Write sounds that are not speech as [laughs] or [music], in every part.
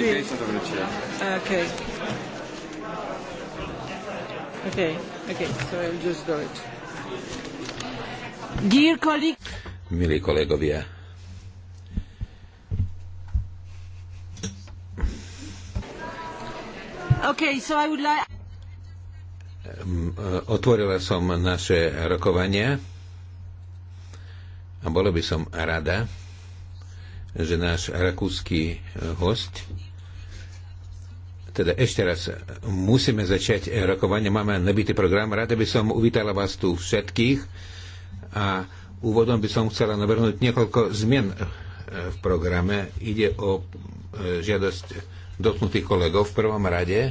sì. dove c'è. Ah, so I'll just do it. Dear colleague... Milí kolegovia, Okay, so I would like... Eh, otvorila som naše rokovania a bolo by som rada, že náš rakúsky host teda ešte raz, musíme začať rokovanie, máme nebytý program. Rada by som uvítala vás tu všetkých a úvodom by som chcela navrhnúť niekoľko zmien eh, v programe. Ide o eh, žiadosť dotknutých kolegov v prvom rade.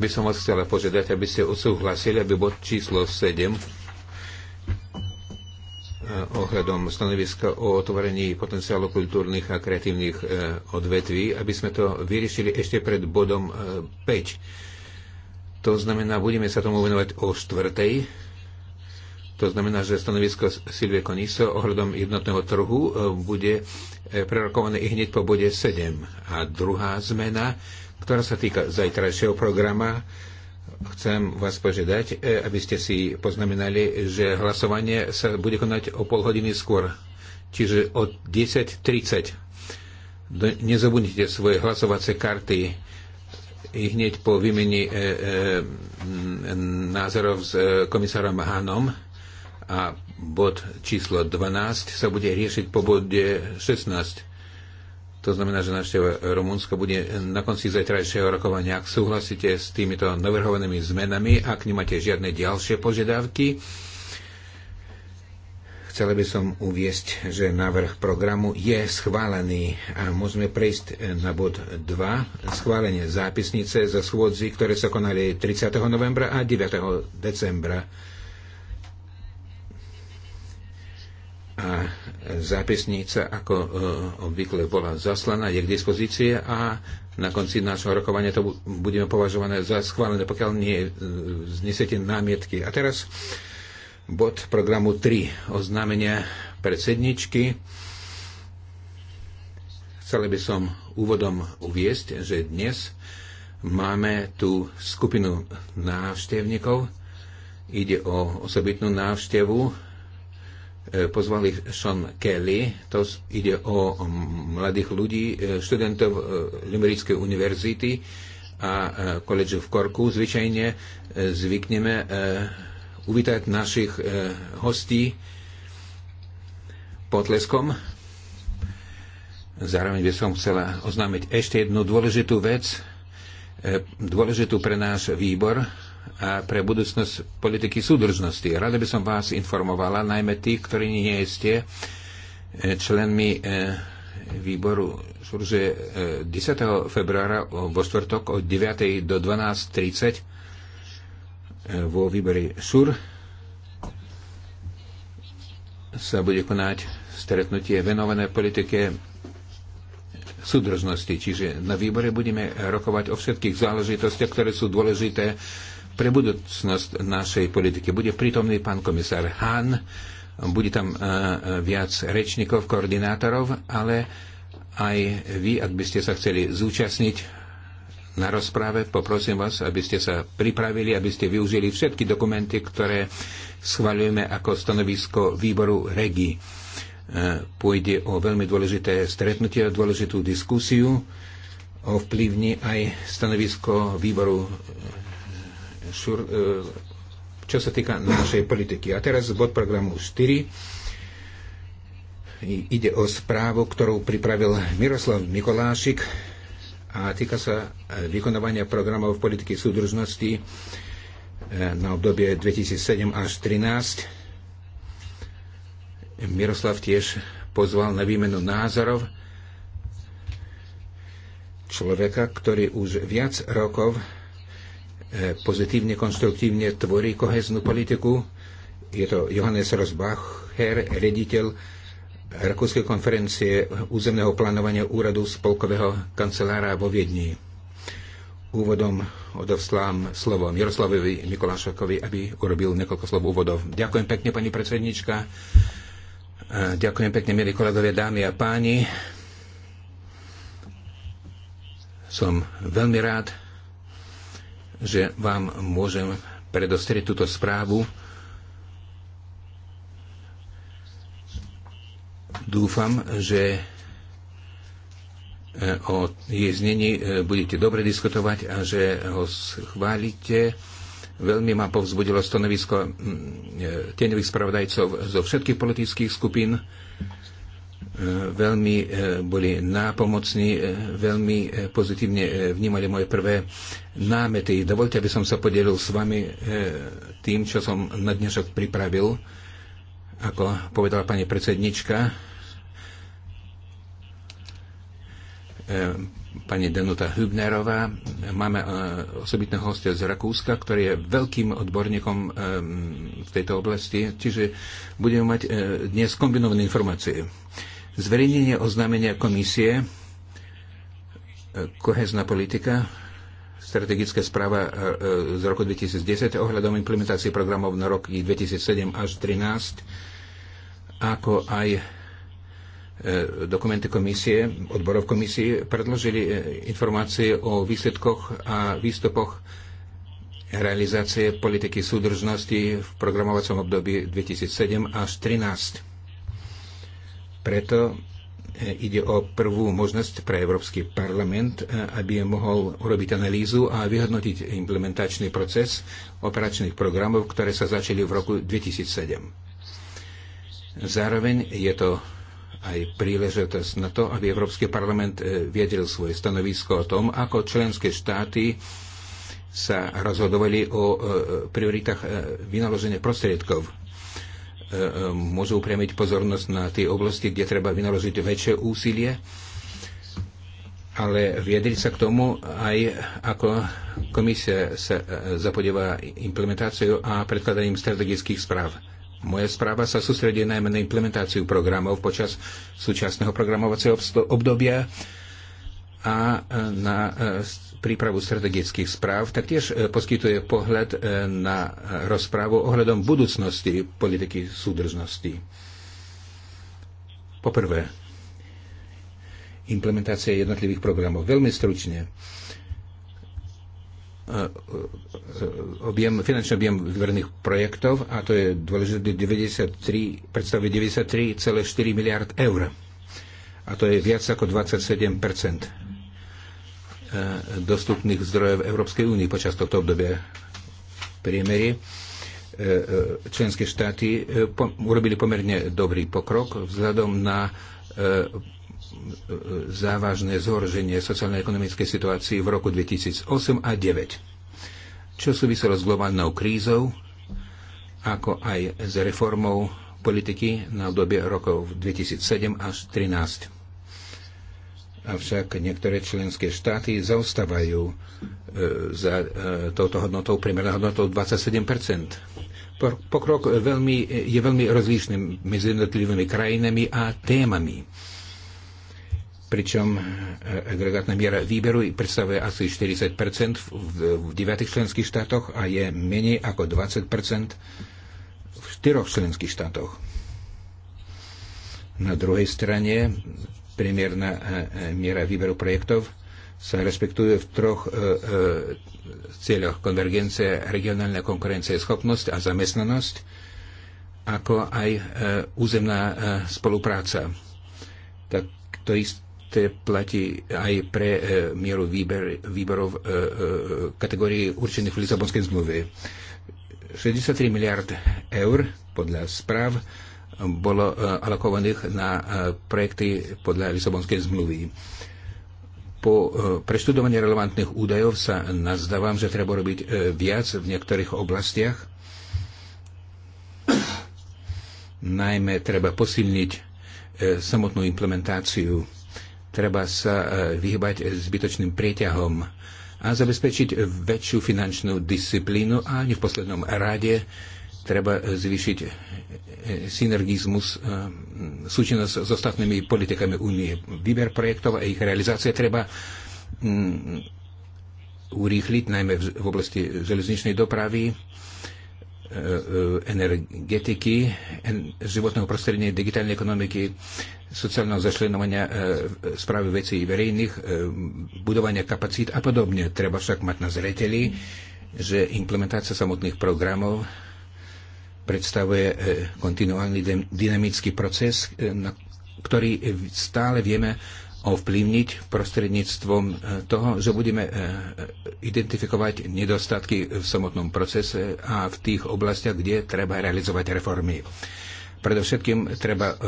By som vás chcela požiadať, aby ste odsúhlasili, aby bod číslo 7 Eh, ohľadom stanoviska o otvorení potenciálu kultúrnych a kreatívnych eh, odvetví, aby sme to vyriešili ešte pred bodom 5. Eh, to znamená, budeme sa tomu venovať o štvrtej. To znamená, že stanovisko Silvie Koniso ohľadom jednotného trhu bude prerokované i hneď po bode 7. A druhá zmena, ktorá sa týka zajtrajšieho programa, chcem vás požiadať, e, aby ste si poznamenali, že hlasovanie sa bude konať o pol hodiny skôr, čiže od 10.30. Nezabudnite svoje hlasovacie karty i hneď po výmeni e, e, názorov s e, komisárom Hanom a bod číslo 12 sa bude riešiť po bode 16 to znamená, že návšteva Rumunska bude na konci zajtrajšieho rokovania. Ak súhlasíte s týmito navrhovanými zmenami, ak nemáte žiadne ďalšie požiadavky, chcela by som uviesť, že návrh programu je schválený a môžeme prejsť na bod 2, schválenie zápisnice za schôdzi, ktoré sa konali 30. novembra a 9. decembra. a zápisnica, ako e, obvykle bola zaslaná, je k dispozícii a na konci nášho rokovania to budeme považované za schválené, pokiaľ nie e, znesete námietky. A teraz bod programu 3, oznámenia predsedničky. Chcel by som úvodom uviesť, že dnes máme tú skupinu návštevníkov. Ide o osobitnú návštevu E, pozvali ich Sean Kelly, to ide o mladých ľudí, e, študentov e, Limerickej univerzity a koledžu v Korku. Zvyčajne zvykneme uvítať našich hostí potleskom. Zároveň by som chcela oznámiť ešte jednu dôležitú vec, dôležitú pre náš výbor, a pre budúcnosť politiky súdržnosti. Rada by som vás informovala, najmä tých, ktorí nie ste e, členmi e, výboru, že 10. E, februára vo štvrtok od 9. do 12.30 vo výbore SUR sa bude konať stretnutie venované politike súdržnosti. Čiže na výbore budeme rokovať o všetkých záležitostiach, ktoré sú dôležité pre budúcnosť našej politiky. Bude prítomný pán komisár Hahn, bude tam e, e, viac rečníkov, koordinátorov, ale aj vy, ak by ste sa chceli zúčastniť na rozprave, poprosím vás, aby ste sa pripravili, aby ste využili všetky dokumenty, ktoré schvaľujeme ako stanovisko výboru REGI. E, pôjde o veľmi dôležité stretnutie, o dôležitú diskusiu, ovplyvní aj stanovisko výboru šur, e, čo sa týka našej politiky. A teraz bod programu 4. Ide o správu, ktorú pripravil Miroslav Mikolášik a týka sa e, vykonovania programov v politike súdržnosti e, na obdobie 2007 až 2013. Miroslav tiež pozval na výmenu názorov človeka, ktorý už viac rokov Eh, pozitívne, konstruktívne tvorí koheznú politiku. Je to Johannes Rosbacher, rediteľ Rakúskej konferencie územného plánovania úradu spolkového kancelára vo Viedni. Úvodom odovslám slovo Miroslavovi Mikolášakovi, aby urobil niekoľko slov úvodov. Ďakujem pekne, pani predsednička. Eh, ďakujem pekne, milí kolegovia, dámy a páni. Som veľmi rád, že vám môžem predostrieť túto správu. Dúfam, že eh, o jej znení eh, budete dobre diskutovať a že ho schválite. Veľmi ma povzbudilo stanovisko mm, eh, tieňových spravodajcov zo všetkých politických skupín veľmi e, boli nápomocní, e, veľmi e, pozitívne vnímali moje prvé námety. Dovolte, aby som sa podelil s vami tým, čo som na dnešok pripravil. Ako povedala pani predsednička, pani Denuta Hübnerová. Máme osobitného hostia z Rakúska, ktorý je veľkým odborníkom v tejto oblasti, čiže budeme mať dnes kombinované informácie. Zverejnenie oznámenia komisie, e, kohezná politika, strategická správa e, e, z roku 2010 ohľadom implementácie programov na roky 2007 až 2013, ako aj dokumenty komisie, odborov komisie, predložili informácie o výsledkoch a výstupoch realizácie politiky súdržnosti v programovacom období 2007 až 2013. Preto e, ide o prvú možnosť pre Európsky parlament, e, aby mohol urobiť analýzu a vyhodnotiť implementačný proces operačných programov, ktoré sa začali v roku 2007. Zároveň je to aj príležitosť na to, aby Európsky parlament e, viedel svoje stanovisko o tom, ako členské štáty sa rozhodovali o prioritách vynaloženia prostriedkov E, e, môžu upriamiť pozornosť na tie oblasti, kde treba vynaložiť väčšie úsilie, ale viedriť sa k tomu aj ako komisia sa e, zapodieva implementáciu a predkladaním strategických správ. Moja správa sa sústredí najmä na implementáciu programov počas súčasného programovacieho obdobia a na prípravu strategických správ, taktiež e, poskytuje pohľad e, na rozprávu ohľadom budúcnosti politiky súdržnosti. Poprvé, implementácia jednotlivých programov. Veľmi stručne e, objem, finančný objem verejných projektov, a to je dôležité, 93, predstavuje 93,4 miliard eur. A to je viac ako 27 dostupných zdrojov Európskej únie počas tohto obdobia. Priemery e, e, členské štáty e, urobili pomerne dobrý pokrok vzhľadom na závažné zhorženie sociálno-ekonomickej situácii v roku 2008 a 2009, čo súviselo s globálnou krízou, ako aj s reformou politiky na obdobie rokov 2007 až 2013. Avšak niektoré členské štáty zaostávajú e, za e, touto hodnotou, priemernou hodnotou 27 Pokrok veľmi, je veľmi rozlišný medzi jednotlivými krajinami a témami. Pričom e, agregátna miera výberu predstavuje asi 40 v 9 členských štátoch a je menej ako 20 v 4 členských štátoch. Na druhej strane priemerná e, e, miera výberu projektov sa respektuje v troch e, e, cieľoch. Konvergencia, regionálna konkurencia, schopnosť a zamestnanosť, ako aj e, územná e, spolupráca. Tak to isté platí aj pre e, mieru výber, výberov e, e, kategórií určených v Lisabonskej zmluve. 63 miliard eur podľa správ bolo e, alokovaných na e, projekty podľa Lisabonskej zmluvy. Po e, preštudovaní relevantných údajov sa nazdávam, že treba robiť viac v niektorých oblastiach. Najmä treba posilniť samotnú implementáciu. Treba sa vyhybať zbytočným prieťahom a zabezpečiť väčšiu finančnú disciplínu a ani v poslednom rade treba zvýšiť synergizmus, eh, súčinnosť s ostatnými politikami únie. Výber projektov a ich realizácia treba mm, urýchliť, najmä v oblasti železničnej dopravy, eh, eh, energetiky, životného prostredia, digitálnej ekonomiky, sociálneho zašlenovania správy vecí verejných, budovania kapacít a podobne. Treba však mať na zreteli, že implementácia samotných programov predstavuje e, kontinuálny dynamický proces, e, ktorý stále vieme ovplyvniť prostredníctvom e, toho, že budeme identifikovať nedostatky v samotnom procese a v tých oblastiach, kde treba realizovať reformy. Predovšetkým treba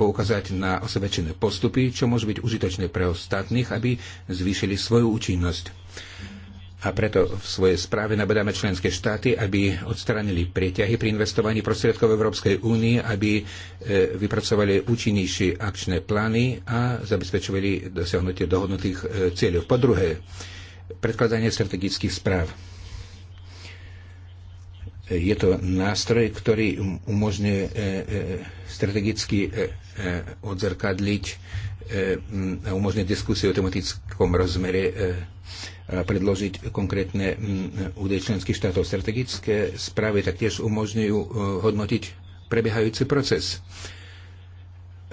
poukázať na osvedčené postupy, čo môže byť užitočné pre ostatných, aby zvýšili svoju účinnosť. A preto v svojej správe nabadáme členské štáty, aby odstránili prieťahy pri investovaní prostriedkov Európskej únie, aby e, vypracovali účinnejšie akčné plány a zabezpečovali dosiahnutie dohodnutých e, cieľov. Po druhé, predkladanie strategických správ. Je to nástroj, ktorý um-, umožňuje e, strategicky odzrkadliť a umožňuje diskusiu o tematickom rozmere predložiť konkrétne mm, údaje členských štátov. Strategické správy taktiež umožňujú e, hodnotiť prebiehajúci proces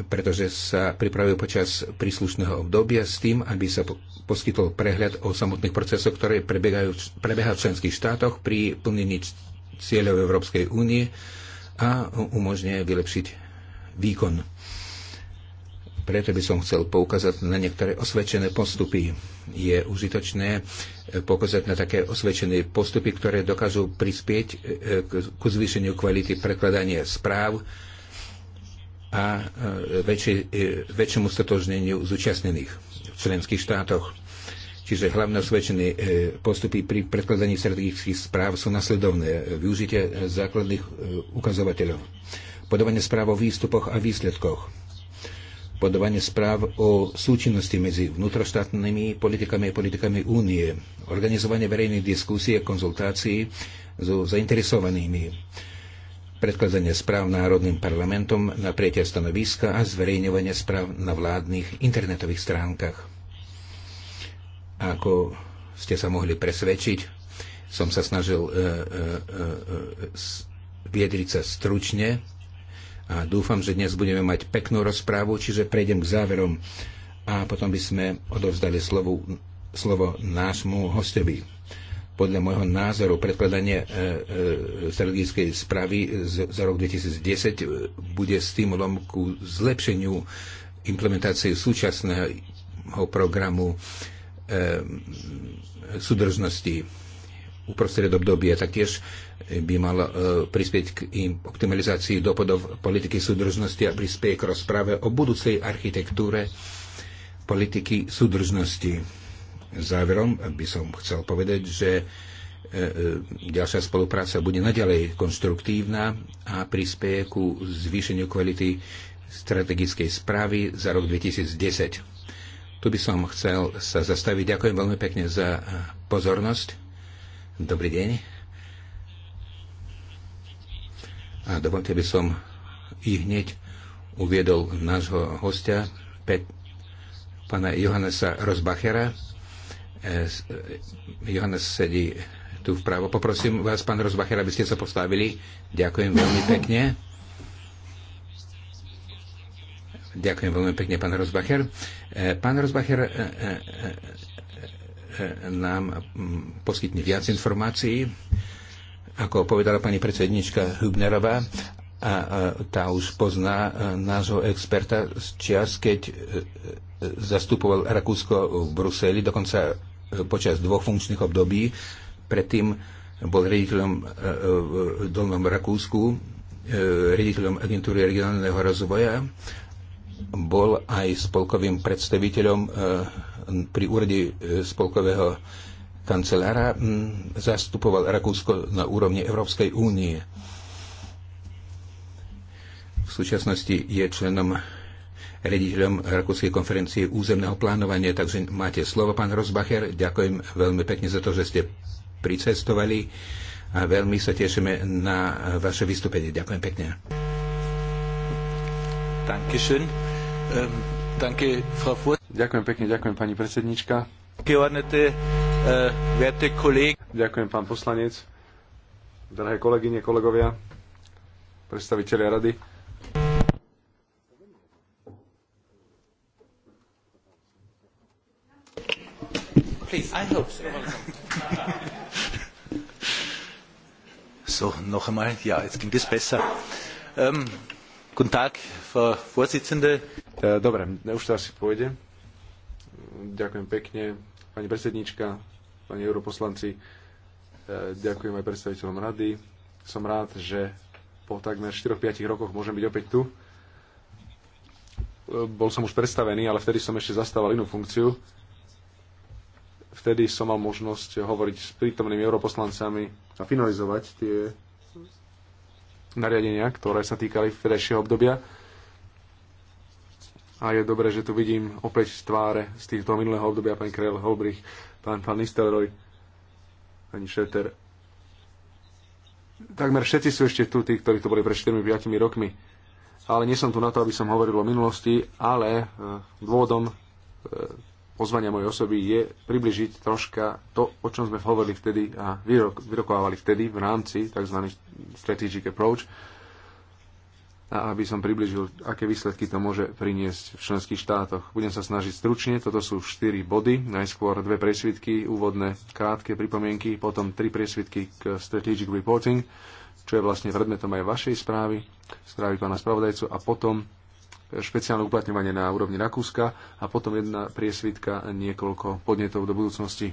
pretože sa pripravujú počas príslušného obdobia s tým, aby sa poskytol prehľad o samotných procesoch, ktoré prebiehajú v členských štátoch pri plnení cieľov Európskej únie a umožňuje vylepšiť výkon. Preto by som chcel poukázať na niektoré osvedčené postupy. Je užitočné eh, poukázať na také osvedčené postupy, ktoré dokážu prispieť eh, ku zvýšeniu kvality prekladania správ a eh, väčšie, väčšiemu stotožneniu zúčastnených v členských štátoch. Čiže hlavné osvedčené postupy pri predkladaní strategických správ sú nasledovné. Využitie základných ukazovateľov, podávanie správ o výstupoch a výsledkoch, podávanie správ o súčinnosti medzi vnútroštátnymi politikami a politikami únie, organizovanie verejných diskusí a konzultácií so zainteresovanými, predkladanie správ národným parlamentom na prietie stanoviska a zverejňovanie správ na vládnych internetových stránkach. Ako ste sa mohli presvedčiť, som sa snažil uh, uh, uh, vyjadriť sa stručne a dúfam, že dnes budeme mať peknú rozprávu, čiže prejdem k záverom a potom by sme odovzdali slovo, slovo nášmu hostovi. Podľa môjho názoru predkladanie e, e, strategickej správy z, za rok 2010 e, bude stimulom ku zlepšeniu implementácie súčasného programu e, súdržnosti uprostred obdobia. Taktiež eh, by mal eh, prispieť k im optimalizácii dopadov politiky súdržnosti a prispieť k rozprave o budúcej architektúre politiky súdržnosti. Záverom by som chcel povedať, že eh, ďalšia spolupráca bude naďalej konštruktívna a prispieje ku zvýšeniu kvality strategickej správy za rok 2010. Tu by som chcel sa zastaviť. Ďakujem veľmi pekne za pozornosť. Dobrý deň. A dovolte by som i hneď uviedol nášho hostia, Pet, pana Johannesa Rozbachera. E, e, Johannes sedí tu vpravo. Poprosím vás, pán Rozbacher, aby ste sa postavili. Ďakujem veľmi pekne. Ďakujem veľmi pekne, pán Rozbacher. E, pán Rozbacher nám mm, poskytne viac informácií, ako povedala pani predsednička Hübnerová, a tá už pozná e, nášho experta z čias, keď e, e, zastupoval Rakúsko v Bruseli, dokonca počas dvoch funkčných období. Predtým bol riaditeľom v Dolnom Rakúsku, riaditeľom agentúry regionálneho rozvoja, bol aj spolkovým predstaviteľom pri úrade e, spolkového kancelára zastupoval Rakúsko na úrovni Európskej únie. V súčasnosti je členom rediteľom Rakúskej konferencie územného plánovania, takže máte slovo, pán Rozbacher. Ďakujem veľmi pekne za to, že ste pricestovali a veľmi sa tešíme na vaše vystúpenie. Ďakujem pekne. Dankeschön. Ähm, danke, Frau Furt. Ďakujem pekne, ďakujem pani predsednička. Eh, ďakujem pán poslanec, drahé kolegyne, kolegovia, predstaviteľia rady. [laughs] so. noch einmal. Ja, jetzt ging das besser. Ähm, guten Tag, Frau Vorsitzende. Äh, dobre, už to asi pôjde. Ďakujem pekne. Pani predsednička, pani europoslanci, e, ďakujem aj predstaviteľom rady. Som rád, že po takmer 4-5 rokoch môžem byť opäť tu. E, bol som už predstavený, ale vtedy som ešte zastával inú funkciu. Vtedy som mal možnosť hovoriť s prítomnými europoslancami a finalizovať tie nariadenia, ktoré sa týkali vtedajšieho obdobia a je dobré, že tu vidím opäť tváre z týchto minulého obdobia pani Krell Holbrich, pán, pán Nistelroj, pani Šeter. Takmer všetci sú ešte tu, tí, ktorí tu boli pred 4-5 rokmi. Ale nie som tu na to, aby som hovoril o minulosti, ale e, dôvodom e, pozvania mojej osoby je približiť troška to, o čom sme hovorili vtedy a vyrok, vyrokovávali vtedy v rámci tzv. strategic approach, a aby som približil, aké výsledky to môže priniesť v členských štátoch. Budem sa snažiť stručne, toto sú 4 body, najskôr dve presvitky, úvodné krátke pripomienky, potom tri presvitky k strategic reporting, čo je vlastne predmetom aj vašej správy, správy pána spravodajcu, a potom špeciálne uplatňovanie na úrovni Rakúska a potom jedna priesvitka niekoľko podnetov do budúcnosti.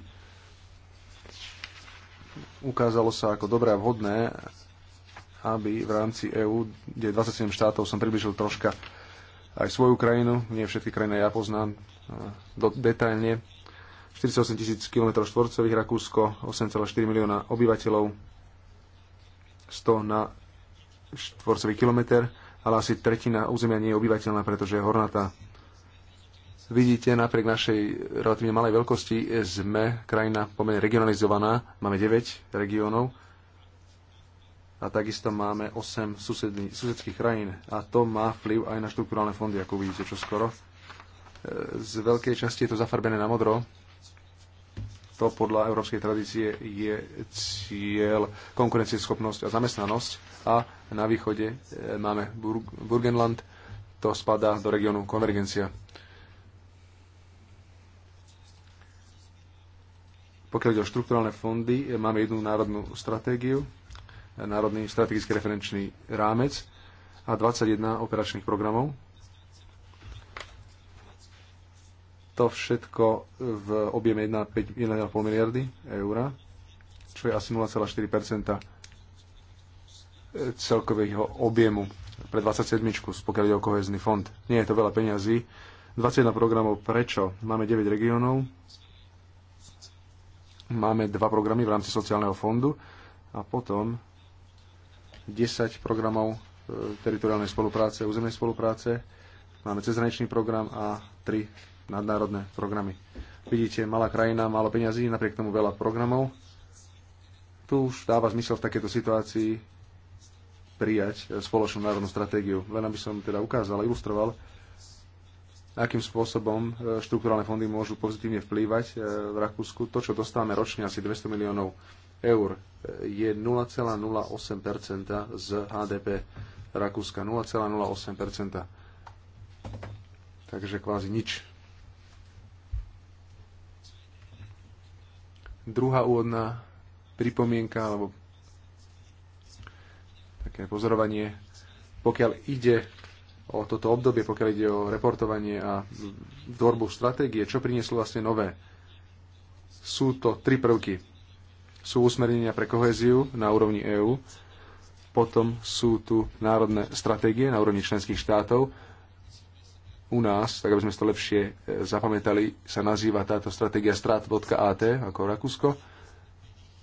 Ukázalo sa ako dobré a vhodné aby v rámci EÚ, kde 27 štátov, som približil troška aj svoju krajinu, nie všetky krajiny ja poznám e, do, detailne. 48 tisíc km štvorcových Rakúsko, 8,4 milióna obyvateľov, 100 na štvorcový kilometr, ale asi tretina územia nie je obyvateľná, pretože je hornatá. Vidíte, napriek našej relatívne malej veľkosti sme krajina pomerne regionalizovaná, máme 9 regiónov, a takisto máme 8 susedských krajín a to má vplyv aj na štruktúrálne fondy, ako vidíte čo skoro. E, z veľkej časti je to zafarbené na modro. To podľa európskej tradície je cieľ konkurencieschopnosť a zamestnanosť a na východe e, máme Burgenland, to spadá do regiónu konvergencia. Pokiaľ ide o štruktúrálne fondy, e, máme jednu národnú stratégiu, Národný strategický referenčný rámec a 21 operačných programov. To všetko v objeme 1,5 miliardy eur, čo je asi 0,4 celkového objemu pre 27, pokiaľ ide o kohezný fond. Nie je to veľa peňazí. 21 programov prečo? Máme 9 regiónov, máme dva programy v rámci sociálneho fondu a potom 10 programov e, teritoriálnej spolupráce, územnej spolupráce, máme cezhraničný program a 3 nadnárodné programy. Vidíte, malá krajina, málo peňazí, napriek tomu veľa programov. Tu už dáva zmysel v takejto situácii prijať e, spoločnú národnú stratégiu. Len aby som teda ukázal a ilustroval, akým spôsobom e, štruktúrálne fondy môžu pozitívne vplývať v Rakúsku. To, čo dostávame ročne, asi 200 miliónov eur je 0,08% z HDP Rakúska. 0,08%. Takže kvázi nič. Druhá úvodná pripomienka alebo také pozorovanie. Pokiaľ ide o toto obdobie, pokiaľ ide o reportovanie a tvorbu stratégie, čo prinieslo vlastne nové? Sú to tri prvky sú usmernenia pre kohéziu na úrovni EÚ, potom sú tu národné stratégie na úrovni členských štátov. U nás, tak aby sme to lepšie e, zapamätali, sa nazýva táto stratégia strat.at ako Rakúsko.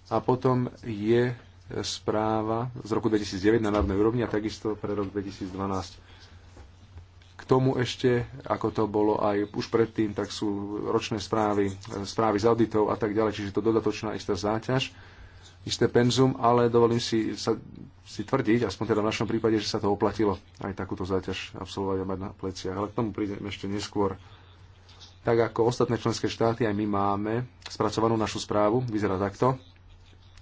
A potom je e, správa z roku 2009 na národnej úrovni a takisto pre rok 2012 tomu ešte, ako to bolo aj už predtým, tak sú ročné správy, správy z auditov a tak ďalej, čiže to dodatočná istá záťaž, isté penzum, ale dovolím si, sa, si tvrdiť, aspoň teda v našom prípade, že sa to oplatilo aj takúto záťaž absolvovať a mať na pleciach, ale k tomu prídem ešte neskôr. Tak ako ostatné členské štáty, aj my máme spracovanú našu správu, vyzerá takto.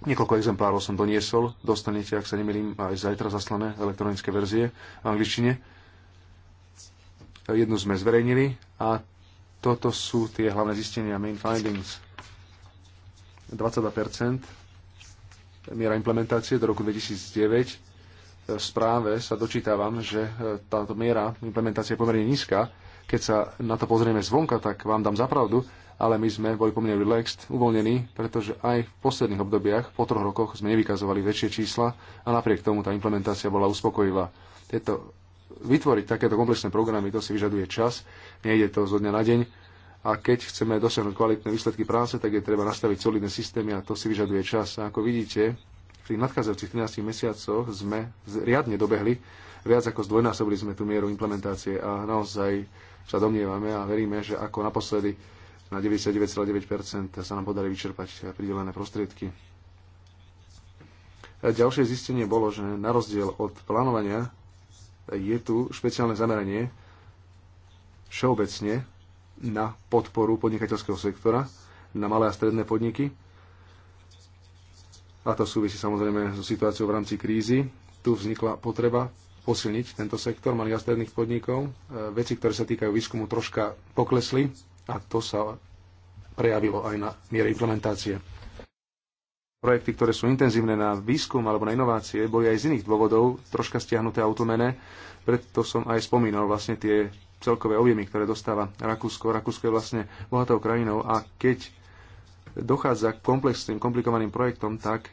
Niekoľko exemplárov som doniesol, dostanete, ak sa nemýlim, aj zajtra zaslané elektronické verzie v angličtine Jednu sme zverejnili a toto sú tie hlavné zistenia, main findings. 22% miera implementácie do roku 2009. V správe sa dočítavam, že e, táto miera implementácie je pomerne nízka. Keď sa na to pozrieme zvonka, tak vám dám zapravdu, ale my sme boli pomerne relaxed, uvoľnení, pretože aj v posledných obdobiach, po troch rokoch, sme nevykazovali väčšie čísla a napriek tomu tá implementácia bola uspokojivá. Tieto vytvoriť takéto komplexné programy, to si vyžaduje čas, nejde to zo dňa na deň. A keď chceme dosiahnuť kvalitné výsledky práce, tak je treba nastaviť solidné systémy a to si vyžaduje čas. A ako vidíte, v tých nadchádzajúcich 13 mesiacoch sme riadne dobehli, viac ako zdvojnásobili sme tú mieru implementácie a naozaj sa domnievame a veríme, že ako naposledy na 99,9% sa nám podarí vyčerpať pridelené prostriedky. A ďalšie zistenie bolo, že na rozdiel od plánovania je tu špeciálne zameranie všeobecne na podporu podnikateľského sektora, na malé a stredné podniky. A to súvisí samozrejme so situáciou v rámci krízy. Tu vznikla potreba posilniť tento sektor malých a stredných podnikov. E, veci, ktoré sa týkajú výskumu, troška poklesli a to sa prejavilo aj na miere implementácie projekty, ktoré sú intenzívne na výskum alebo na inovácie, boli aj z iných dôvodov troška stiahnuté automene. Preto som aj spomínal vlastne tie celkové objemy, ktoré dostáva Rakúsko. Rakúsko je vlastne bohatou krajinou a keď dochádza k komplexným, komplikovaným projektom, tak e,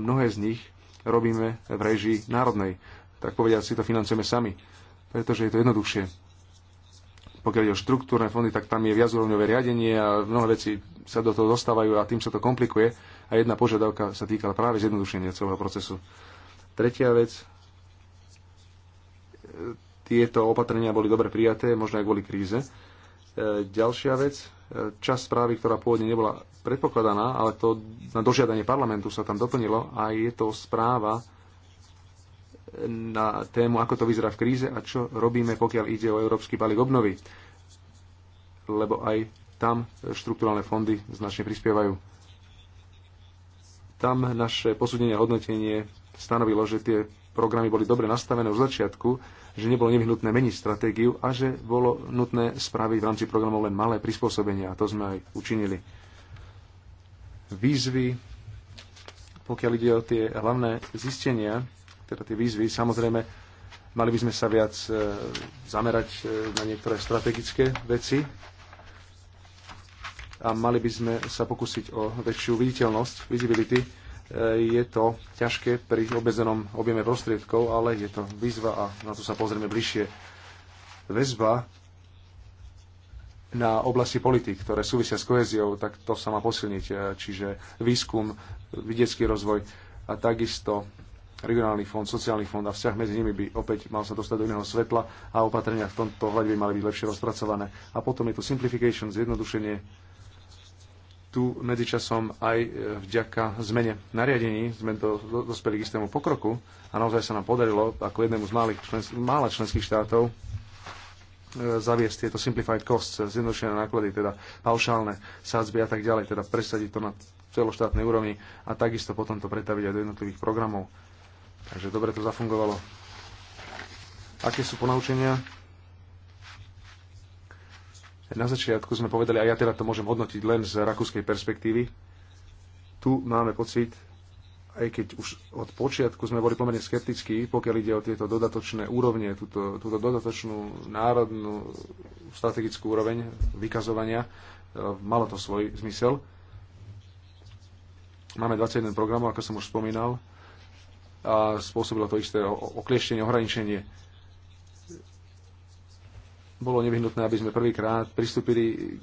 mnohé z nich robíme v režii národnej. Tak povediať si to financujeme sami, pretože je to jednoduchšie. Pokiaľ ide o štruktúrne fondy, tak tam je viacúrovňové riadenie a mnohé veci sa do toho dostávajú a tým sa to komplikuje a jedna požiadavka sa týkala práve zjednodušenia celého procesu. Tretia vec, tieto opatrenia boli dobre prijaté, možno aj kvôli kríze. E, ďalšia vec, e, časť správy, ktorá pôvodne nebola predpokladaná, ale to na dožiadanie parlamentu sa tam doplnilo a je to správa na tému, ako to vyzerá v kríze a čo robíme, pokiaľ ide o Európsky balík obnovy. Lebo aj tam štruktúrálne fondy značne prispievajú. Tam naše posúdenie a hodnotenie stanovilo, že tie programy boli dobre nastavené od začiatku, že nebolo nevyhnutné meniť stratégiu a že bolo nutné spraviť v rámci programov len malé prispôsobenia a to sme aj učinili. Výzvy, pokiaľ ide o tie hlavné zistenia, teda tie výzvy, samozrejme, mali by sme sa viac e, zamerať e, na niektoré strategické veci, a mali by sme sa pokúsiť o väčšiu viditeľnosť, visibility. E, je to ťažké pri obmedzenom objeme prostriedkov, ale je to výzva a na to sa pozrieme bližšie. Väzba na oblasti politik, ktoré súvisia s koéziou, tak to sa má posilniť. E, čiže výskum, vidiecký rozvoj a takisto regionálny fond, sociálny fond a vzťah medzi nimi by opäť mal sa dostať do iného svetla a opatrenia v tomto hľade by mali byť lepšie rozpracované. A potom je tu simplification, zjednodušenie tu medzičasom aj e, vďaka zmene nariadení sme do, do, dospeli k istému pokroku a naozaj sa nám podarilo ako jednému z malých člen, mála členských štátov e, zaviesť tieto simplified costs, zjednodušené náklady, teda paušálne sádzby a tak ďalej, teda presadiť to na celoštátnej úrovni a takisto potom to pretaviť aj do jednotlivých programov. Takže dobre to zafungovalo. Aké sú ponaučenia? Na začiatku sme povedali, a ja teda to môžem hodnotiť len z rakúskej perspektívy, tu máme pocit, aj keď už od počiatku sme boli pomerne skeptickí, pokiaľ ide o tieto dodatočné úrovne, túto, túto dodatočnú národnú strategickú úroveň vykazovania, e, malo to svoj zmysel. Máme 21 programov, ako som už spomínal, a spôsobilo to isté oklieštenie, ohraničenie bolo nevyhnutné, aby sme prvýkrát pristúpili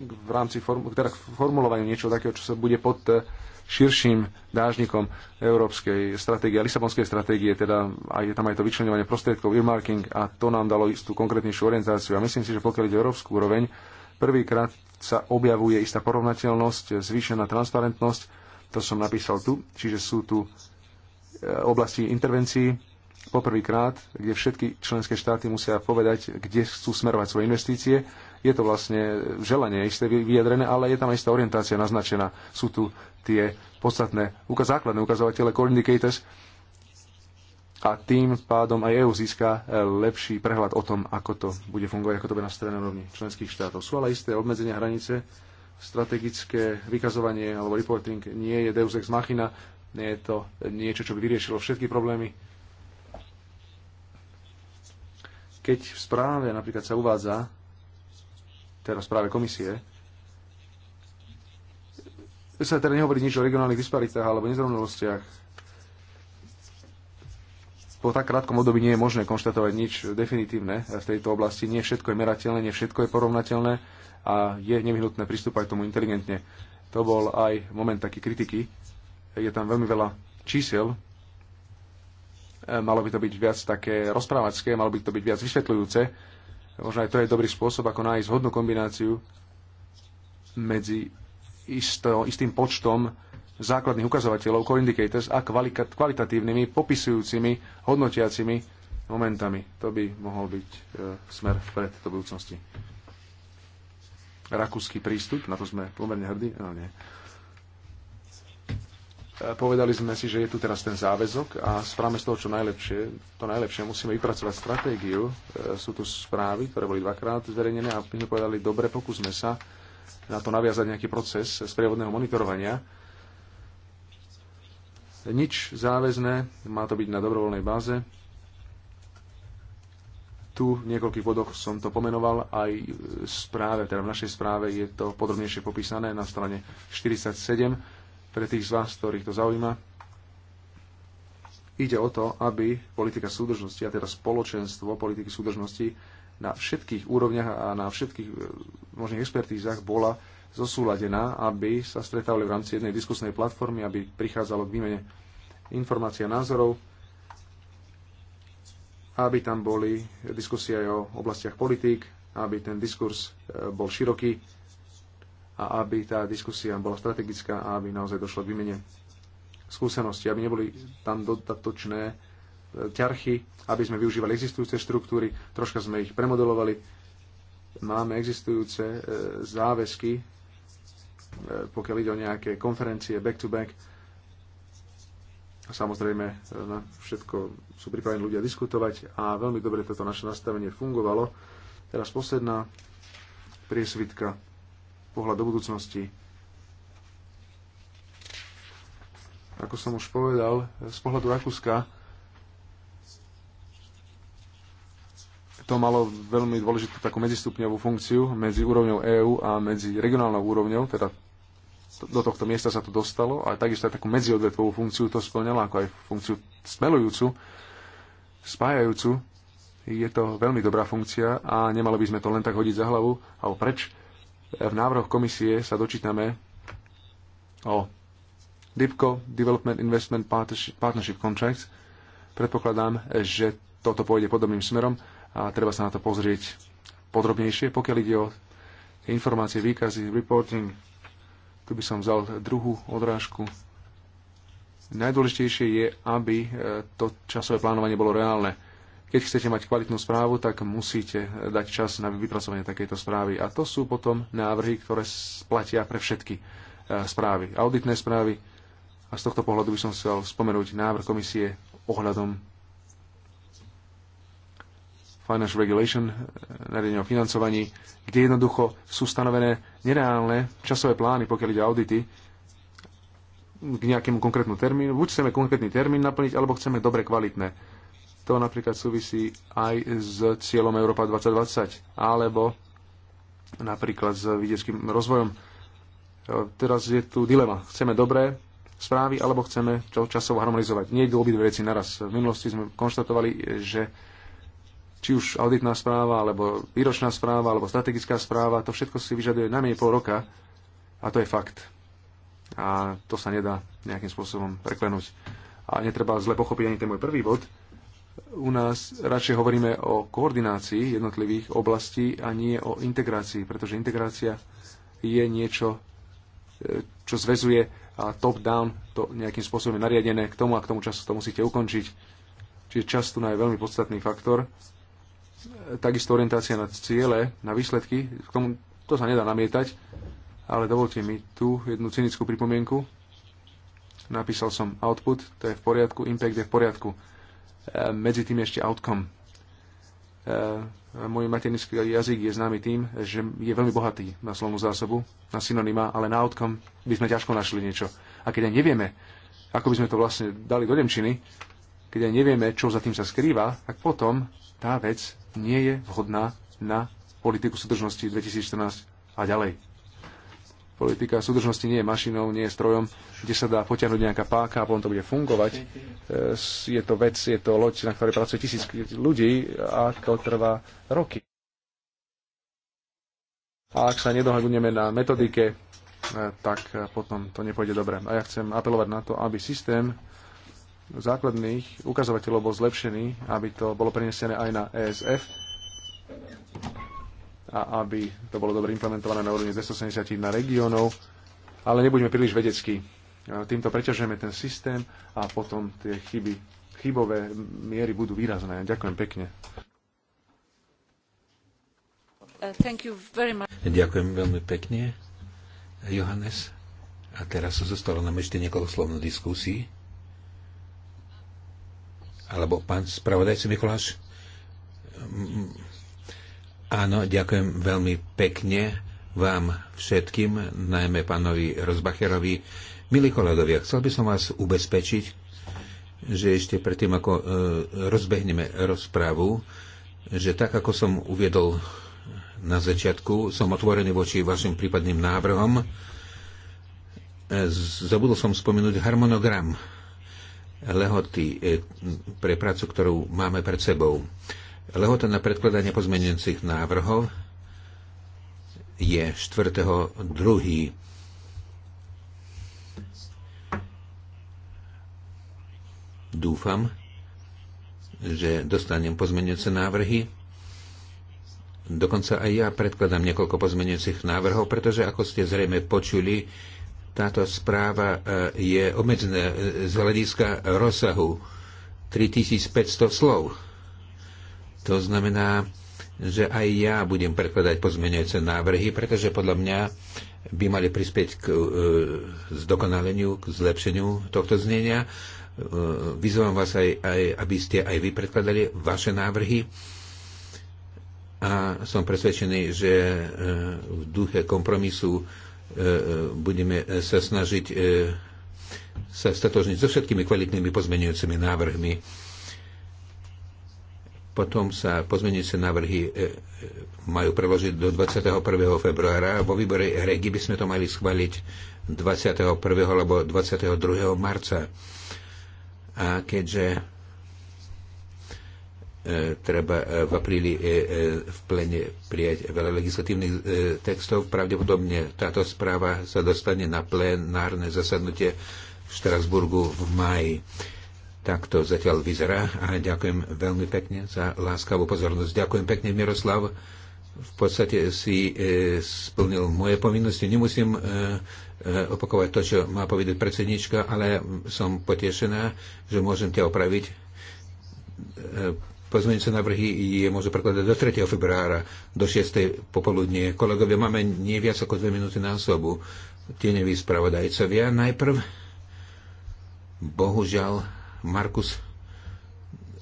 v rámci formu, teda k formulovaniu niečo takého, čo sa bude pod eh, širším dážnikom európskej stratégie, Lisabonskej stratégie, teda aj je tam aj to vyčlenovanie prostriedkov, earmarking a to nám dalo istú konkrétnejšiu orientáciu. A myslím si, že pokiaľ ide európsku úroveň, prvýkrát sa objavuje istá porovnateľnosť, zvýšená transparentnosť, to som napísal tu, čiže sú tu eh, oblasti intervencií, poprvýkrát, kde všetky členské štáty musia povedať, kde chcú smerovať svoje investície. Je to vlastne želanie isté vyjadrené, ale je tam istá orientácia naznačená. Sú tu tie podstatné základné ukazovatele core indicators a tým pádom aj EU získa e, lepší prehľad o tom, ako to bude fungovať, ako to bude na strane rovni členských štátov. Sú ale isté obmedzenia hranice, strategické vykazovanie alebo reporting nie je deus ex machina, nie je to niečo, čo by vyriešilo všetky problémy Keď v správe napríklad sa uvádza, teda v správe komisie, sa teda nehovorí nič o regionálnych disparitách alebo nezrovnalostiach. Po tak krátkom období nie je možné konštatovať nič definitívne v tejto oblasti. Nie všetko je merateľné, nie všetko je porovnateľné a je nevyhnutné pristúpať k tomu inteligentne. To bol aj moment taký kritiky. Je tam veľmi veľa čísel, E, malo by to byť viac také rozprávacké, malo by to byť viac vysvetľujúce. Možno aj to je dobrý spôsob, ako nájsť hodnú kombináciu medzi isto, istým počtom základných ukazovateľov, core indicators, a kvalitatívnymi, popisujúcimi, hodnotiacimi momentami. To by mohol byť e, smer vpred do budúcnosti. Rakúsky prístup, na to sme pomerne hrdí, ale no, nie. E, povedali sme si, že je tu teraz ten záväzok a správame z toho, čo najlepšie. To najlepšie musíme vypracovať stratégiu. E, sú tu správy, ktoré boli dvakrát zverejnené a my sme povedali, dobre, pokúsme sa na to naviazať nejaký proces sprievodného monitorovania. Nič záväzné, má to byť na dobrovoľnej báze. Tu v niekoľkých bodoch som to pomenoval, aj v správe, teda v našej správe je to podrobnejšie popísané na strane 47 pre tých z vás, ktorých to zaujíma. Ide o to, aby politika súdržnosti, a teda spoločenstvo politiky súdržnosti na všetkých úrovniach a na všetkých e, možných expertízach bola zosúladená, aby sa stretávali v rámci jednej diskusnej platformy, aby prichádzalo k výmene informácií a názorov, aby tam boli diskusie aj o oblastiach politík, aby ten diskurs e, bol široký, a aby tá diskusia bola strategická a aby naozaj došlo k výmene skúsenosti, aby neboli tam dodatočné e, ťarchy, aby sme využívali existujúce štruktúry, troška sme ich premodelovali. Máme existujúce e, záväzky, e, pokiaľ ide o nejaké konferencie back-to-back. Samozrejme, na všetko sú pripravení ľudia diskutovať a veľmi dobre toto naše nastavenie fungovalo. Teraz posledná priesvitka pohľad do budúcnosti. Ako som už povedal, z pohľadu Rakúska to malo veľmi dôležitú takú medzistupňovú funkciu medzi úrovňou EÚ a medzi regionálnou úrovňou, teda do tohto miesta sa to dostalo a takisto aj takú medziodvetvovú funkciu to splňalo, ako aj funkciu smelujúcu, spájajúcu. Je to veľmi dobrá funkcia a nemali by sme to len tak hodiť za hlavu alebo preč v návrhoch komisie sa dočítame o DIPCO, Development Investment Partnership, Contracts. Predpokladám, že toto pôjde podobným smerom a treba sa na to pozrieť podrobnejšie. Pokiaľ ide o informácie, výkazy, reporting, tu by som vzal druhú odrážku. Najdôležitejšie je, aby e, to časové plánovanie bolo reálne. Keď chcete mať kvalitnú správu, tak musíte dať čas na vypracovanie takejto správy. A to sú potom návrhy, ktoré platia pre všetky e, správy. Auditné správy. A z tohto pohľadu by som chcel spomenúť návrh komisie ohľadom Financial Regulation, e, nariadenie o financovaní, kde jednoducho sú stanovené nereálne časové plány, pokiaľ ide audity, k nejakému konkrétnu termínu. Buď chceme konkrétny termín naplniť, alebo chceme dobre kvalitné to napríklad súvisí aj s cieľom Európa 2020 alebo napríklad s vidieckým rozvojom. E, teraz je tu dilema. Chceme dobré správy alebo chceme to časovo harmonizovať. Nie je dve veci naraz. V minulosti sme konštatovali, že či už auditná správa, alebo výročná správa, alebo strategická správa, to všetko si vyžaduje najmenej pol roka a to je fakt. A to sa nedá nejakým spôsobom preklenúť. A netreba zle pochopiť ani ten môj prvý bod, u nás radšej hovoríme o koordinácii jednotlivých oblastí a nie o integrácii, pretože integrácia je niečo, e, čo zvezuje a top-down to nejakým spôsobom je nariadené k tomu a k tomu času to musíte ukončiť. Čiže čas tu je veľmi podstatný faktor. Takisto orientácia na ciele, na výsledky, k tomu to sa nedá namietať, ale dovolte mi tu jednu cynickú pripomienku napísal som output, to je v poriadku, impact je v poriadku. Eh, medzi tým ešte outcome. Eh, môj materinský jazyk je známy tým, že je veľmi bohatý na slovnú zásobu, na synonima, ale na outcome by sme ťažko našli niečo. A keď aj nevieme, ako by sme to vlastne dali do Nemčiny, keď aj nevieme, čo za tým sa skrýva, tak potom tá vec nie je vhodná na politiku súdržnosti 2014 a ďalej politika súdržnosti nie je mašinou, nie je strojom, kde sa dá potiahnuť nejaká páka a potom to bude fungovať. E, je to vec, je to loď, na ktorej pracuje tisíc ľudí a to trvá roky. A ak sa nedohľadneme na metodike, e, tak potom to nepôjde dobre. A ja chcem apelovať na to, aby systém základných ukazovateľov bol zlepšený, aby to bolo prenesené aj na ESF, a aby to bolo dobre implementované na úrovni 280 na regiónov, ale nebuďme príliš vedeckí. Týmto preťažujeme ten systém a potom tie chyby, chybové miery budú výrazné. Ďakujem pekne. Uh, Ďakujem veľmi pekne, Johannes. A teraz sa zostalo nám ešte niekoľko slov na diskusii. Alebo pán spravodajca Mikuláš, Áno, ďakujem veľmi pekne vám všetkým, najmä pánovi Rozbacherovi. Milí kolegovia, chcel by som vás ubezpečiť, že ešte predtým, ako e, rozbehneme rozprávu, že tak, ako som uviedol na začiatku, som otvorený voči vašim prípadným návrhom. E, zabudol som spomenúť harmonogram lehoty e, pre prácu, ktorú máme pred sebou. E, Lehota na predkladanie pozmenujúcich návrhov je 4.2. Dúfam, že dostanem pozmenujúce návrhy. Dokonca aj ja predkladám niekoľko pozmenujúcich návrhov, pretože, ako ste zrejme počuli, táto správa e, je obmedzená e, z hľadiska rozsahu 3500 slov. To znamená, že aj ja budem predkladať pozmeňujúce návrhy, pretože podľa mňa by mali prispieť k e, zdokonaleniu, k zlepšeniu tohto znenia. E, vyzývam vás aj, aj, aby ste aj vy predkladali vaše návrhy a som presvedčený, že e, v duche kompromisu budeme sa snažiť sa statožniť so všetkými kvalitnými pozmeňujúcimi návrhmi potom sa pozmenujúce návrhy e, e, majú preložiť do 21. februára. Vo výbore REGI by sme to mali schváliť 21. alebo 22. marca. A keďže e, treba v apríli v plene prijať veľa legislatívnych textov. Pravdepodobne táto správa sa dostane na plenárne zasadnutie v Štrasburgu v maji. Tak to zatiaľ vyzerá a ďakujem veľmi pekne za láskavú pozornosť. Ďakujem pekne, Miroslav. V podstate si e, splnil moje povinnosti. Nemusím e, e, opakovať to, čo má povedať predsednička, ale som potešená, že môžem ťa opraviť. E, Pozmeňujúce návrhy je môžu prekladať do 3. februára, do 6. popoludne. Kolegovia, máme nie viac ako 2 minúty na osobu. Tie neví spravodajcovia. Najprv, bohužiaľ, Markus,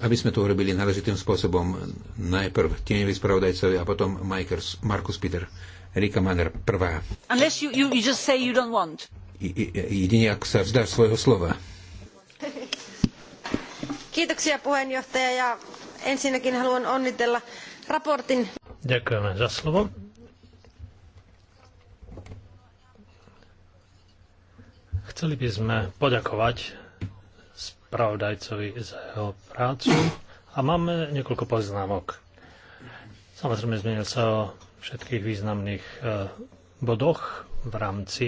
aby sme to urobili náležitým spôsobom. Najprv tieňový spravodajcovi a potom Mikers, Markus Peter. Erika Manner, prvá. Unless you, you, you just say you don't want. Jedine ak sa vzdáš svojho slova. Kiitoksia puheenjohtaja ja ensinnäkin haluan onnitella raportin. Ďakujeme za slovo. Chceli by sme poďakovať spravodajcovi za jeho prácu a máme niekoľko poznámok. Samozrejme zmenil sa o všetkých významných e, bodoch v rámci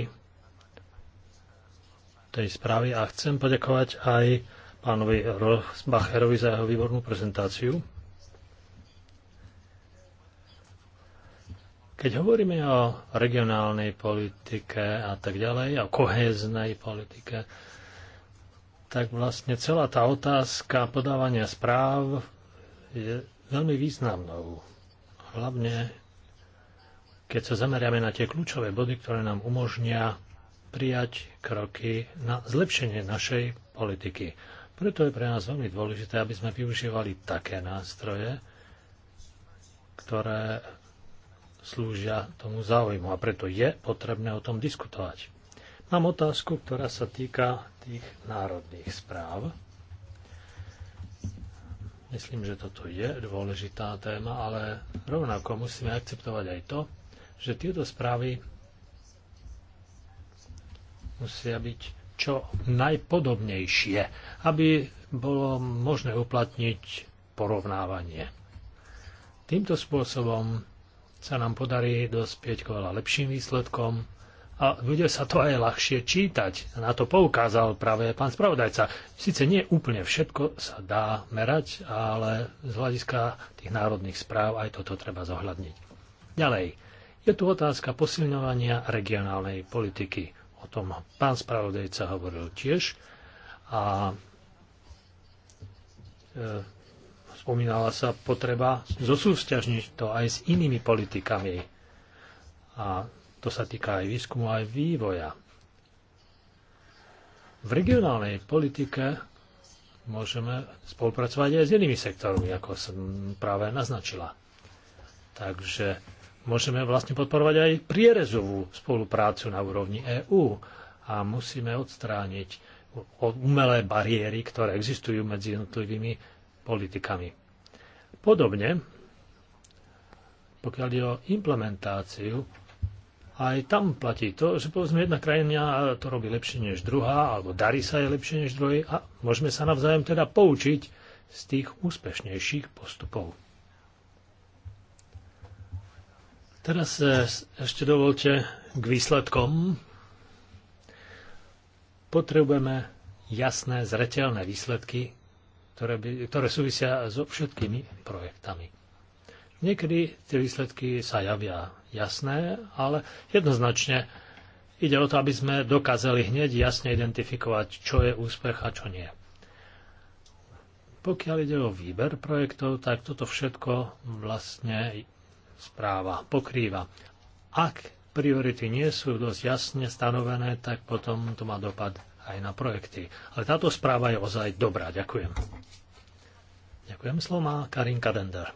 tej správy a chcem poďakovať aj pánovi Rosbacherovi za jeho výbornú prezentáciu. Keď hovoríme o regionálnej politike a tak ďalej, o kohéznej politike, tak vlastne celá tá otázka podávania správ je veľmi významnou. Hlavne, keď sa zameriame na tie kľúčové body, ktoré nám umožnia prijať kroky na zlepšenie našej politiky. Preto je pre nás veľmi dôležité, aby sme využívali také nástroje, ktoré slúžia tomu záujmu a preto je potrebné o tom diskutovať. Mám otázku, ktorá sa týka tých národných správ. Myslím, že toto je dôležitá téma, ale rovnako musíme akceptovať aj to, že tieto správy musia byť čo najpodobnejšie, aby bolo možné uplatniť porovnávanie. Týmto spôsobom sa nám podarí dospieť k lepším výsledkom a bude sa to aj ľahšie čítať. Na to poukázal práve pán spravodajca. Sice nie úplne všetko sa dá merať, ale z hľadiska tých národných správ aj toto treba zohľadniť. Ďalej, je tu otázka posilňovania regionálnej politiky. O tom pán spravodajca hovoril tiež a e, spomínala sa potreba zosúvťažniť to aj s inými politikami. A to sa týka aj výskumu, aj vývoja. V regionálnej politike môžeme spolupracovať aj s inými sektormi, ako som práve naznačila. Takže môžeme vlastne podporovať aj prierezovú spoluprácu na úrovni EÚ a musíme odstrániť umelé bariéry, ktoré existujú medzi jednotlivými politikami. Podobne, pokiaľ je o implementáciu aj tam platí to, že povedzme jedna krajina to robí lepšie než druhá, alebo darí sa je lepšie než druhej a môžeme sa navzájom teda poučiť z tých úspešnejších postupov. Teraz e, ešte dovolte k výsledkom. Potrebujeme jasné, zretelné výsledky, ktoré, by, ktoré súvisia so všetkými projektami. Niekedy tie výsledky sa javia jasné, ale jednoznačne ide o to, aby sme dokázali hneď jasne identifikovať, čo je úspech a čo nie. Pokiaľ ide o výber projektov, tak toto všetko vlastne správa pokrýva. Ak priority nie sú dosť jasne stanovené, tak potom to má dopad aj na projekty. Ale táto správa je ozaj dobrá. Ďakujem. Ďakujem slova Karinka Karin Kadender.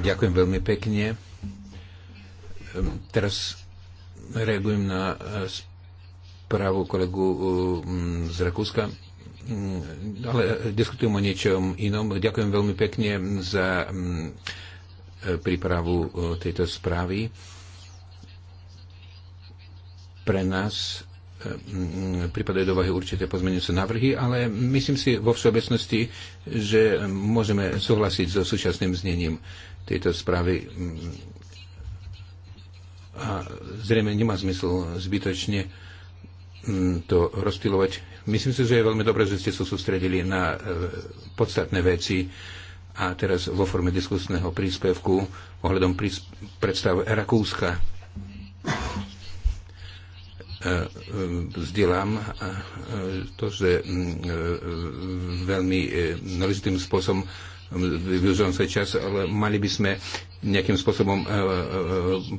Ďakujem. veľmi pekne. Ehm, teraz reagujem na e, správu kolegu e, z Rakúska, ehm, ale diskutujem o niečom inom. Ďakujem veľmi pekne za e, prípravu tejto správy. Pre nás Eh, prípadajú do vahy určité pozmeňujúce návrhy, ale myslím si vo všeobecnosti, že môžeme súhlasiť so súčasným znením tejto správy. A zrejme nemá zmysel zbytočne mm, to rozpilovať. Myslím si, že je veľmi dobré, že ste sa sústredili na eh, podstatné veci a teraz vo forme diskusného príspevku ohľadom predstav Rakúska vzdielam to, že e, veľmi e, náležitým spôsobom využívam svoj čas, ale mali by sme nejakým spôsobom e,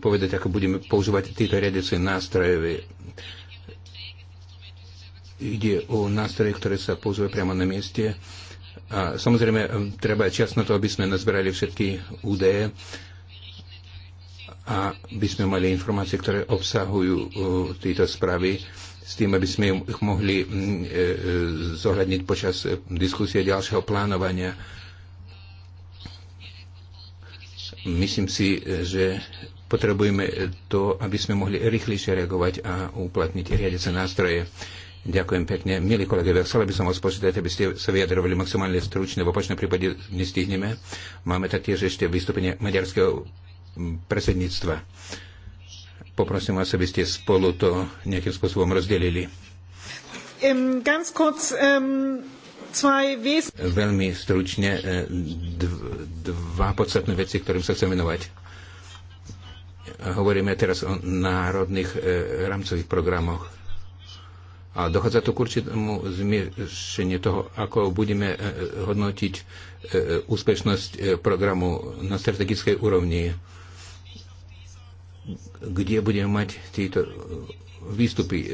povedať, ako budeme používať tieto riadecie nástroje. Ide o nástroje, ktoré sa používajú priamo na mieste. A samozrejme, treba čas na to, aby sme nazbrali všetky údaje a by sme mali informácie, ktoré obsahujú uh, tieto správy s tým, aby sme ich mohli mm, e, e, zohľadniť počas e, diskusie ďalšieho plánovania. Myslím si, že potrebujeme to, aby sme mohli rýchlejšie reagovať a uplatniť riadice nástroje. Ďakujem pekne. Milí kolegovia, chcel by som vás požiadať, aby ste sa vyjadrovali maximálne stručne, v opačnom prípade nestihneme. Máme taktiež ešte vystúpenie maďarského predsedníctva. Poprosím vás, aby ste spolu to nejakým spôsobom rozdelili. Um, ganz kurz, um, zwei wes- Veľmi stručne e, dva podstatné veci, ktorým sa chcem venovať. Hovoríme teraz o národných e, rámcových programoch. A dochádza to k určitému zmiešeniu toho, ako budeme e, hodnotiť e, úspešnosť programu na strategickej úrovni kde budeme mať tieto e, výstupy e, e,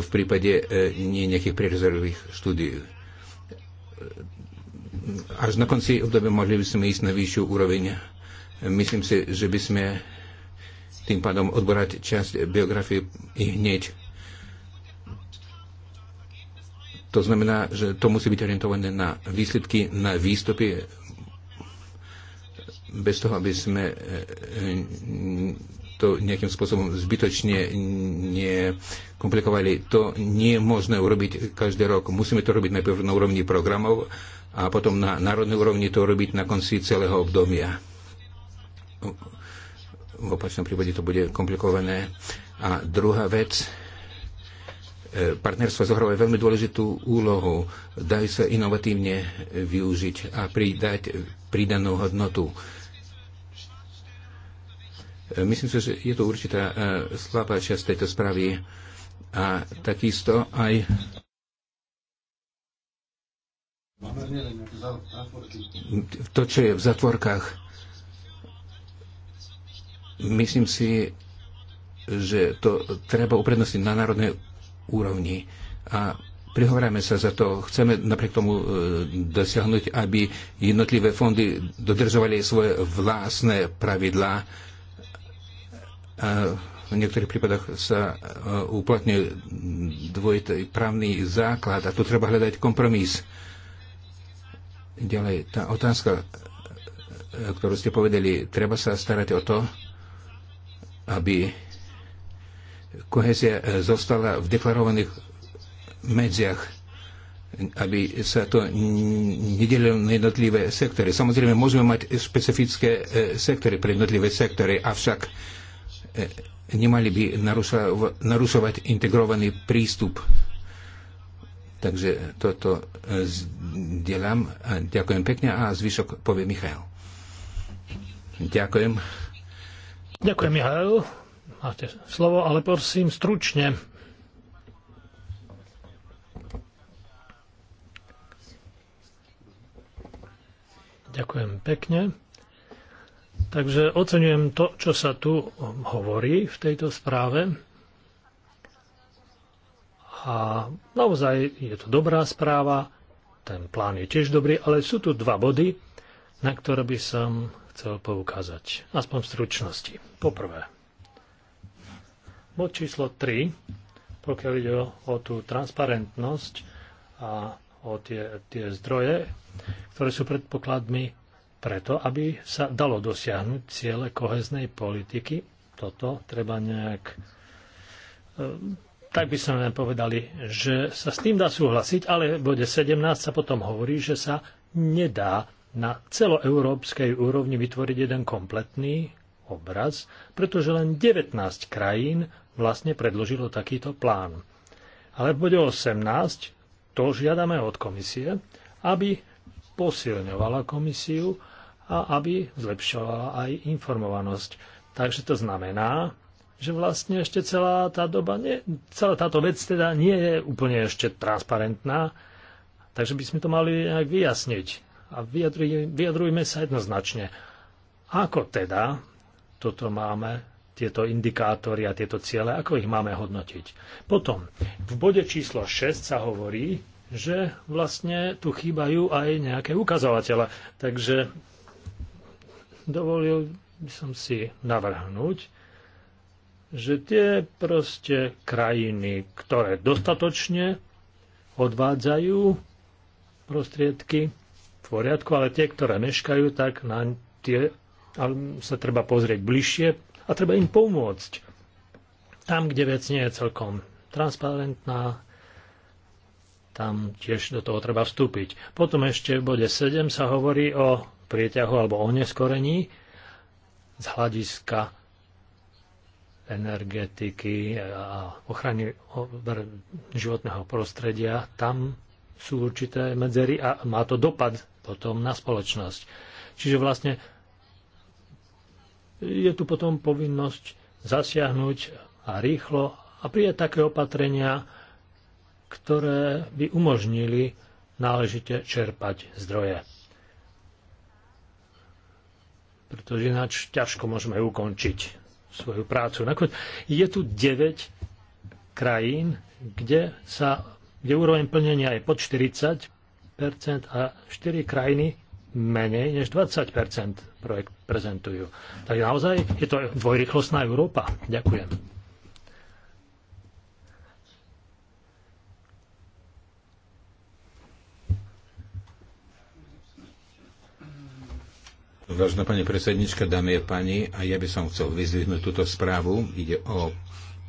v prípade nie nejakých prierezorových štúdií. Až na konci obdobia mohli by sme ísť na vyššiu úroveň. Myslím si, že by sme tým pádom odborať časť biografie i hneď. To znamená, že to musí byť orientované na výsledky, na výstupy bez toho, aby sme e, e, to nejakým spôsobom zbytočne nekomplikovali. To nie je možné urobiť každý rok. Musíme to robiť najprv na úrovni programov a potom na národnej úrovni to robiť na konci celého obdobia. V opačnom prípade to bude komplikované. A druhá vec, e, partnerstvo zohráva veľmi dôležitú úlohu. Dajú sa inovatívne využiť a pridať pridanú hodnotu E, myslím si, že je to určitá e, slabá časť tejto správy a takisto aj to, čo je v zatvorkách. Myslím si, že to treba uprednostniť na národnej úrovni a prihovoráme sa za to. Chceme napriek tomu e, dosiahnuť, aby jednotlivé fondy dodržovali svoje vlastné pravidlá v niektorých prípadoch sa e, uplatňuje dvojitý právny základ a tu treba hľadať kompromis. Ďalej, tá otázka, e, ktorú ste povedali, treba sa starať o to, aby kohezia e, zostala v deklarovaných medziach, aby sa to nedelilo na jednotlivé sektory. Samozrejme, môžeme mať špecifické sektory pre jednotlivé sektory, avšak E, nemali by narušovať integrovaný prístup. Takže toto e, zdieľam. Ďakujem pekne a zvyšok povie Michal. Ďakujem. Ďakujem, Michal. Máte slovo, ale prosím stručne. Ďakujem pekne. Takže oceňujem to, čo sa tu hovorí v tejto správe. A naozaj je to dobrá správa, ten plán je tiež dobrý, ale sú tu dva body, na ktoré by som chcel poukázať, aspoň v stručnosti. Poprvé, bod číslo 3, pokiaľ ide o, o tú transparentnosť a o tie, tie zdroje, ktoré sú predpokladmi preto, aby sa dalo dosiahnuť ciele koheznej politiky. Toto treba nejak... Eh, tak by sme len povedali, že sa s tým dá súhlasiť, ale v bode 17 sa potom hovorí, že sa nedá na celoeurópskej úrovni vytvoriť jeden kompletný obraz, pretože len 19 krajín vlastne predložilo takýto plán. Ale v bode 18 to žiadame od komisie, aby posilňovala komisiu a aby zlepšovala aj informovanosť. Takže to znamená, že vlastne ešte celá tá doba, nie, celá táto vec teda nie je úplne ešte transparentná, takže by sme to mali nejak vyjasniť a vyjadruj, vyjadrujme sa jednoznačne. Ako teda toto máme, tieto indikátory a tieto ciele, ako ich máme hodnotiť? Potom, v bode číslo 6 sa hovorí, že vlastne tu chýbajú aj nejaké ukazovatele. Takže dovolil by som si navrhnúť, že tie proste krajiny, ktoré dostatočne odvádzajú prostriedky v poriadku, ale tie, ktoré meškajú, tak na tie sa treba pozrieť bližšie a treba im pomôcť. Tam, kde vec nie je celkom transparentná, tam tiež do toho treba vstúpiť. Potom ešte v bode 7 sa hovorí o prieťahu alebo oneskorení z hľadiska energetiky a ochrany životného prostredia, tam sú určité medzery a má to dopad potom na spoločnosť. Čiže vlastne je tu potom povinnosť zasiahnuť a rýchlo a prijať také opatrenia, ktoré by umožnili náležite čerpať zdroje pretože ináč ťažko môžeme ukončiť svoju prácu. Nakoniec je tu 9 krajín, kde, sa, kde úroveň plnenia je pod 40 a 4 krajiny menej než 20 projekt prezentujú. Tak naozaj je to dvojrychlostná Európa. Ďakujem. Vážna pani predsednička, dámy a pani, a ja by som chcel vyzvihnúť túto správu. Ide o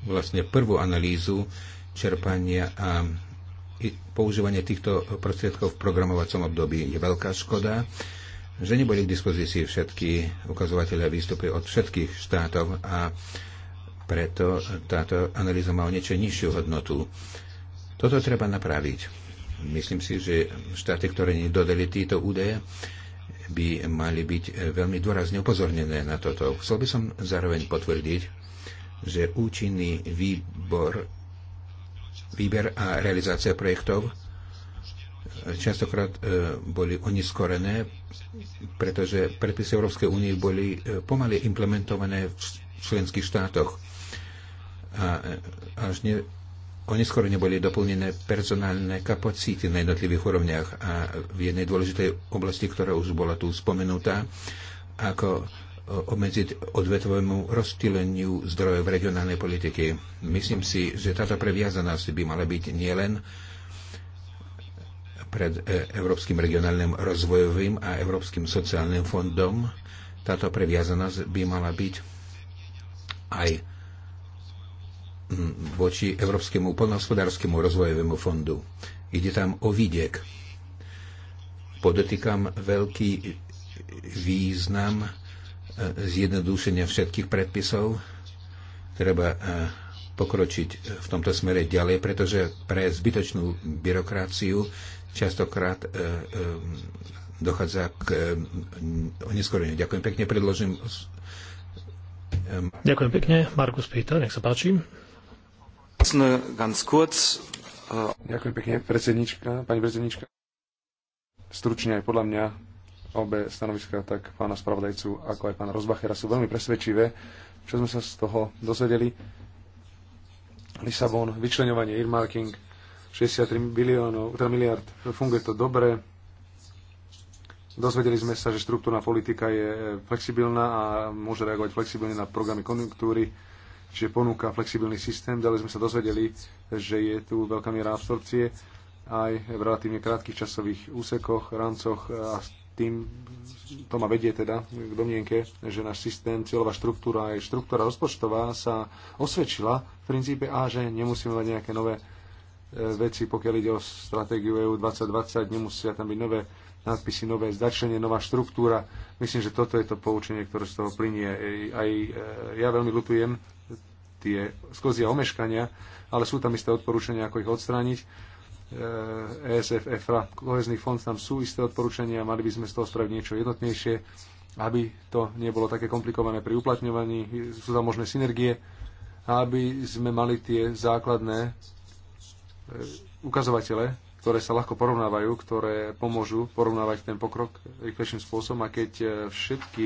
vlastne prvú analýzu čerpania a používania týchto prostriedkov v programovacom období. Je veľká škoda, že neboli k dispozícii všetky ukazovateľe a výstupy od všetkých štátov a preto táto analýza má o niečo nižšiu hodnotu. Toto treba napraviť. Myslím si, že štáty, ktoré nedodali títo údaje, by mali byť e, veľmi dôrazne upozornené na toto. Chcel by som zároveň potvrdiť, že účinný výbor, výber a realizácia projektov e, častokrát e, boli oneskorené, pretože predpisy Európskej únie boli pomaly implementované v členských štátoch. A až ne, skoro neboli doplnené personálne kapacity na jednotlivých úrovniach a v jednej dôležitej oblasti, ktorá už bola tu spomenutá, ako obmedziť odvetovému rozstýleniu zdrojov v regionálnej politike. Myslím si, že táto previazanosť by mala byť nielen pred e, Európskym regionálnym rozvojovým a Európskym sociálnym fondom. Táto previazanosť by mala byť aj voči Európskemu poľnohospodárskému rozvojovému fondu. Ide tam o vidiek. Podotýkam veľký význam e, zjednodušenia všetkých predpisov. Treba e, pokročiť v tomto smere ďalej, pretože pre zbytočnú byrokraciu častokrát e, dochádza k oneskoreniu. Ďakujem pekne, predložím. Ďakujem pekne. Markus Peter, nech sa páči. Äh, Ďakujem pekne, predsednička, pani predsednička. Stručne aj podľa mňa obe stanoviska, tak pána spravodajcu, ako aj pána Rozbachera, sú veľmi presvedčivé, čo sme sa z toho dozvedeli. Lisabon, vyčlenovanie, earmarking, 63 biliónov, teda miliard, funguje to dobre. Dozvedeli sme sa, že štruktúrna politika je flexibilná a môže reagovať flexibilne na programy konjunktúry čiže ponúka flexibilný systém. Ďalej sme sa dozvedeli, že je tu veľká miera absorpcie aj v relatívne krátkých časových úsekoch, rancoch a tým to ma vedie teda k domienke, že náš systém, cieľová štruktúra aj štruktúra rozpočtová sa osvedčila v princípe a že nemusíme mať nejaké nové e, veci, pokiaľ ide o stratégiu EU 2020, nemusia tam byť nové nadpisy, nové zdačenie, nová štruktúra. Myslím, že toto je to poučenie, ktoré z toho plinie. E, aj e, ja veľmi lutujem, tie skozia omeškania, ale sú tam isté odporúčania, ako ich odstrániť. ESF, e EFRA, kohezný fond, tam sú isté odporúčania, mali by sme z toho spraviť niečo jednotnejšie, aby to nebolo také komplikované pri uplatňovaní, sú tam možné synergie, aby sme mali tie základné e, ukazovatele, ktoré sa ľahko porovnávajú, ktoré pomôžu porovnávať ten pokrok rýchlejším spôsobom a keď e, všetky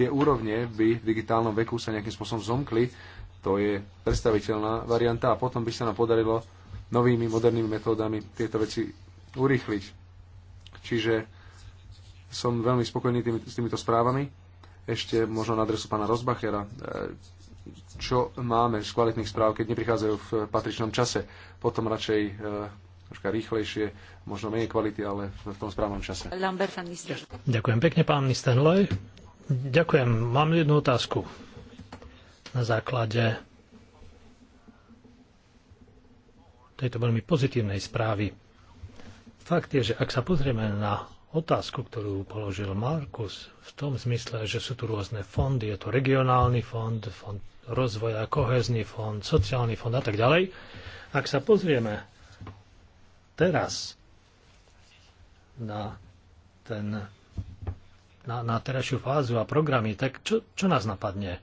tie úrovne by v digitálnom veku sa nejakým spôsobom zomkli, to je predstaviteľná varianta a potom by sa nám podarilo novými modernými metódami tieto veci urýchliť. Čiže som veľmi spokojný tými, s týmito správami. Ešte možno na adresu pána Rozbachera. E, čo máme z kvalitných správ, keď neprichádzajú v patričnom čase? Potom radšej e, troška rýchlejšie, možno menej kvality, ale v tom správnom čase. Ďakujem pekne, pán Stanley. Ďakujem. Mám jednu otázku na základe tejto veľmi pozitívnej správy. Fakt je, že ak sa pozrieme na otázku, ktorú položil Markus, v tom zmysle, že sú tu rôzne fondy, je to regionálny fond, fond rozvoja, kohezný fond, sociálny fond a tak ďalej. Ak sa pozrieme teraz na, ten, na, na terajšiu fázu a programy, tak čo, čo nás napadne?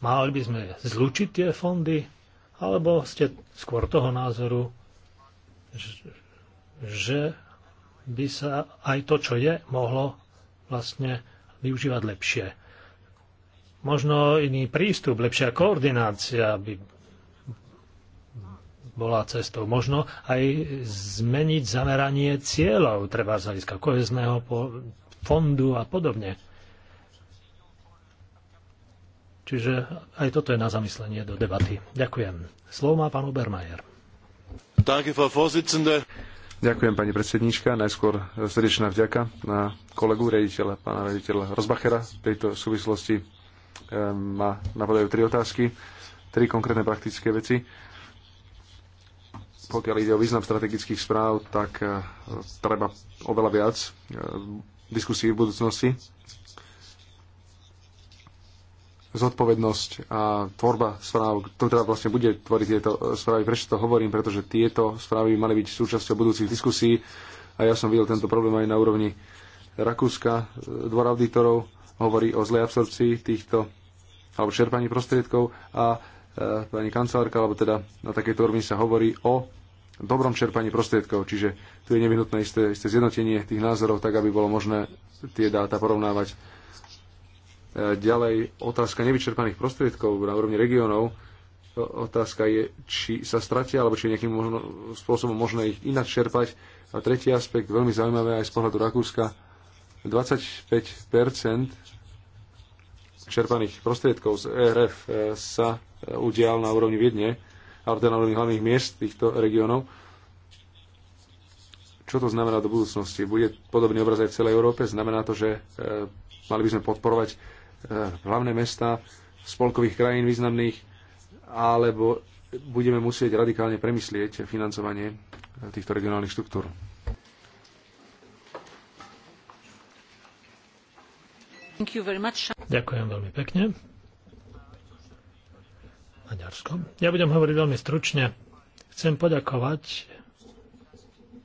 Mali by sme zlučiť tie fondy, alebo ste skôr toho názoru, že by sa aj to, čo je, mohlo vlastne využívať lepšie. Možno iný prístup, lepšia koordinácia by bola cestou. Možno aj zmeniť zameranie cieľov, treba z hľadiska kohezného fondu a podobne. Čiže aj toto je na zamyslenie do debaty. Ďakujem. Slovo má pán Obermajer. Ďakujem, pani predsedníčka. Najskôr srdečná vďaka na kolegu rediteľa, pána rediteľa Rozbachera. V tejto súvislosti eh, ma napadajú tri otázky, tri konkrétne praktické veci pokiaľ ide o význam strategických správ, tak eh, treba oveľa viac eh, diskusí v budúcnosti zodpovednosť a tvorba správ, ktorá teda vlastne bude tvoriť tieto správy. Prečo to hovorím? Pretože tieto správy mali byť súčasťou budúcich diskusí a ja som videl tento problém aj na úrovni Rakúska. Dvor auditorov hovorí o zlej absorpcii týchto alebo čerpaní prostriedkov a e, pani kancelárka, alebo teda na takejto úrovni sa hovorí o dobrom čerpaní prostriedkov, čiže tu je nevyhnutné isté, isté zjednotenie tých názorov, tak aby bolo možné tie dáta porovnávať Ďalej otázka nevyčerpaných prostriedkov na úrovni regiónov. Otázka je, či sa stratia, alebo či je nejakým možno, spôsobom možné ich inak čerpať. A tretí aspekt, veľmi zaujímavé aj z pohľadu Rakúska, 25 čerpaných prostriedkov z ERF e, sa e, udial na úrovni Viedne, alebo teda na úrovni hlavných miest týchto regiónov. Čo to znamená do budúcnosti? Bude podobný obraz aj v celej Európe? Znamená to, že e, mali by sme podporovať Eh, hlavné mesta spolkových krajín významných, alebo budeme musieť radikálne premyslieť financovanie eh, týchto regionálnych štruktúr. Ďakujem veľmi pekne. Maďarsko. Ja budem hovoriť veľmi stručne. Chcem poďakovať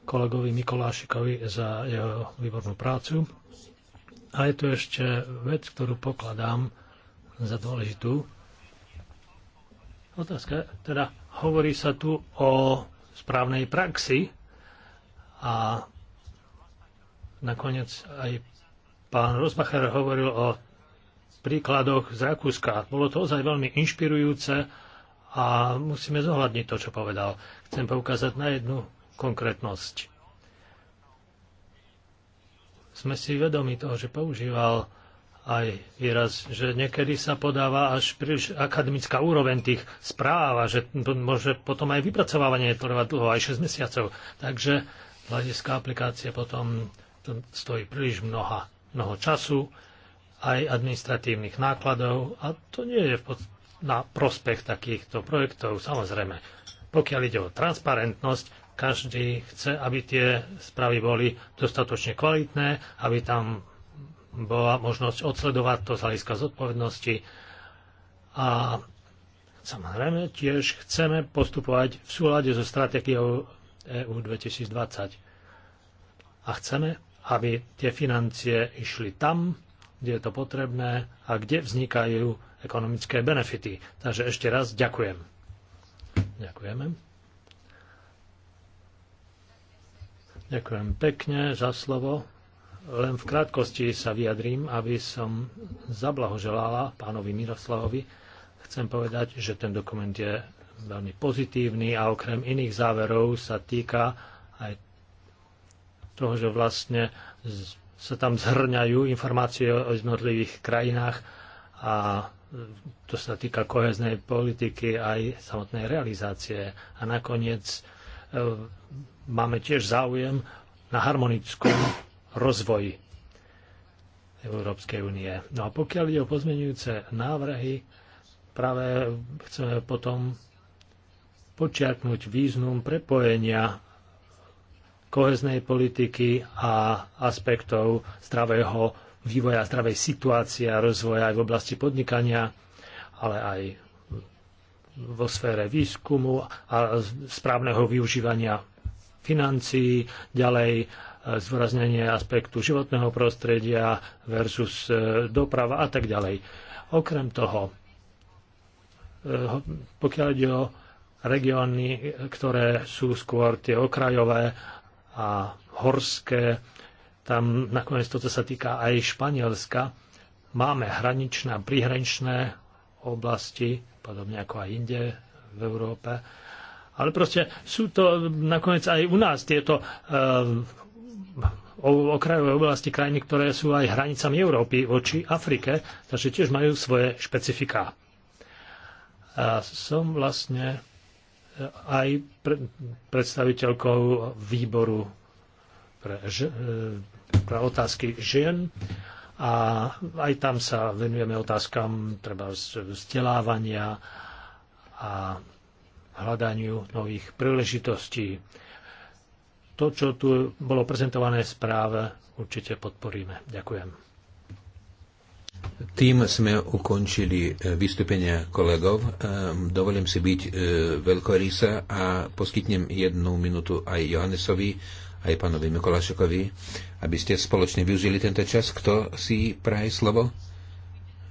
kolegovi Mikolášikovi za jeho výbornú prácu a je tu ešte vec, ktorú pokladám za dôležitú. Otázka, teda hovorí sa tu o správnej praxi a nakoniec aj pán Rosbacher hovoril o príkladoch z Rakúska. Bolo to ozaj veľmi inšpirujúce a musíme zohľadniť to, čo povedal. Chcem poukázať na jednu konkrétnosť sme si vedomi toho, že používal aj výraz, že niekedy sa podáva až príliš akademická úroveň tých správ a že môže potom aj vypracovávanie trvať dlho, aj 6 mesiacov. Takže hľadiska aplikácie potom stojí príliš mnoha, mnoho času, aj administratívnych nákladov a to nie je na prospech takýchto projektov. Samozrejme, pokiaľ ide o transparentnosť, každý chce, aby tie správy boli dostatočne kvalitné, aby tam bola možnosť odsledovať to z hľadiska zodpovednosti a samozrejme tiež chceme postupovať v súlade so stratégiou EU 2020. A chceme, aby tie financie išli tam, kde je to potrebné a kde vznikajú ekonomické benefity. Takže ešte raz ďakujem. Ďakujeme. Ďakujem pekne za slovo. Len v krátkosti sa vyjadrím, aby som zablahoželala pánovi Miroslavovi. Chcem povedať, že ten dokument je veľmi pozitívny a okrem iných záverov sa týka aj toho, že vlastne sa tam zhrňajú informácie o jednotlivých krajinách a to sa týka koheznej politiky aj samotnej realizácie. A nakoniec e, máme tiež záujem na harmonickom rozvoji Európskej únie. No a pokiaľ ide o pozmeňujúce návrhy, práve chceme potom počiarknúť význam prepojenia koheznej politiky a aspektov zdravého vývoja, zdravej situácie a rozvoja aj v oblasti podnikania, ale aj vo sfére výskumu a správneho využívania financií, ďalej e, zdôraznenie aspektu životného prostredia versus e, doprava a tak ďalej. Okrem toho, e, pokiaľ ide o regióny, ktoré sú skôr tie okrajové a horské, tam nakoniec toto sa týka aj Španielska, máme hraničné a prihraničné oblasti, podobne ako aj inde v Európe, ale proste sú to nakoniec aj u nás tieto eh, okrajové oblasti krajiny, ktoré sú aj hranicami Európy voči Afrike, takže tiež majú svoje špecifiká. A som vlastne eh, aj pre, predstaviteľkou výboru pre, eh, pre otázky žien a aj tam sa venujeme otázkam treba vzdelávania a hľadaniu nových príležitostí. To, čo tu bolo prezentované v správe, určite podporíme. Ďakujem. Tým sme ukončili e, vystúpenia kolegov. E, dovolím si byť e, veľkorysa a poskytnem jednu minútu aj Johannesovi, aj pánovi Mikolašekovi, aby ste spoločne využili tento čas. Kto si praje slovo?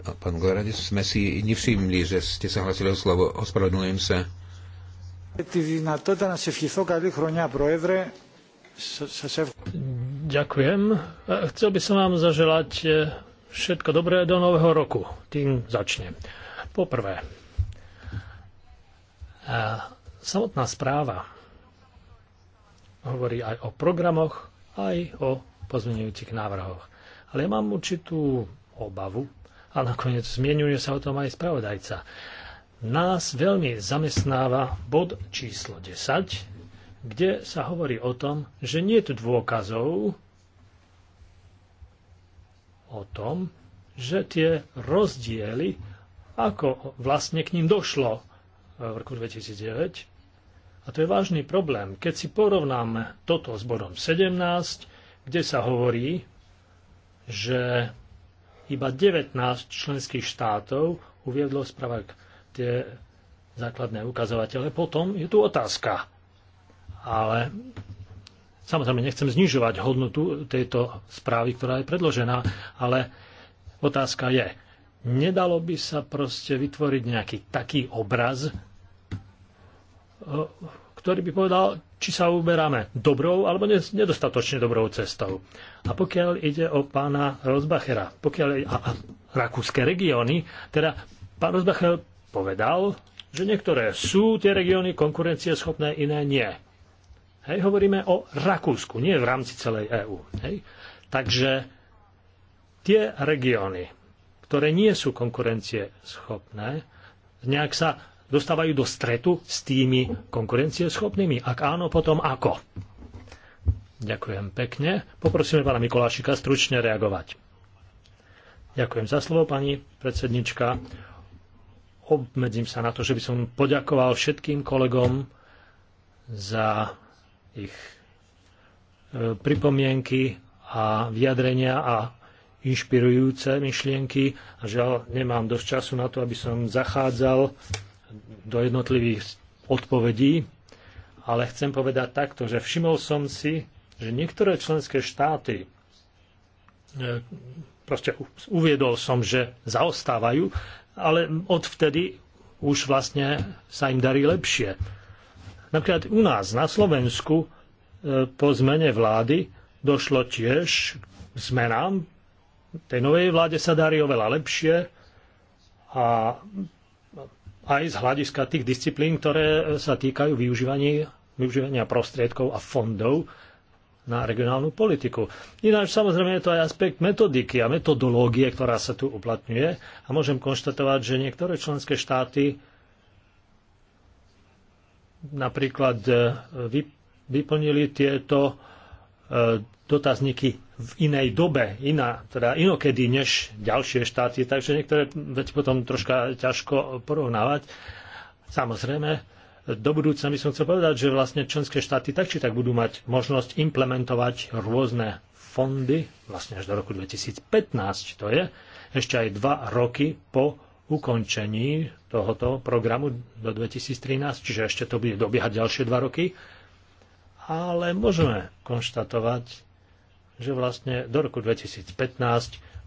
Pán Goradis, sme si nevšimli, že ste sa hlasili o slovo. Ospravedlňujem sa. Ďakujem. Chcel by som vám zaželať všetko dobré do nového roku. Tým začnem. Poprvé, samotná správa hovorí aj o programoch, aj o pozmeňujúcich návrhoch. Ale ja mám určitú obavu a nakoniec zmienuje sa o tom aj spravodajca nás veľmi zamestnáva bod číslo 10, kde sa hovorí o tom, že nie je tu dôkazov o tom, že tie rozdiely, ako vlastne k ním došlo e, v roku 2009, a to je vážny problém. Keď si porovnáme toto s bodom 17, kde sa hovorí, že iba 19 členských štátov uviedlo správa tie základné ukazovatele. Potom je tu otázka. Ale samozrejme nechcem znižovať hodnotu tejto správy, ktorá je predložená, ale otázka je, nedalo by sa proste vytvoriť nejaký taký obraz, e, ktorý by povedal, či sa uberáme dobrou alebo nedostatočne dobrou cestou. A pokiaľ ide o pána Rozbachera, pokiaľ ide, a, a rakúske regióny, teda pán Rozbacher povedal, že niektoré sú tie regióny konkurencieschopné, iné nie. Hej, hovoríme o Rakúsku, nie v rámci celej EÚ. Takže tie regióny, ktoré nie sú konkurencieschopné, nejak sa dostávajú do stretu s tými konkurencieschopnými. Ak áno, potom ako? Ďakujem pekne. Poprosíme pána Mikolášika stručne reagovať. Ďakujem za slovo, pani predsednička obmedzím sa na to, že by som poďakoval všetkým kolegom za ich e, pripomienky a vyjadrenia a inšpirujúce myšlienky a žiaľ nemám dosť času na to, aby som zachádzal do jednotlivých odpovedí, ale chcem povedať takto, že všimol som si, že niektoré členské štáty, e, proste uviedol som, že zaostávajú ale odvtedy už vlastne sa im darí lepšie. Napríklad u nás na Slovensku e, po zmene vlády došlo tiež k zmenám. Tej novej vláde sa darí oveľa lepšie a aj z hľadiska tých disciplín, ktoré sa týkajú využívania, využívania prostriedkov a fondov na regionálnu politiku. Ináč samozrejme je to aj aspekt metodiky a metodológie, ktorá sa tu uplatňuje a môžem konštatovať, že niektoré členské štáty napríklad e, vyplnili tieto e, dotazníky v inej dobe, iná, teda inokedy než ďalšie štáty, takže niektoré veci potom troška ťažko porovnávať. Samozrejme, do budúcna by som chcel povedať, že vlastne členské štáty tak či tak budú mať možnosť implementovať rôzne fondy, vlastne až do roku 2015 to je, ešte aj dva roky po ukončení tohoto programu do 2013, čiže ešte to bude dobiehať ďalšie dva roky. Ale môžeme konštatovať, že vlastne do roku 2015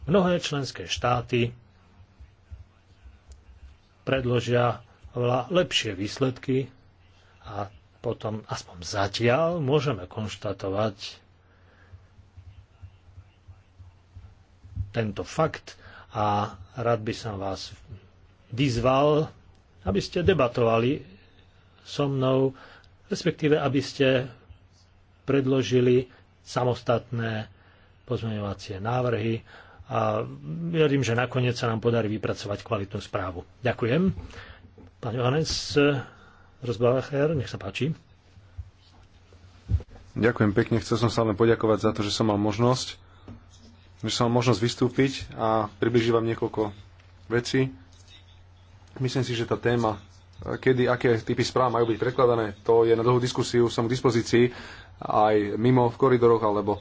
mnohé členské štáty predložia oveľa lepšie výsledky a potom aspoň zatiaľ môžeme konštatovať tento fakt a rád by som vás vyzval, aby ste debatovali so mnou, respektíve aby ste predložili samostatné pozmeňovacie návrhy a verím, že nakoniec sa nám podarí vypracovať kvalitnú správu. Ďakujem. Pán Johannes e, Rozbacher, nech sa páči. Ďakujem pekne. Chcel som sa len poďakovať za to, že som mal možnosť že som mal možnosť vystúpiť a približiť vám niekoľko vecí. Myslím si, že tá téma, e, kedy, aké typy správ majú byť prekladané, to je na dlhú diskusiu, som k dispozícii aj mimo v koridoroch, alebo,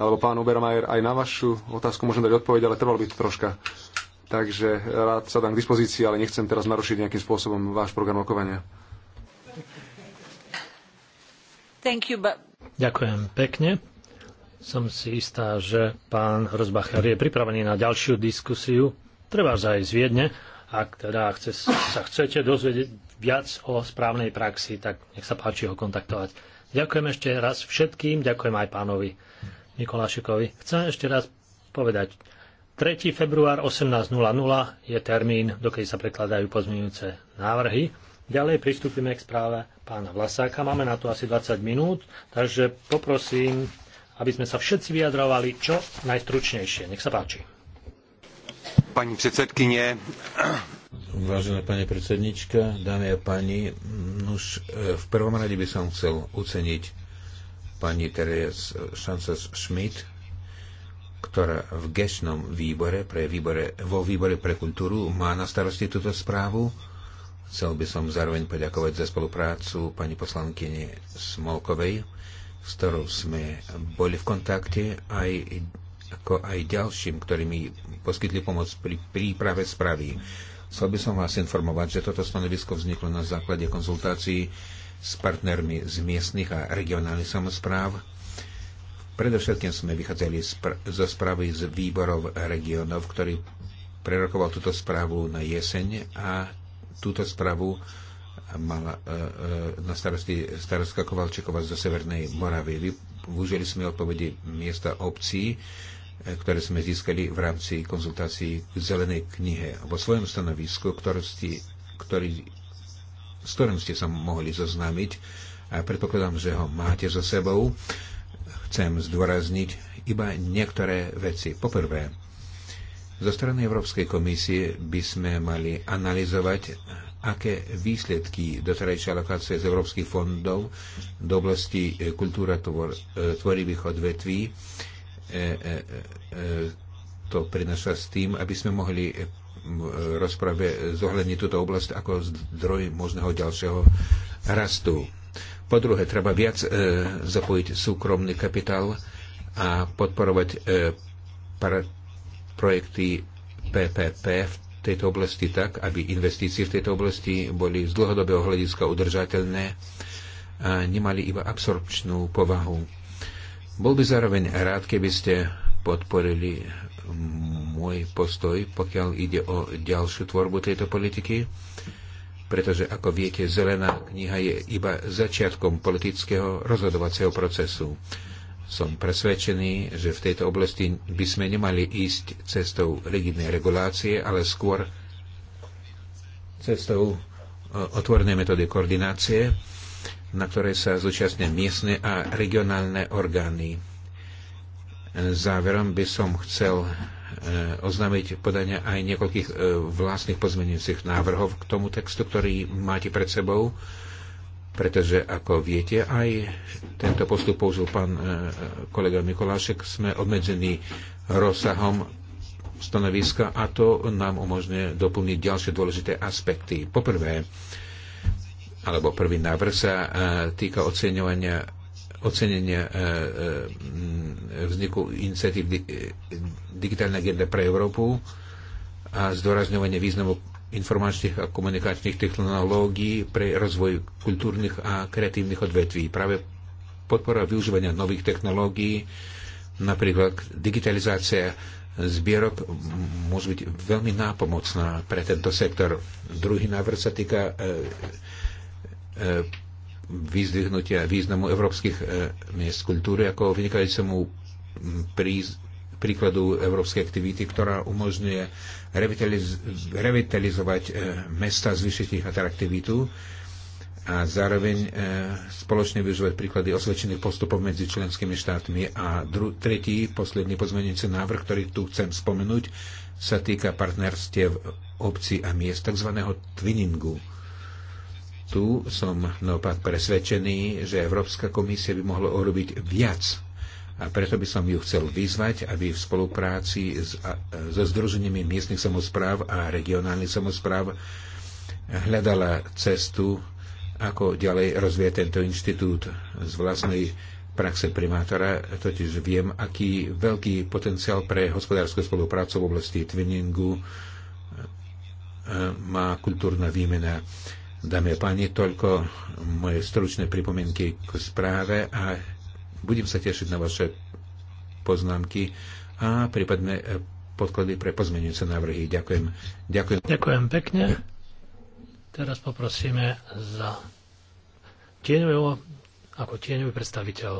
alebo pán Ubermajer, aj na vašu otázku môžem dať odpoveď, ale trvalo by to troška. Takže rád sa dám k dispozícii, ale nechcem teraz narušiť nejakým spôsobom váš program rokovania. You, but... Ďakujem pekne. Som si istá, že pán Rozbacher je pripravený na ďalšiu diskusiu, treba aj z Viedne. Ak teda chce, sa chcete dozvedieť viac o správnej praxi, tak nech sa páči ho kontaktovať. Ďakujem ešte raz všetkým, ďakujem aj pánovi Mikolášikovi. Chcem ešte raz povedať, 3. február 18.00 je termín, do keď sa prekladajú pozmeňujúce návrhy. Ďalej pristúpime k správe pána Vlasáka. Máme na to asi 20 minút, takže poprosím, aby sme sa všetci vyjadrovali čo najstručnejšie. Nech sa páči. Pani predsedkynie. Vážená pani predsednička, dámy a páni, už e, v prvom rade by som chcel oceniť pani Teres Šances Schmidt, ktorá v gešnom výbore, pre výbore, vo výbore pre kultúru má na starosti túto správu. Chcel by som zároveň poďakovať za spoluprácu pani poslankyne Smolkovej, s ktorou sme boli v kontakte aj ako aj ďalším, ktorí mi poskytli pomoc pri príprave správy. Chcel by som vás informovať, že toto stanovisko vzniklo na základe konzultácií s partnermi z miestnych a regionálnych samozpráv Predovšetkým sme vychádzali spr- zo správy z výborov regionov, ktorý prerokoval túto správu na jeseň a túto správu mala e, e na starosti starostka Kovalčekova zo Severnej Moravy. Využili sme odpovede miesta obcí, e, ktoré sme získali v rámci konzultácií k zelenej knihe. Vo svojom stanovisku, ktorý ste, ktorý, s ktorým ste sa mohli zoznámiť, a predpokladám, že ho máte so sebou, e, chcem zdôrazniť iba niektoré veci. Poprvé, zo strany Európskej komisie by sme mali analyzovať, aké výsledky doterajšia alokácie z európskych fondov do oblasti e, kultúra tvor, e, tvorivých odvetví e, to prináša s tým, aby sme mohli rozprave zohľadniť túto oblasť ako zdroj možného ďalšieho rastu. Po druhé, treba viac e, zapojiť súkromný kapitál a podporovať e, par- projekty PPP v tejto oblasti tak, aby investície v tejto oblasti boli z dlhodobého hľadiska udržateľné a nemali iba absorpčnú povahu. Bol by zároveň rád, keby ste podporili môj postoj, pokiaľ ide o ďalšiu tvorbu tejto politiky pretože, ako viete, zelená kniha je iba začiatkom politického rozhodovacieho procesu. Som presvedčený, že v tejto oblasti by sme nemali ísť cestou rigidnej regulácie, ale skôr cestou e, otvornej metódy koordinácie, na ktorej sa zúčastnia miestne a regionálne orgány. Záverom by som chcel Eh, oznámiť podania aj niekoľkých eh, vlastných pozmenujúcich návrhov k tomu textu, ktorý máte pred sebou, pretože, ako viete, aj tento postup použil pán eh, kolega Mikolášek. Sme obmedzení rozsahom stanoviska a to nám umožňuje doplniť ďalšie dôležité aspekty. Poprvé, alebo prvý návrh sa týka oceňovania ocenenia e, e, vzniku iniciatív Digitálna agenda pre Európu a zdôrazňovanie významu informačných a komunikačných technológií pre rozvoj kultúrnych a kreatívnych odvetví. Práve podpora využívania nových technológií, napríklad digitalizácia zbierok môže byť veľmi nápomocná pre tento sektor. Druhý návrh sa týka e, vyzdvihnutia významu európskych e, miest kultúry ako vynikajúcemu príz, príkladu európskej aktivity, ktorá umožňuje revitaliz- revitalizovať e, mesta, zvyšiť ich atraktivitu a zároveň e, spoločne využívať príklady osvedčených postupov medzi členskými štátmi. A dru- tretí, posledný pozmeňujúci návrh, ktorý tu chcem spomenúť, sa týka partnerstiev obcí a miest, tzv. twinningu tu som naopak presvedčený, že Európska komisia by mohla urobiť viac. A preto by som ju chcel vyzvať, aby v spolupráci s, so Združeniami miestnych samozpráv a regionálnych samozpráv hľadala cestu, ako ďalej rozvie tento inštitút z vlastnej praxe primátora, totiž viem, aký veľký potenciál pre hospodárskú spoluprácu v oblasti twinningu e, má kultúrna výmena. Dámy a páni, toľko moje stručné pripomienky k správe a budem sa tešiť na vaše poznámky a prípadne podklady pre pozmenujúce návrhy. Ďakujem. Ďakujem. Ďakujem pekne. Teraz poprosíme za tieňového, ako tieňový predstaviteľ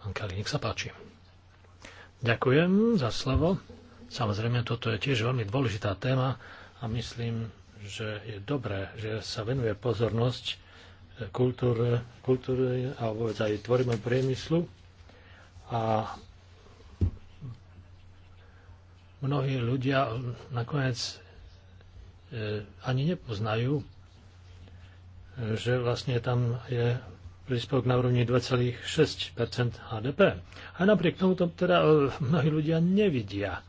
pán Kali. Nech sa páči. Ďakujem za slovo. Samozrejme, toto je tiež veľmi dôležitá téma a myslím, že je dobré, že sa venuje pozornosť kultúre, kultúre alebo aj tvoríme priemyslu. A mnohí ľudia nakoniec e, ani nepoznajú, že vlastne tam je príspevok na úrovni 2,6 HDP. A napriek tomu to teda e, mnohí ľudia nevidia,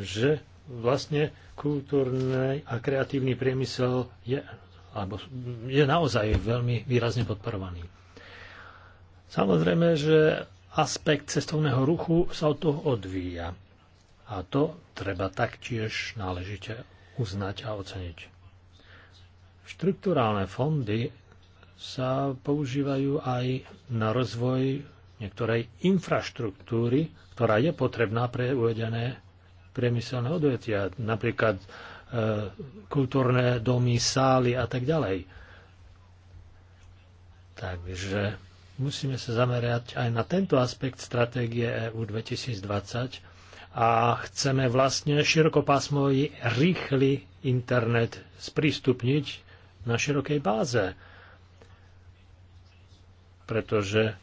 že vlastne kultúrny a kreatívny priemysel je, alebo je naozaj veľmi výrazne podporovaný. Samozrejme, že aspekt cestovného ruchu sa od toho odvíja. A to treba taktiež náležite uznať a oceniť. Štruktúrálne fondy sa používajú aj na rozvoj niektorej infraštruktúry, ktorá je potrebná pre uvedené priemyselné odvetia, napríklad e, kultúrne domy, sály a tak ďalej. Takže musíme sa zamerať aj na tento aspekt stratégie EU 2020 a chceme vlastne širokopásmový rýchly internet sprístupniť na širokej báze. Pretože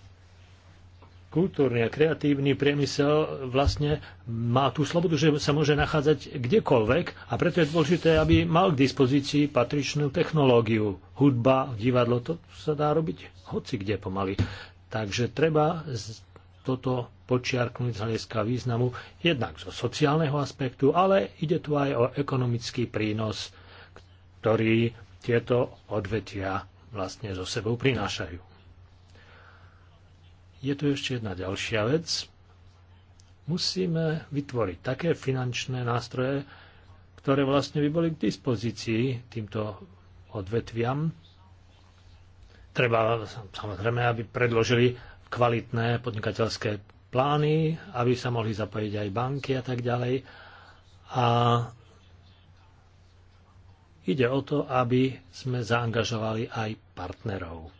kultúrny a kreatívny priemysel vlastne má tú slobodu, že sa môže nachádzať kdekoľvek a preto je dôležité, aby mal k dispozícii patričnú technológiu. Hudba, divadlo, to sa dá robiť hoci kde pomaly. Takže treba toto počiarknúť z hľadiska významu jednak zo sociálneho aspektu, ale ide tu aj o ekonomický prínos, ktorý tieto odvetia vlastne so sebou prinášajú je tu ešte jedna ďalšia vec. Musíme vytvoriť také finančné nástroje, ktoré vlastne by boli k dispozícii týmto odvetviam. Treba samozrejme, aby predložili kvalitné podnikateľské plány, aby sa mohli zapojiť aj banky a tak ďalej. A ide o to, aby sme zaangažovali aj partnerov.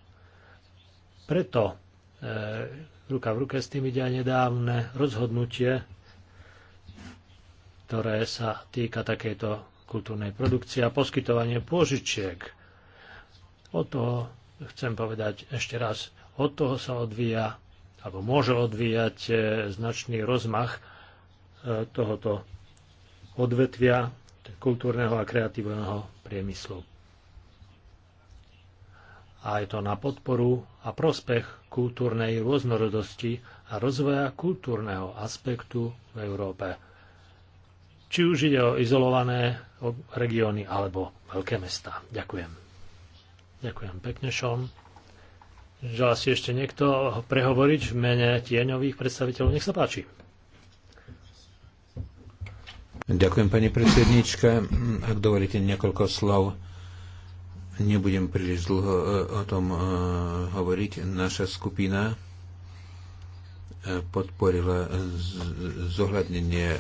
Preto E, ruka v ruke s tým ide aj nedávne rozhodnutie, ktoré sa týka takejto kultúrnej produkcie a poskytovanie požičiek. Od toho chcem povedať ešte raz, od toho sa odvíja, alebo môže odvíjať e, značný rozmach e, tohoto odvetvia kultúrneho a kreatívneho priemyslu a je to na podporu a prospech kultúrnej rôznorodosti a rozvoja kultúrneho aspektu v Európe. Či už ide o izolované regióny alebo veľké mesta. Ďakujem. Ďakujem pekne, Šom. Želá si ešte niekto prehovoriť v mene tieňových predstaviteľov? Nech sa páči. Ďakujem, pani predsednička. Ak dovolíte niekoľko slov Nebudem príliš dlho e, o tom e, hovoriť. Naša skupina e, podporila zohľadnenie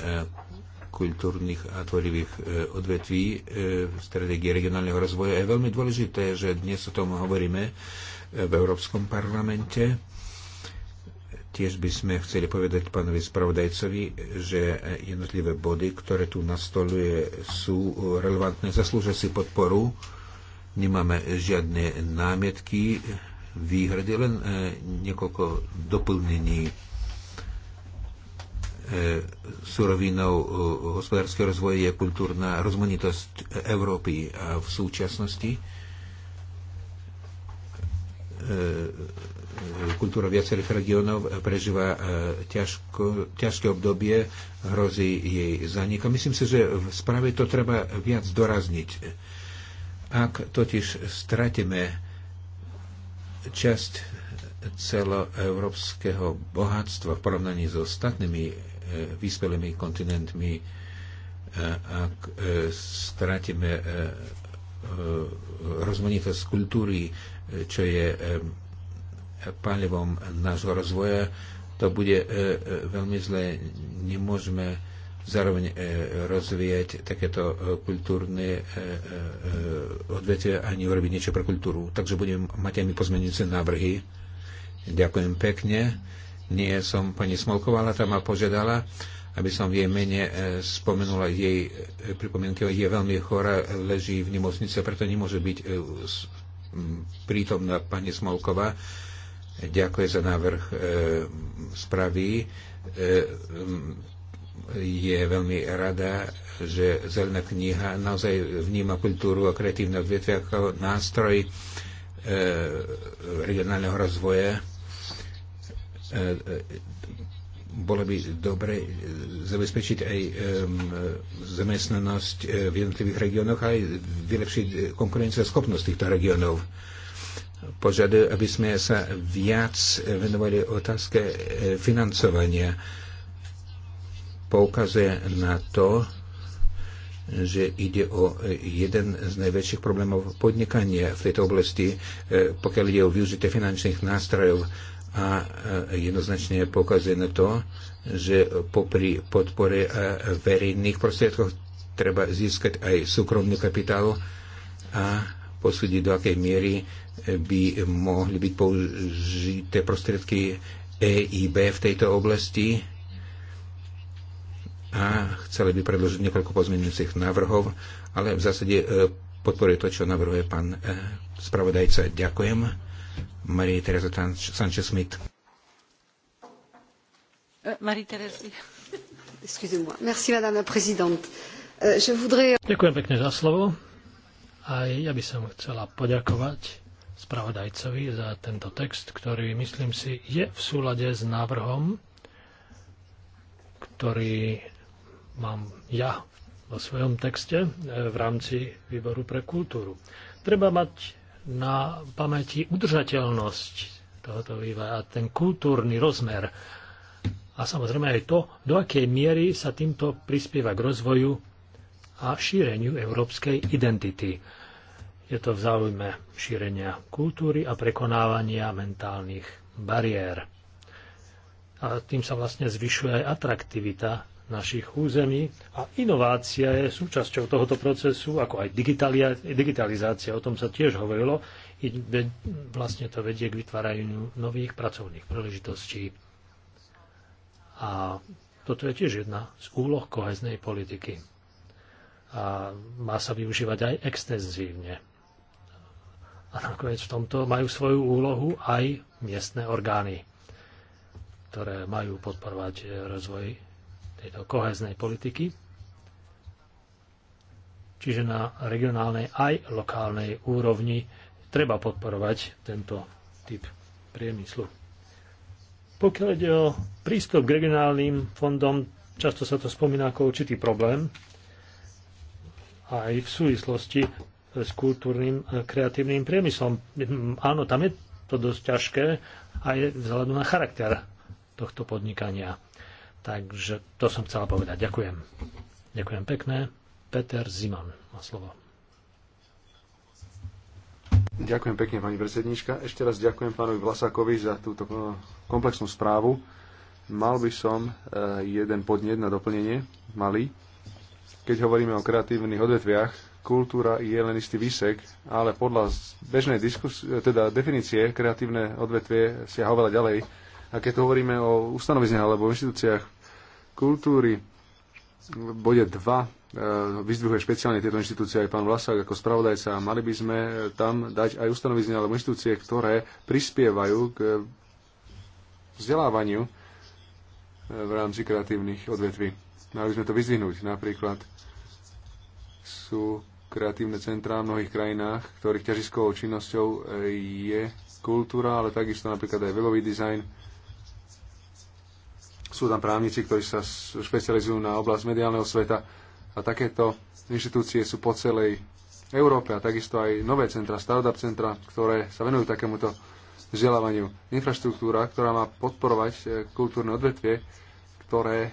kultúrnych a tvorivých odvetví v stratégii regionálneho rozvoja. Je veľmi dôležité, že dnes o tom hovoríme v Európskom parlamente. Tiež by sme chceli povedať pánovi spravodajcovi, že jednotlivé body, ktoré tu nastoluje, sú relevantné, zaslúžia si podporu Nemáme žiadne námietky, výhrady, len e, niekoľko doplnení e, surovinou e, hospodárskeho rozvoja je kultúrna rozmanitosť Európy a v súčasnosti kultúra viacerých regiónov prežíva ťažko, ťažké obdobie, hrozí jej zanik. A myslím si, že v správe to treba viac dorazniť ak totiž stratíme časť celoeurópskeho bohatstva v porovnaní s so ostatnými e, vyspelými kontinentmi, e, ak e, stratíme rozmanitosť kultúry, čo je palivom nášho rozvoja, to bude veľmi zlé. Nemôžeme zároveň e, rozvíjať takéto e, kultúrne e, odvetvia a neurobiť niečo pre kultúru. Takže budem mať aj my pozmeňujúce návrhy. Ďakujem pekne. Nie som pani Smolková, ale tá ma požiadala, aby som v jej mene spomenula jej pripomienky. Je veľmi chora, leží v nemocnice, preto nemôže byť prítomná pani Smolková. Ďakujem za návrh e, E, je veľmi rada, že Zelená kniha naozaj vníma kultúru a kreatívne odvetvia ako nástroj eh, regionálneho rozvoja. Eh, bolo by dobre zabezpečiť aj eh, zamestnanosť v jednotlivých regiónoch a aj vylepšiť schopnosť týchto regiónov. Požaduje, aby sme sa viac venovali otázke financovania poukazuje na to, že ide o jeden z najväčších problémov podnikania v tejto oblasti, e, pokiaľ ide o využitie finančných nástrojov a e, jednoznačne poukazuje na to, že popri podpore e, verejných prostriedkov treba získať aj súkromný kapitál a posúdiť, do akej miery by mohli byť použité prostriedky EIB v tejto oblasti a chceli by predložiť niekoľko pozmeňujúcich návrhov, ale v zásade e, podporuje to, čo navrhuje pán e, spravodajca. Ďakujem. Marie Teresa Sanchez-Smith. Ďakujem pekne za slovo. a ja by som chcela poďakovať spravodajcovi za tento text, ktorý, myslím si, je v súlade s návrhom, ktorý mám ja vo svojom texte e, v rámci výboru pre kultúru. Treba mať na pamäti udržateľnosť tohoto vývoja a ten kultúrny rozmer. A samozrejme aj to, do akej miery sa týmto prispieva k rozvoju a šíreniu európskej identity. Je to v záujme šírenia kultúry a prekonávania mentálnych bariér. A tým sa vlastne zvyšuje aj atraktivita našich území a inovácia je súčasťou tohoto procesu, ako aj digitalizácia, o tom sa tiež hovorilo, i vlastne to vedie k vytváraniu nových pracovných príležitostí. A toto je tiež jedna z úloh koheznej politiky. A má sa využívať aj extenzívne. A nakoniec v tomto majú svoju úlohu aj miestne orgány, ktoré majú podporovať rozvoj tejto koheznej politiky, čiže na regionálnej aj lokálnej úrovni treba podporovať tento typ priemyslu. Pokiaľ ide o prístup k regionálnym fondom, často sa to spomína ako určitý problém, aj v súvislosti s kultúrnym e, kreatívnym priemyslom. Mm, áno, tam je to dosť ťažké aj vzhľadu na charakter tohto podnikania. Takže to som chcela povedať. Ďakujem. Ďakujem pekne. Peter Ziman má slovo. Ďakujem pekne, pani predsednička. Ešte raz ďakujem pánovi Vlasákovi za túto eh, komplexnú správu. Mal by som eh, jeden podnet na doplnenie, malý. Keď hovoríme o kreatívnych odvetviach, kultúra je len istý výsek, ale podľa bežnej diskus- teda definície kreatívne odvetvie siaha oveľa ďalej. A keď hovoríme o ustanovizniach alebo o inštitúciách kultúry. V bode 2 e, vyzdvihuje špeciálne tieto inštitúcie aj pán Vlasák ako spravodajca. a Mali by sme e, tam dať aj ustanovizne alebo inštitúcie, ktoré prispievajú k e, vzdelávaniu v rámci kreatívnych odvetví. Mali by sme to vyzvihnúť. Napríklad sú kreatívne centrá v mnohých krajinách, ktorých ťažiskovou činnosťou je kultúra, ale takisto napríklad aj webový dizajn, sú tam právnici, ktorí sa špecializujú na oblasť mediálneho sveta a takéto inštitúcie sú po celej Európe a takisto aj nové centra, startup centra, ktoré sa venujú takémuto vzdelávaniu. Infraštruktúra, ktorá má podporovať e, kultúrne odvetvie, ktoré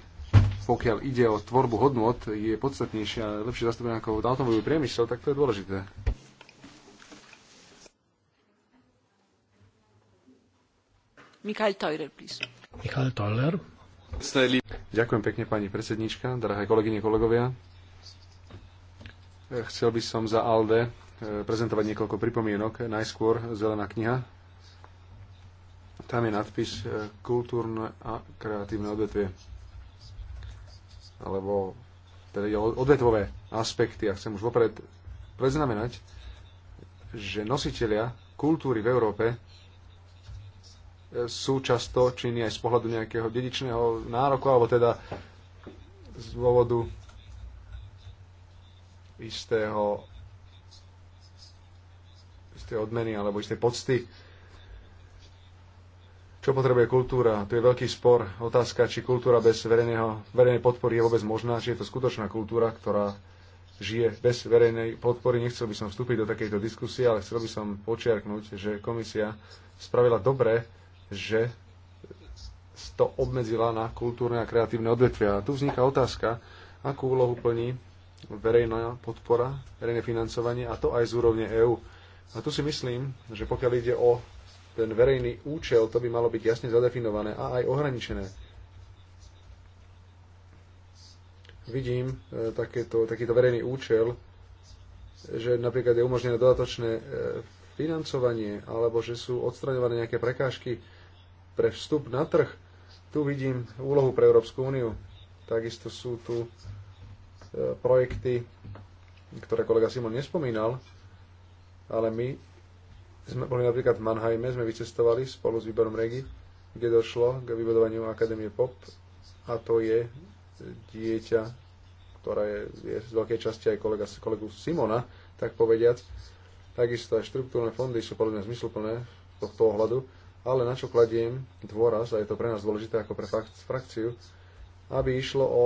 pokiaľ ide o tvorbu hodnot, je podstatnejšia a lepšie zastúpená ako automobilový priemysel, tak to je dôležité. Michael Teurer, please. Michael Teurer, Ďakujem pekne, pani predsedníčka, drahé kolegyne, kolegovia. Chcel by som za ALDE eh, prezentovať niekoľko pripomienok. Najskôr Zelená kniha. Tam je nadpis eh, Kultúrne a kreatívne odvetvie. Alebo teda ide odvetvové aspekty. A chcem už vopred preznamenať, že nositelia kultúry v Európe sú často činy aj z pohľadu nejakého dedičného nároku, alebo teda z dôvodu istého isté odmeny alebo isté pocty. Čo potrebuje kultúra? Tu je veľký spor. Otázka, či kultúra bez verejného, verejnej podpory je vôbec možná, či je to skutočná kultúra, ktorá žije bez verejnej podpory. Nechcel by som vstúpiť do takejto diskusie, ale chcel by som počiarknúť, že komisia spravila dobre, že to obmedzila na kultúrne a kreatívne odvetvia. A tu vzniká otázka, akú úlohu plní verejná podpora, verejné financovanie a to aj z úrovne EÚ. A tu si myslím, že pokiaľ ide o ten verejný účel, to by malo byť jasne zadefinované a aj ohraničené. Vidím e, takéto, takýto verejný účel, že napríklad je umožnené dodatočné e, financovanie, alebo že sú odstraňované nejaké prekážky, pre vstup na trh. Tu vidím úlohu pre Európsku úniu. Takisto sú tu e, projekty, ktoré kolega Simon nespomínal, ale my sme boli napríklad v Mannheime, sme vycestovali spolu s výborom Regi, kde došlo k vybudovaniu Akadémie POP a to je dieťa, ktoré je z veľkej časti aj kolega, kolegu Simona, tak povediac. Takisto aj štruktúrne fondy sú podľa mňa zmysluplné z tohto ohľadu ale na čo kladiem dôraz, a je to pre nás dôležité ako pre frakciu, aby išlo o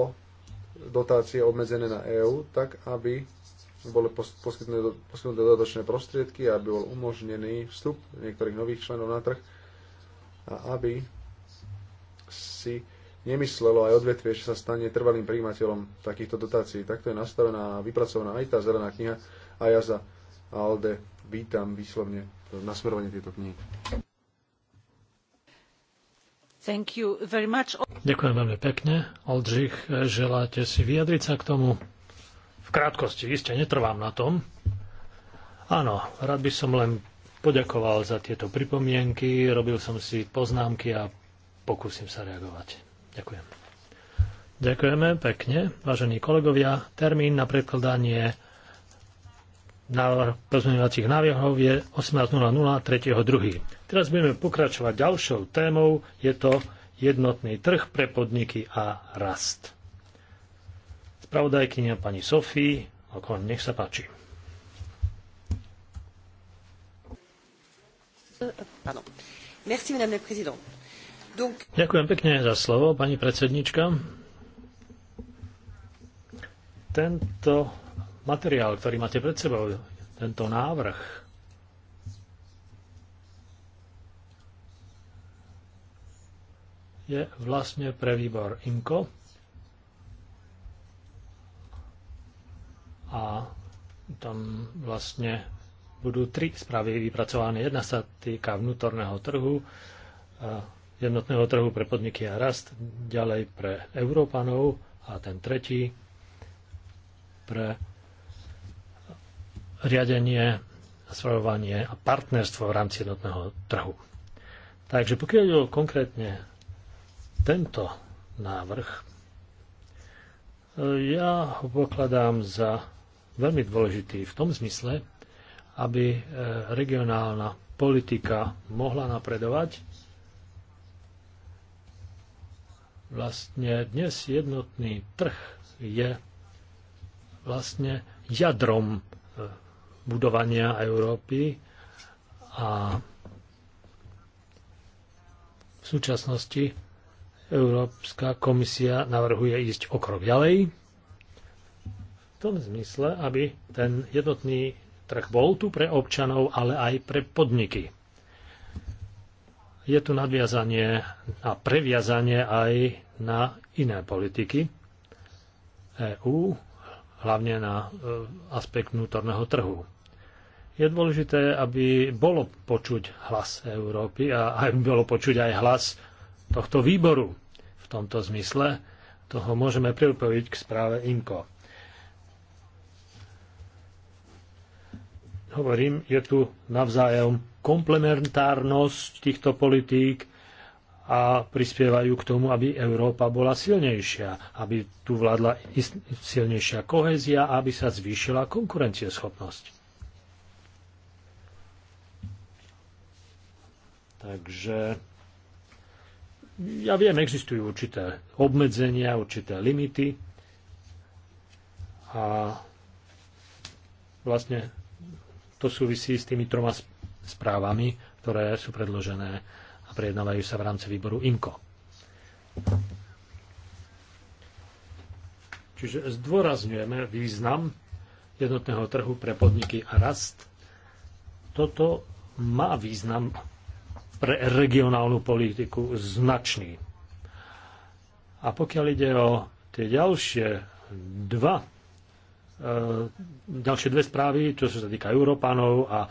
dotácie obmedzené na EÚ, tak aby boli poskytnuté dodatočné prostriedky, aby bol umožnený vstup niektorých nových členov na trh a aby si nemyslelo aj odvetvie, že sa stane trvalým príjimateľom takýchto dotácií. Takto je nastavená a vypracovaná aj tá zelená kniha a ja za ALDE vítam výslovne nasmerovanie tejto knihy. Ďakujem veľmi pekne. Oldřich, želáte si vyjadriť sa k tomu? V krátkosti, iste netrvám na tom. Áno, rád by som len poďakoval za tieto pripomienky, robil som si poznámky a pokúsim sa reagovať. Ďakujem. Ďakujeme pekne, vážení kolegovia. Termín na predkladanie návrh pozmeňovacích návrhov je 18.00.3.2. Teraz budeme pokračovať ďalšou témou, je to jednotný trh pre podniky a rast. Spravodajkynia pani Sofii, okon, nech sa páči. Uh, Ďakujem pekne za slovo, pani predsednička. Tento materiál, ktorý máte pred sebou, tento návrh, je vlastne pre výbor IMCO a tam vlastne budú tri správy vypracované. Jedna sa týka vnútorného trhu, jednotného trhu pre podniky a rast, ďalej pre Európanov a ten tretí pre riadenie, spravovanie a partnerstvo v rámci jednotného trhu. Takže pokiaľ je konkrétne tento návrh, e, ja ho pokladám za veľmi dôležitý v tom zmysle, aby e, regionálna politika mohla napredovať. Vlastne dnes jednotný trh je vlastne jadrom e, budovania Európy a v súčasnosti Európska komisia navrhuje ísť o krok ďalej v tom zmysle, aby ten jednotný trh bol tu pre občanov, ale aj pre podniky. Je tu nadviazanie a previazanie aj na iné politiky EÚ, hlavne na e, aspekt vnútorného trhu je dôležité, aby bolo počuť hlas Európy a aby bolo počuť aj hlas tohto výboru. V tomto zmysle toho môžeme pripojiť k správe INKO. Hovorím, je tu navzájom komplementárnosť týchto politík a prispievajú k tomu, aby Európa bola silnejšia, aby tu vládla silnejšia kohézia a aby sa zvýšila konkurencieschopnosť. Takže ja viem, existujú určité obmedzenia, určité limity a vlastne to súvisí s tými troma správami, ktoré sú predložené a prejednávajú sa v rámci výboru IMCO. Čiže zdôrazňujeme význam jednotného trhu pre podniky a rast. Toto má význam pre regionálnu politiku značný. A pokiaľ ide o tie ďalšie dva, e, ďalšie dve správy, čo sa týka Európanov a e, e,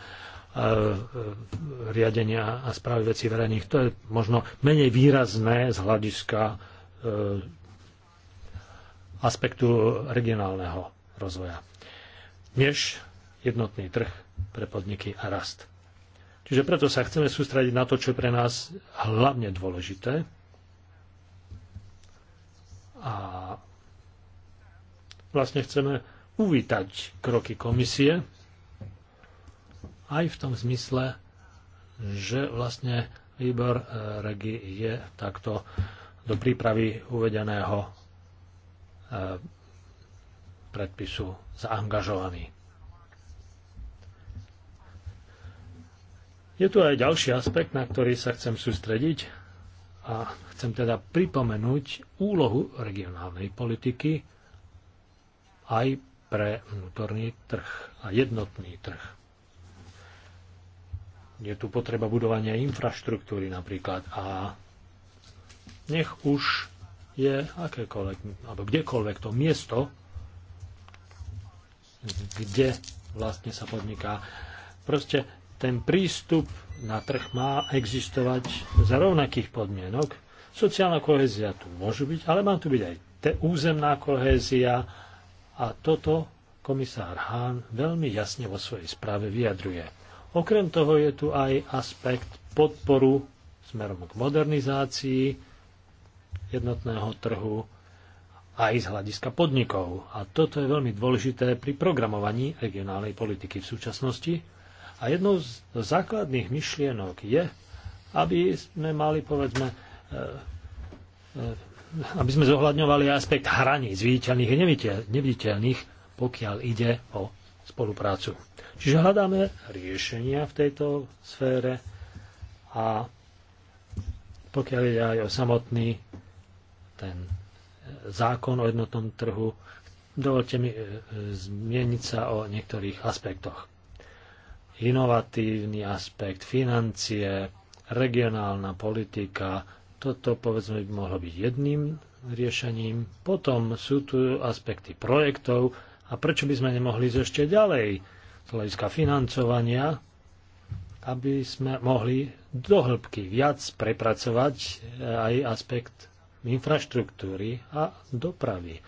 riadenia a správy vecí verejných, to je možno menej výrazné z hľadiska aspektu regionálneho rozvoja, než jednotný trh pre podniky a rast. Čiže preto sa chceme sústrediť na to, čo je pre nás hlavne dôležité. A vlastne chceme uvítať kroky komisie aj v tom zmysle, že vlastne výbor e, REGI je takto do prípravy uvedeného e, predpisu zaangažovaný. Je tu aj ďalší aspekt, na ktorý sa chcem sústrediť a chcem teda pripomenúť úlohu regionálnej politiky aj pre vnútorný trh a jednotný trh. Je tu potreba budovania infraštruktúry napríklad a nech už je akékoľvek, alebo kdekoľvek to miesto, kde vlastne sa podniká. Proste ten prístup na trh má existovať za rovnakých podmienok. Sociálna kohézia tu môže byť, ale má tu byť aj te územná kohézia a toto komisár Hahn veľmi jasne vo svojej správe vyjadruje. Okrem toho je tu aj aspekt podporu smerom k modernizácii jednotného trhu aj z hľadiska podnikov. A toto je veľmi dôležité pri programovaní regionálnej politiky v súčasnosti, a jednou z základných myšlienok je, aby sme mali, povedzme, e, e, aby sme zohľadňovali aspekt hraníc viditeľných a neviditeľných, pokiaľ ide o spoluprácu. Čiže hľadáme riešenia v tejto sfére a pokiaľ ide aj o samotný ten e, zákon o jednotnom trhu, dovolte mi zmieniť sa o niektorých aspektoch inovatívny aspekt, financie, regionálna politika, toto povedzme by mohlo byť jedným riešením. Potom sú tu aspekty projektov a prečo by sme nemohli ísť ešte ďalej z hľadiska financovania, aby sme mohli dohĺbky viac prepracovať eh, aj aspekt infraštruktúry a dopravy.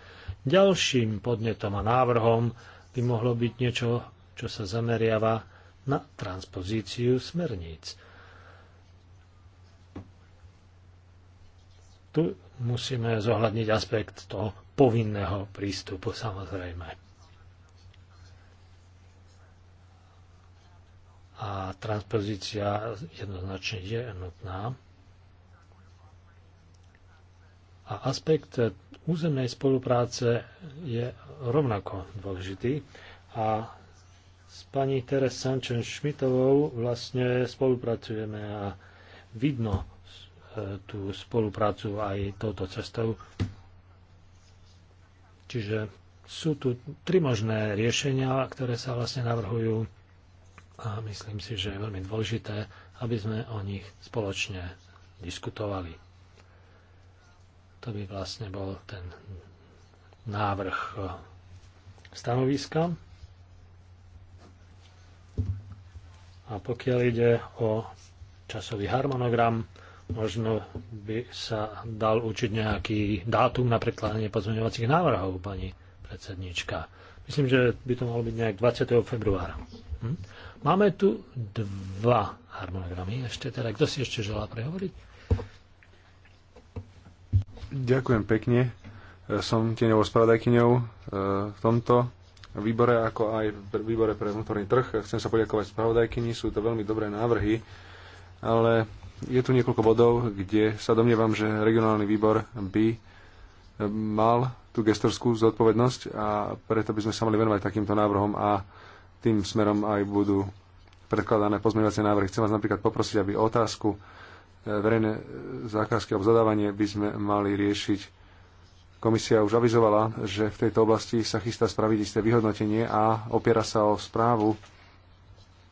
Ďalším podnetom a návrhom by mohlo byť niečo, čo sa zameriava na transpozíciu smerníc. Tu musíme zohľadniť aspekt toho povinného prístupu samozrejme. a transpozícia jednoznačne je nutná. A aspekt územnej spolupráce je rovnako dôležitý a s pani Teres Sančen Šmitovou vlastne spolupracujeme a vidno e, tú spoluprácu aj touto cestou. Čiže sú tu tri možné riešenia, ktoré sa vlastne navrhujú a myslím si, že je veľmi dôležité, aby sme o nich spoločne diskutovali. To by vlastne bol ten návrh e, stanoviska. A pokiaľ ide o časový harmonogram, možno by sa dal určiť nejaký dátum na prekladanie pozmeňovacích návrhov, pani predsednička. Myslím, že by to malo byť nejak 20. februára. Hm? Máme tu dva harmonogramy. Ešte teda, kto si ešte želá prehovoriť? Ďakujem pekne. Som tieňovou spravodajkyňou e, v tomto výbore, ako aj v výbore pre vnútorný trh. Chcem sa poďakovať spravodajkyni, sú to veľmi dobré návrhy, ale je tu niekoľko bodov, kde sa domnievam, že regionálny výbor by eh, mal tú gestorskú zodpovednosť a preto by sme sa mali venovať takýmto návrhom a tým smerom aj budú predkladané pozmeňovacie návrhy. Chcem vás napríklad poprosiť, aby otázku eh, verejné eh, zákazky alebo zadávanie by sme mali riešiť Komisia už avizovala, že v tejto oblasti sa chystá spraviť isté vyhodnotenie a opiera sa o správu,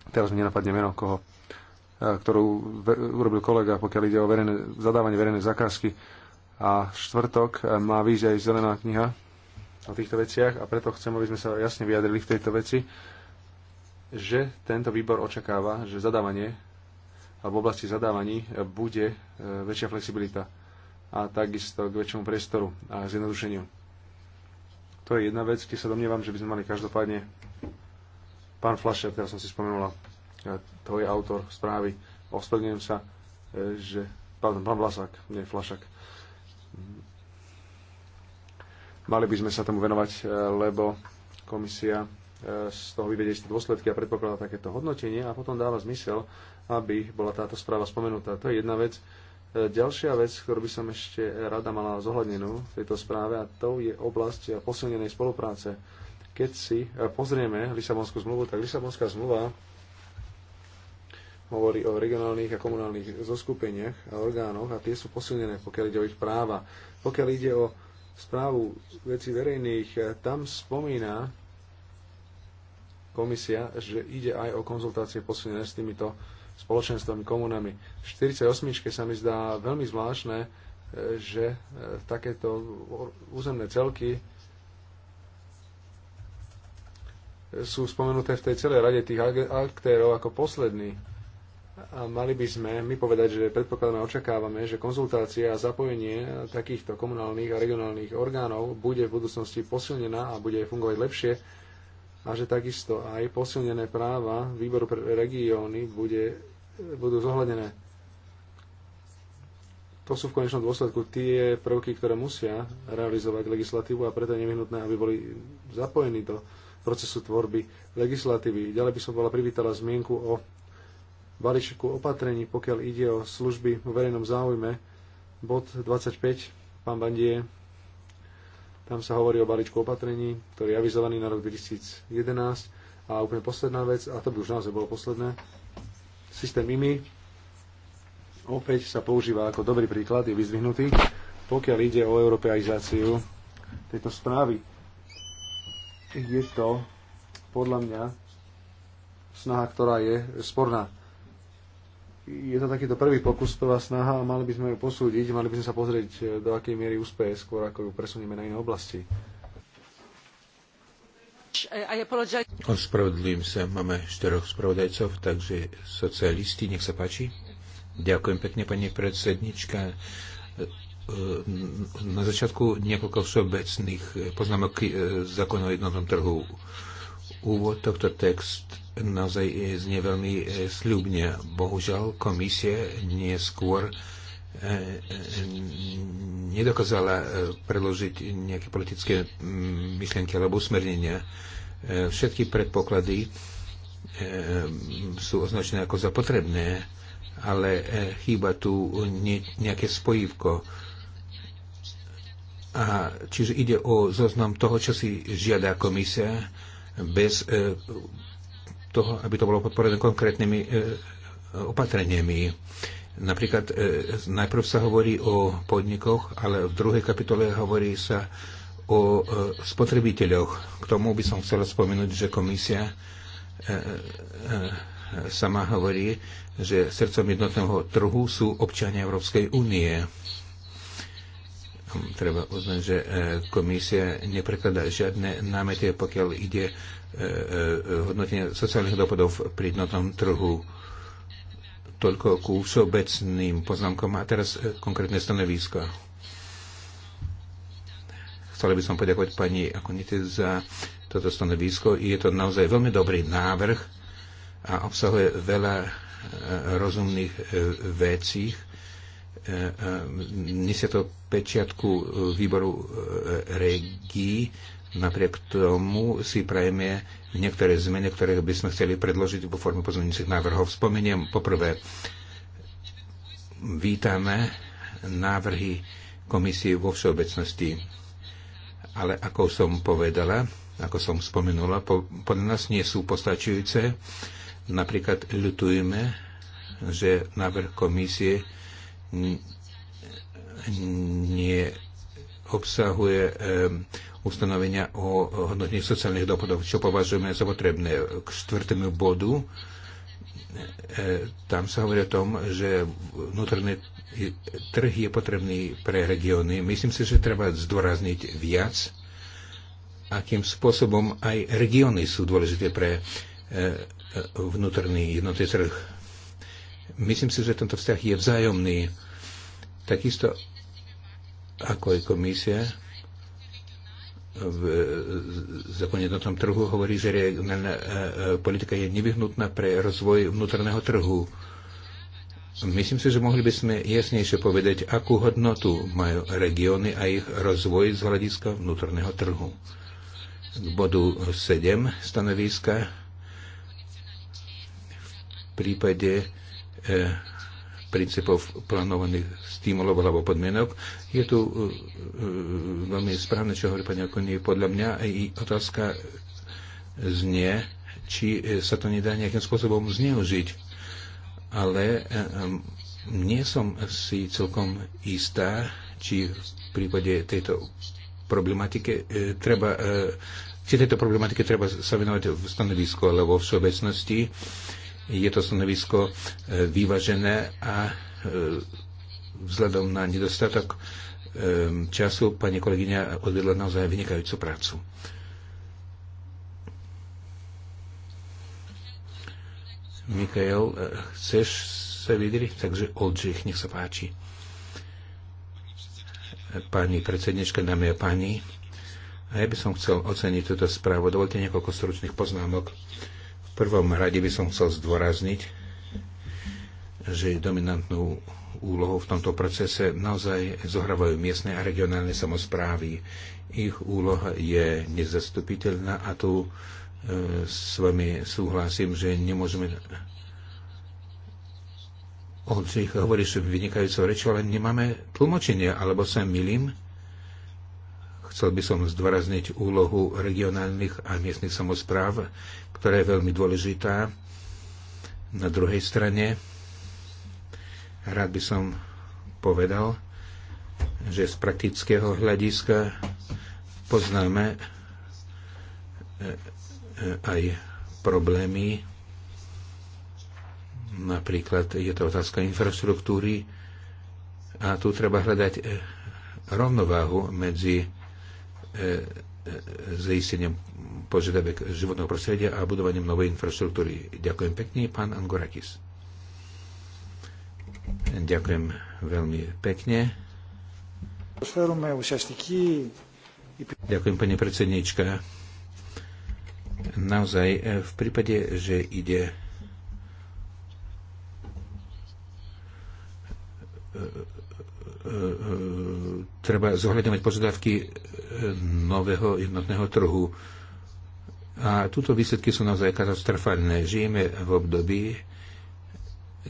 teraz mi nenapadne meno koho, e, ktorú urobil kolega, pokiaľ ide o verejné, zadávanie verejnej zakázky. A štvrtok e, má výjsť aj zelená kniha o týchto veciach a preto chcem, aby sme sa jasne vyjadrili v tejto veci, že tento výbor očakáva, že zadávanie alebo v oblasti zadávaní bude e, väčšia flexibilita a takisto k väčšiemu priestoru a zjednodušeniu. To je jedna vec, keď sa domnievam, že by sme mali každopádne... Pán Flašer, teraz som si spomenula, to je autor správy. Ospravedlňujem sa, e, že... Pardon, pán Vlasák, nie Flašak. Mali by sme sa tomu venovať, e, lebo komisia e, z toho vyvedie isté dôsledky a predpokladá takéto hodnotenie a potom dáva zmysel, aby bola táto správa spomenutá. To je jedna vec. E, ďalšia vec, ktorú by som ešte rada mala zohľadnenú v tejto správe, a to je oblasť posilnenej spolupráce. Keď si e, pozrieme Lisabonskú zmluvu, tak Lisabonská zmluva hovorí o regionálnych a komunálnych zoskupeniach a orgánoch a tie sú posilnené, pokiaľ ide o ich práva. Pokiaľ ide o správu veci verejných, e, tam spomína komisia, že ide aj o konzultácie posilnené s týmito spoločenstvami, komunami. V 48. sa mi zdá veľmi zvláštne, e, že e, takéto územné celky e, sú spomenuté v tej celej rade tých aktérov ako poslední. A mali by sme my povedať, že predpokladáme, očakávame, že konzultácia a zapojenie takýchto komunálnych a regionálnych orgánov bude v budúcnosti posilnená a bude fungovať lepšie, a že takisto aj posilnené práva výboru pre regióny bude, budú zohľadené. To sú v konečnom dôsledku tie prvky, ktoré musia realizovať legislatívu a preto je nevyhnutné, aby boli zapojení do procesu tvorby legislatívy. Ďalej by som bola privítala zmienku o balíčku opatrení, pokiaľ ide o služby v verejnom záujme. Bod 25, pán Bandie, tam sa hovorí o balíčku opatrení, ktorý je avizovaný na rok 2011. A úplne posledná vec, a to by už naozaj bolo posledné, systém IMI opäť sa používa ako dobrý príklad, je vyzvihnutý, pokiaľ ide o europeizáciu tejto správy. Je to podľa mňa snaha, ktorá je sporná je to takýto prvý pokus, prvá snaha a mali by sme ju posúdiť, mali by sme sa pozrieť, e, do akej miery úspeje skôr, ako ju presunieme na iné oblasti. Ospravedlňujem sa, máme štyroch spravodajcov, takže socialisti, nech sa páči. Ďakujem pekne, pani predsednička. E, na začiatku niekoľko všeobecných e, poznámok zákona o jednotnom trhu úvod tohto text naozaj znie veľmi e, sľubne. Bohužiaľ, komisie neskôr e, e, nedokázala predložiť nejaké politické myšlienky alebo usmernenia. Všetky predpoklady sú označené ako za potrebné, ale chýba tu nejaké spojivko. A čiže ide o zoznam toho, čo si žiada komisia bez e, toho, aby to bolo podporené konkrétnymi e, opatreniami. Napríklad e, najprv sa hovorí o podnikoch, ale v druhej kapitole hovorí sa o spotrebiteľoch. K tomu by som chcel spomenúť, že komisia sama hovorí, že srdcom jednotného trhu sú občania Európskej únie Hm, treba uznať, že e, komisia neprekladá žiadne námety, pokiaľ ide e, e, hodnotenie sociálnych dopadov pri jednotnom trhu toľko ku všeobecným poznámkom a teraz konkrétne stanovisko. Chcel by som poďakovať pani Akonite za toto stanovisko. Je to naozaj veľmi dobrý návrh a obsahuje veľa rozumných vecí E, e, nesie to pečiatku e, výboru regí. Napriek tomu si prajeme niektoré zmeny, ktoré by sme chceli predložiť vo forme pozmeňujúcich návrhov. Spomeniem poprvé, vítame návrhy komisie vo všeobecnosti. Ale ako som povedala, ako som spomenula, po, podľa nás nie sú postačujúce. Napríklad ľutujeme, že návrh komisie nie obsahuje ustanovenia o hodnotení sociálnych dopadov, čo považujeme za potrebné. K štvrtému bodu e, tam sa hovorí o tom, že vnútorný trh je potrebný pre regióny. Myslím si, že treba zdôrazniť viac, akým spôsobom aj regióny sú dôležité pre e, e, vnútorný jednotný trh Myslím si, že tento vzťah je vzájomný. Takisto ako je komisia v zákone trhu hovorí, že regionálna e, e, politika je nevyhnutná pre rozvoj vnútorného trhu. Myslím si, že mohli by sme jasnejšie povedať, akú hodnotu majú regióny a ich rozvoj z hľadiska vnútorného trhu. K bodu 7 stanoviska v prípade E, princípov plánovaných stimulov alebo podmienok. Je tu e, e, veľmi správne, čo hovorí pani Okoní. Podľa mňa i otázka znie, či sa to nedá nejakým spôsobom zneužiť. Ale nie som si celkom istá, či v prípade tejto problematike treba či tejto problematike treba sa venovať v stanovisku alebo vo všeobecnosti. E, je to stanovisko e, vyvažené a e, vzhľadom na nedostatok e, času pani kolegyňa odvedla naozaj vynikajúcu prácu. Mikael, chceš sa vydriť? Takže Oldřich, nech sa páči. Pani predsednička, dámy a páni, a ja by som chcel oceniť túto správu. Dovolte niekoľko stručných poznámok. E, prvom rade by som chcel zdôrazniť, že dominantnú úlohu v tomto procese naozaj zohrávajú miestne a regionálne samozprávy. Ich úloha je nezastupiteľná a tu e, s vami súhlasím, že nemôžeme od nich hovoríš vynikajúcou rečou, ale nemáme tlmočenie, alebo sa milím. Chcel by som zdôrazniť úlohu regionálnych a miestnych samozpráv ktorá je veľmi dôležitá. Na druhej strane rád by som povedal, že z praktického hľadiska poznáme e, e, aj problémy. Napríklad je to otázka infraštruktúry a tu treba hľadať e, rovnováhu medzi zaisteniem požiadavek životného prostredia a budovaním novej infraštruktúry. Ďakujem pekne, pán Angorakis. Ďakujem veľmi pekne. Ďakujem, pani predsednička. Naozaj, e, v prípade, že ide uh, E, e, treba zohľadňovať požiadavky e, nového jednotného trhu. A túto výsledky sú naozaj katastrofálne. Žijeme v období,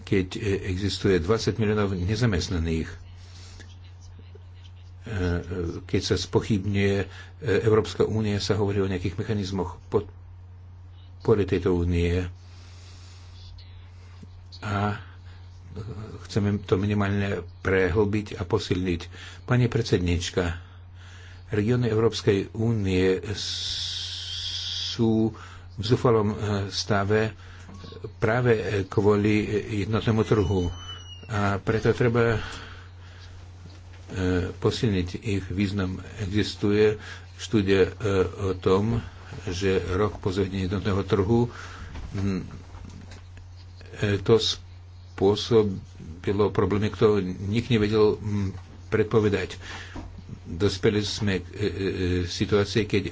keď existuje 20 miliónov nezamestnaných, keď sa spochybňuje Európska únie, sa hovorí o nejakých mechanizmoch podpory tejto únie. A chceme to minimálne prehlbiť a posilniť. Pani predsednička, regióny Európskej únie sú v zúfalom eh, stave práve kvôli jednotnému trhu. A preto treba eh, posilniť ich význam. Existuje štúdia eh, o tom, že rok po jednotného trhu hm, to spôsobilo problémy, ktoré nik nevedel mm, predpovedať. Dospeli sme k e, e, e, situácii, keď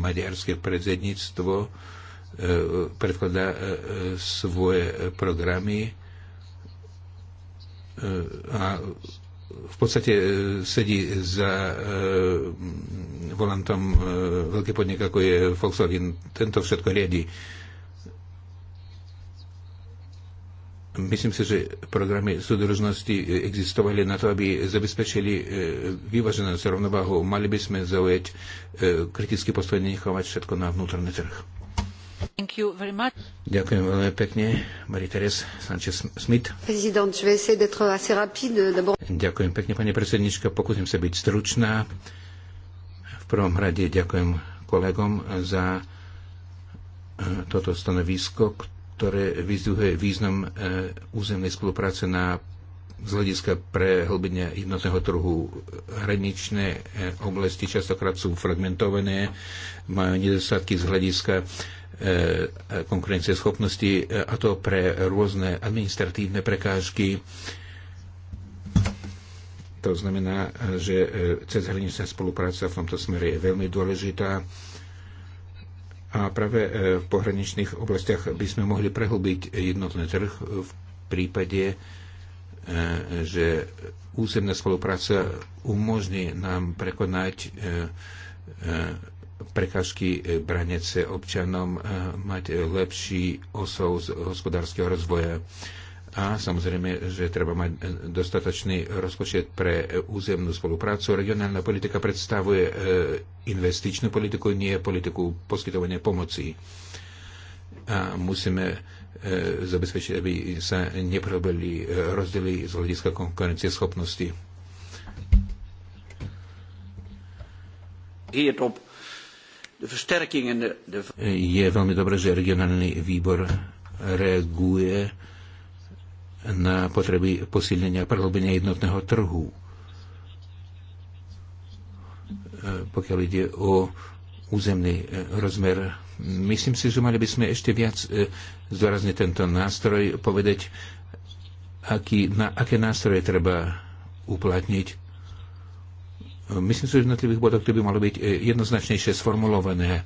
maďarské predsedníctvo predkladá svoje programy a v podstate sedí za volantom veľký podnik, ako je Volkswagen. Tento všetko riadi. Myslím si, že programy súdržnosti existovali na to, aby zabezpečili e, vyváženosť rovnováhu. Mali by sme zaujať e, kritický postoj, nechávať všetko na vnútorný trh. Ďakujem veľmi pekne, Marie-Thérèse Sanchez-Smith. Ďakujem pekne, pani predsednička. Pokúsim sa byť stručná. V prvom rade ďakujem kolegom za e, toto stanovisko, ktoré vyzduhuje význam e, územnej spolupráce na z hľadiska prehlbenia jednotného trhu hraničné e, oblasti častokrát sú fragmentované, majú nedostatky z hľadiska e, konkurencie schopnosti a to pre rôzne administratívne prekážky. To znamená, že cezhraničná spolupráca v tomto smere je veľmi dôležitá a práve e, v pohraničných oblastiach by sme mohli prehlbiť jednotný trh v prípade, e, že územná spolupráca umožní nám prekonať e, prekažky branice občanom, mať lepší osov z hospodárskeho rozvoja. A samozrejme, že treba mať dostatočný rozpočet pre územnú spoluprácu. Regionálna politika predstavuje investičnú politiku, nie politiku poskytovania pomoci. A musíme e, zabezpečiť, aby sa neprobili e, rozdiely z hľadiska schopnosti. Je veľmi dobré, že regionálny výbor reaguje na potreby posilnenia a prehlbenia jednotného trhu E, pokiaľ ide o územný e, rozmer. Myslím si, že mali by sme ešte viac e, zdôrazniť tento nástroj, povedať, aký, na, aké nástroje treba uplatniť. Myslím si, že v jednotlivých bodoch to by malo byť jednoznačnejšie sformulované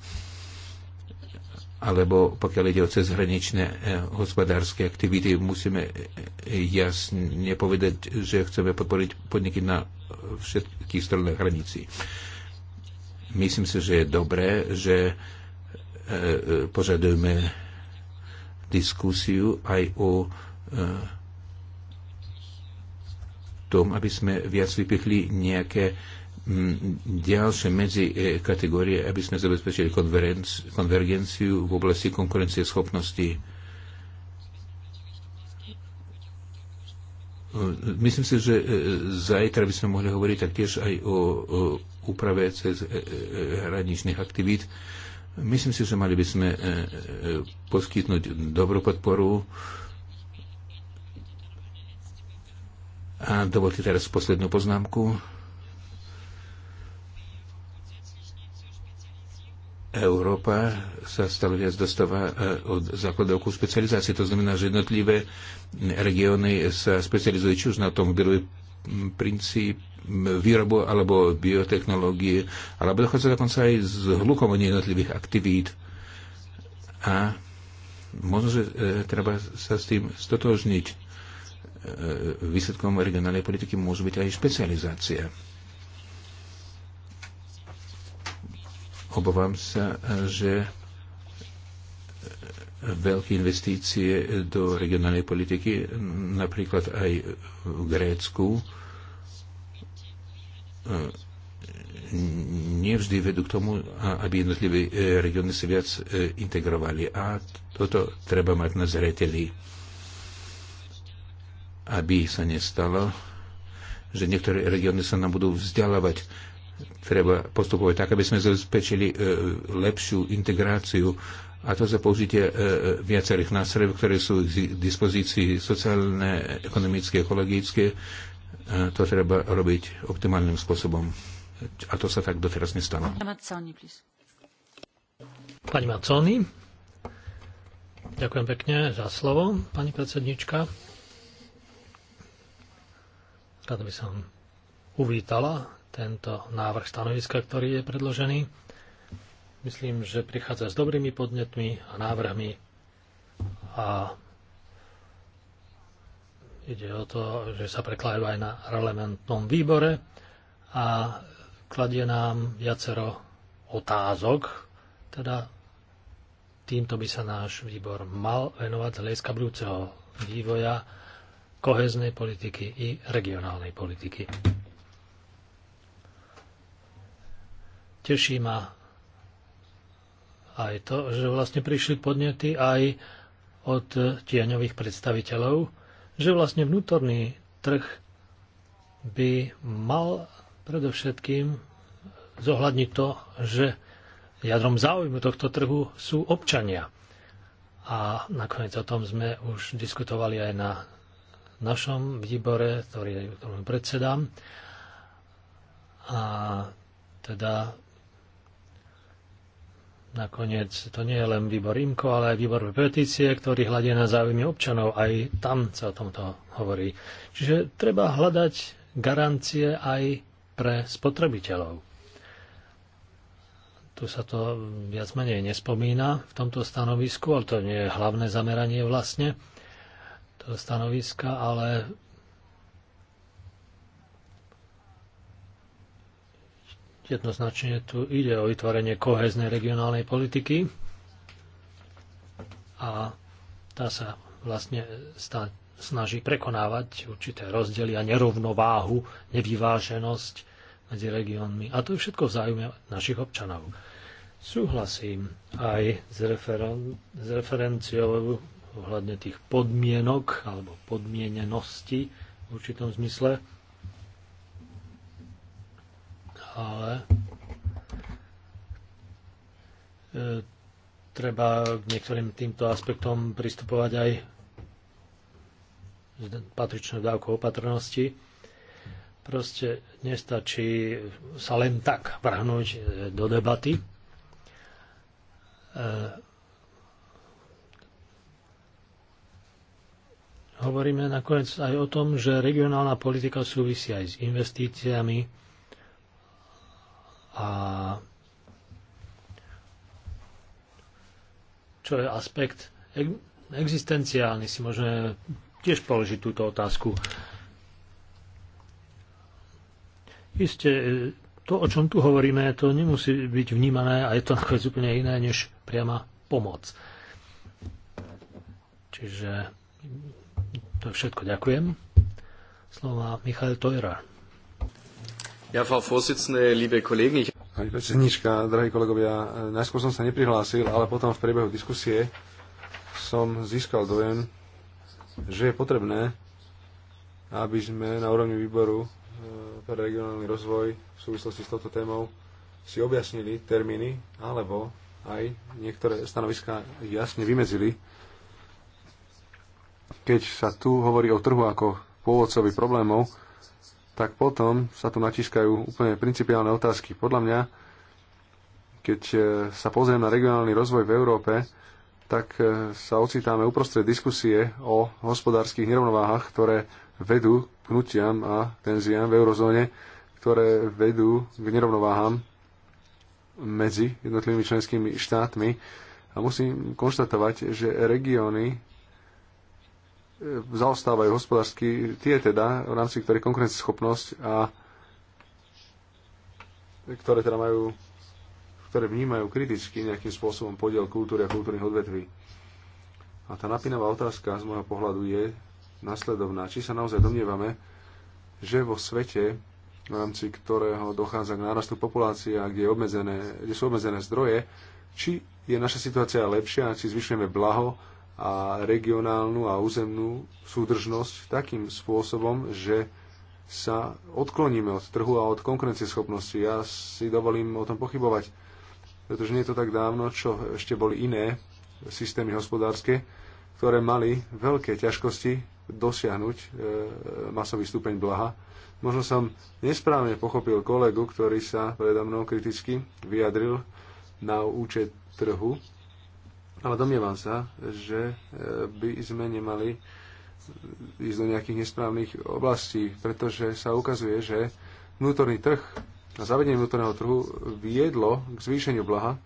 alebo pokiaľ ide o cezhraničné hospodárske aktivity, musíme jasne povedať, že chceme podporiť podniky na všetkých stranách hranicí. Myslím si, že je dobré, že e, e, požadujeme diskusiu aj o e, tom, aby sme viac vypichli nejaké ďalšie medzi kategórie, aby sme zabezpečili konvergenciu v oblasti schopnosti. Myslím si, že zajtra by sme mohli hovoriť taktiež aj o, o úprave cez e, e, hraničných aktivít. Myslím si, že mali by sme e, poskytnúť dobrú podporu A dovolte teraz poslednú poznámku. Európa sa stále viac dostáva od základov ku specializácii. To znamená, že jednotlivé regióny sa specializujú či už na tom, automobilový princíp, výrobu alebo biotechnológie, alebo dochádza dokonca aj z hlukovania jednotlivých aktivít. A možno, že e, treba sa s tým stotožniť. E, výsledkom regionálnej politiky môže byť aj špecializácia. Obávam sa, že veľké investície do regionálnej politiky, napríklad aj v Grécku, E, nevždy vedú k tomu, aby jednotlivé e, regióny sa viac e, integrovali. A toto treba mať na zreteli, aby sa nestalo, že niektoré regióny sa nám budú vzdialovať. Treba postupovať tak, aby sme zabezpečili lepšiu integráciu a to za použitie viacerých nástrojov, ktoré sú k dispozícii sociálne, ekonomické, ekologické, to treba robiť optimálnym spôsobom. A to sa tak doteraz nestalo. Pani Maconi, ďakujem pekne za slovo, pani predsednička. Rada by som uvítala tento návrh stanoviska, ktorý je predložený. Myslím, že prichádza s dobrými podnetmi a návrhmi a Ide o to, že sa prekladajú aj na relevantnom výbore a kladie nám viacero otázok, teda týmto by sa náš výbor mal venovať z hľadiska budúceho vývoja koheznej politiky i regionálnej politiky. Teší ma aj to, že vlastne prišli podnety aj od tieňových predstaviteľov, že vlastne vnútorný trh by mal predovšetkým zohľadniť to, že jadrom záujmu tohto trhu sú občania. A nakoniec o tom sme už diskutovali aj na našom výbore, ktorý, ktorému predsedám. A teda Nakoniec to nie je len výbor IMKO, ale aj výbor pre petície, ktorý hľadie na záujmy občanov. Aj tam sa o tomto hovorí. Čiže treba hľadať garancie aj pre spotrebiteľov. Tu sa to viac menej nespomína v tomto stanovisku, ale to nie je hlavné zameranie vlastne toho stanoviska, ale Jednoznačne tu ide o vytvorenie koheznej regionálnej politiky a tá sa vlastne snaží prekonávať určité rozdiely a nerovnováhu, nevyváženosť medzi regiónmi. A to je všetko v záujme našich občanov. Súhlasím aj s, referen- s referenciou ohľadne tých podmienok alebo podmienenosti v určitom zmysle ale e, treba k niektorým týmto aspektom pristupovať aj s patričnou dávkou opatrnosti. Proste nestačí sa len tak vrhnúť e, do debaty. E, hovoríme nakoniec aj o tom, že regionálna politika súvisí aj s investíciami, a čo je aspekt existenciálny, si môžeme tiež položiť túto otázku. Isté, e, to, o čom tu hovoríme, to nemusí byť vnímané a je to nakoniec úplne iné než priama pomoc. Čiže to je všetko. Ďakujem. Slova Michal Tojra. Ja, Frau Vorsitzende, liebe Kollegen, ich... Pani predsednička, drahí kolegovia, e, najskôr som sa neprihlásil, ale potom v priebehu diskusie som získal dojem, že je potrebné, aby sme na úrovni výboru e, pre regionálny rozvoj v súvislosti s touto témou si objasnili termíny alebo aj niektoré stanoviská jasne vymedzili. Keď sa tu hovorí o trhu ako pôvodcovi problémov, tak potom sa tu natiskajú úplne principiálne otázky. Podľa mňa, keď e, sa pozriem na regionálny rozvoj v Európe, tak e, sa ocitáme uprostred diskusie o hospodárskych nerovnováhach, ktoré vedú k nutiam a tenziám v eurozóne, ktoré vedú k nerovnováhám medzi jednotlivými členskými štátmi. A musím konštatovať, že regióny zaostávajú hospodársky, tie teda, v rámci ktorej konkurenceschopnosť a ktoré teda majú, ktoré vnímajú kriticky nejakým spôsobom podiel kultúry a kultúrnych odvetví. A tá napínavá otázka z môjho pohľadu je nasledovná. Či sa naozaj domnievame, že vo svete, v rámci ktorého dochádza k nárastu populácie a kde, je obmedzené, kde sú obmedzené zdroje, či je naša situácia lepšia, či zvyšujeme blaho, a regionálnu a územnú súdržnosť takým spôsobom, že sa odkloníme od trhu a od konkurencieschopnosti. Ja si dovolím o tom pochybovať, pretože nie je to tak dávno, čo ešte boli iné systémy hospodárske, ktoré mali veľké ťažkosti dosiahnuť e, masový stupeň blaha. Možno som nesprávne pochopil kolegu, ktorý sa predo mnou kriticky vyjadril na účet trhu ale domnievam sa, že e, by sme nemali ísť do nejakých nesprávnych oblastí, pretože sa ukazuje, že vnútorný trh a zavedenie vnútorného trhu viedlo k zvýšeniu blaha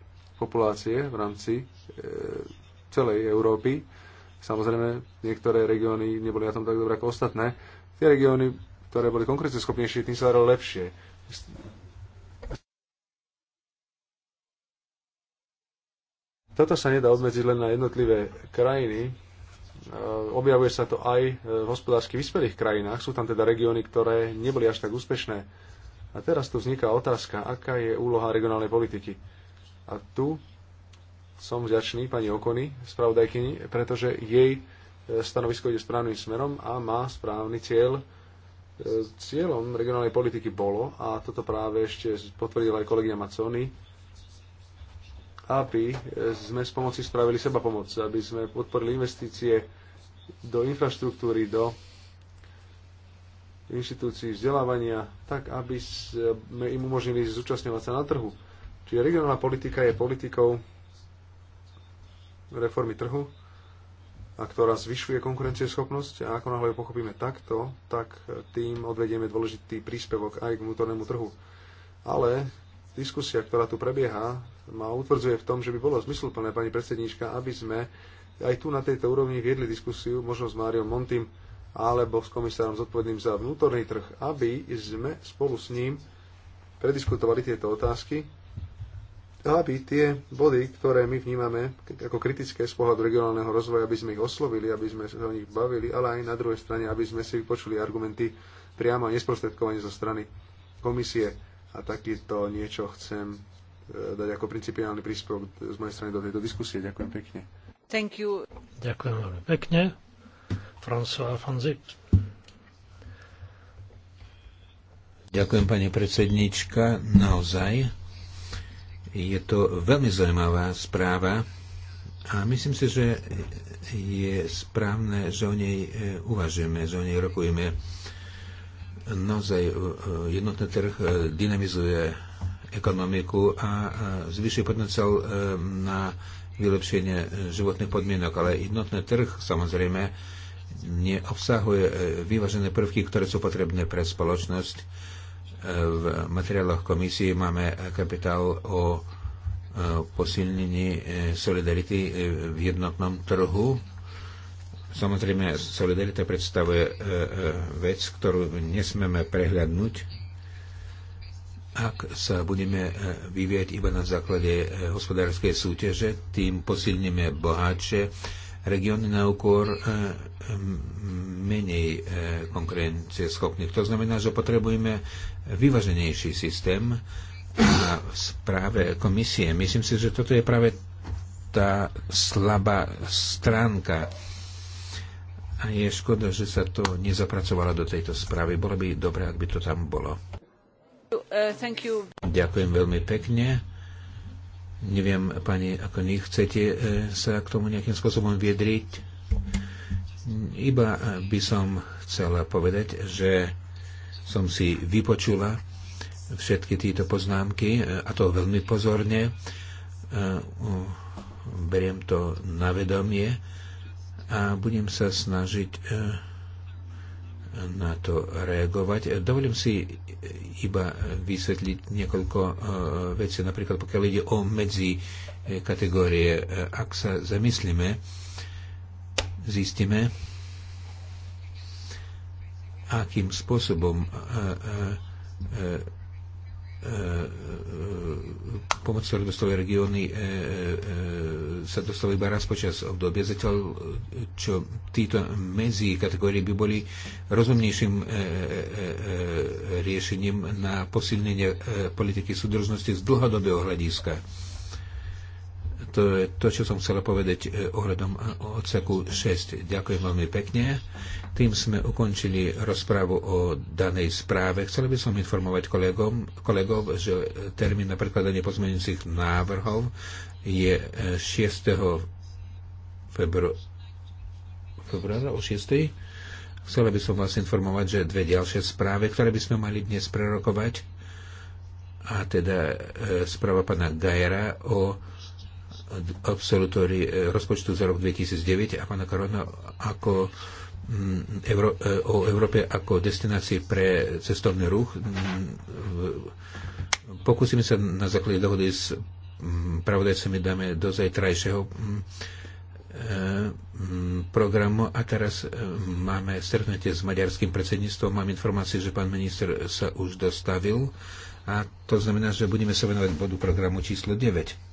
populácie v rámci e, celej Európy. Samozrejme, niektoré regióny neboli na tom tak dobré ako ostatné. Tie regióny, ktoré boli schopnejšie, tým sa darilo lepšie. Toto sa nedá obmedziť len na jednotlivé krajiny. E, objavuje sa to aj e, v hospodársky vyspelých krajinách. Sú tam teda regióny, ktoré neboli až tak úspešné. A teraz tu vzniká otázka, aká je úloha regionálnej politiky. A tu som vďačný pani Okony, spravodajkyni, pretože jej e, stanovisko ide správnym smerom a má správny cieľ. Cieľom regionálnej politiky bolo, a toto práve ešte potvrdila aj kolegyňa Maconi, aby sme s pomoci spravili seba pomoc, aby sme podporili investície do infraštruktúry, do inštitúcií vzdelávania, tak aby sme im umožnili zúčastňovať sa na trhu. Čiže regionálna politika je politikou reformy trhu, a ktorá zvyšuje konkurencieschopnosť a ako náhle ju pochopíme takto, tak tým odvedieme dôležitý príspevok aj k vnútornému trhu. Ale diskusia, ktorá tu prebieha ma utvrdzuje v tom, že by bolo zmysluplné, pani predsedníčka, aby sme aj tu na tejto úrovni viedli diskusiu, možno s Máriom Montim alebo s komisárom zodpovedným za vnútorný trh, aby sme spolu s ním prediskutovali tieto otázky, aby tie body, ktoré my vnímame ako kritické z pohľadu regionálneho rozvoja, aby sme ich oslovili, aby sme sa o nich bavili, ale aj na druhej strane, aby sme si vypočuli argumenty priamo a nesprostredkovanie zo strany komisie. A takýto niečo chcem E, dať ako principiálny príspevok z mojej strany do tejto diskusie. Ďakujem pekne. Thank you. Ďakujem veľmi pekne. François Fanzi. Ďakujem, pani predsednička. Naozaj je to veľmi zaujímavá správa a myslím si, že je správne, že o nej e, uvažujeme, že o nej rokujeme. Naozaj e, jednotný trh dynamizuje ekonomiku a zvyšuje potenciál e, na vylepšenie e, životných podmienok, ale jednotný trh samozrejme neobsahuje e, vyvážené prvky, ktoré sú potrebné pre spoločnosť. V materiáloch komisie máme kapitál o posilnení solidarity v jednotnom trhu. Samozrejme, solidarita predstavuje vec, ktorú nesmeme prehľadnúť ak sa budeme e, vyvieť iba na základe e, hospodárskej súťaže, tým posilníme bohatšie regióny na úkor e, menej konkurencieschopných. To znamená, že potrebujeme vyvaženejší systém a v správe komisie. Myslím si, že toto je práve tá slabá stránka. A je škoda, že sa to nezapracovalo do tejto správy. Bolo by dobré, ak by to tam bolo. Ďakujem veľmi pekne. Neviem, pani, ako nie chcete e, sa k tomu nejakým spôsobom viedriť. Iba by som chcela povedať, že som si vypočula všetky tieto poznámky e, a to veľmi pozorne. E, beriem to na vedomie a budem sa snažiť na to reagovať. Dovolím si iba vysvetliť niekoľko e, vecí, napríklad pokiaľ ide o medzi e, kategórie. E, ak sa zamyslíme, zistíme, akým spôsobom pomoc, ktorú dostali regióny, e, e, e, sa dostali iba raz počas obdobia, zatiaľ čo títo medzi kategórie by boli rozumnejším riešením na posilnenie politiky súdržnosti z dlhodobého hľadiska. To je to, čo som chcela povedať ohľadom odseku 6. Ďakujem veľmi pekne. Tým sme ukončili rozprávu o danej správe. Chcel by som informovať kolegom, kolegov, že termín na prekladanie pozmeňujúcich návrhov je 6. Eh, febru... februára o 6. Chcela by som vás informovať, že dve ďalšie správy, ktoré by sme mali dnes prerokovať, a teda eh, správa pana Gajera o absolutórii eh, rozpočtu za rok 2009 a pana Korona ako Mm, Euró- e, o Európe ako destinácii pre cestovný ruch. Mm, pokúsime sa na základe dohody s mm, pravodajcami dáme do zajtrajšieho e, programu a teraz e, máme stretnutie s maďarským predsedníctvom. Mám informáciu, že pán minister sa už dostavil a to znamená, že budeme sa venovať bodu programu číslo 9.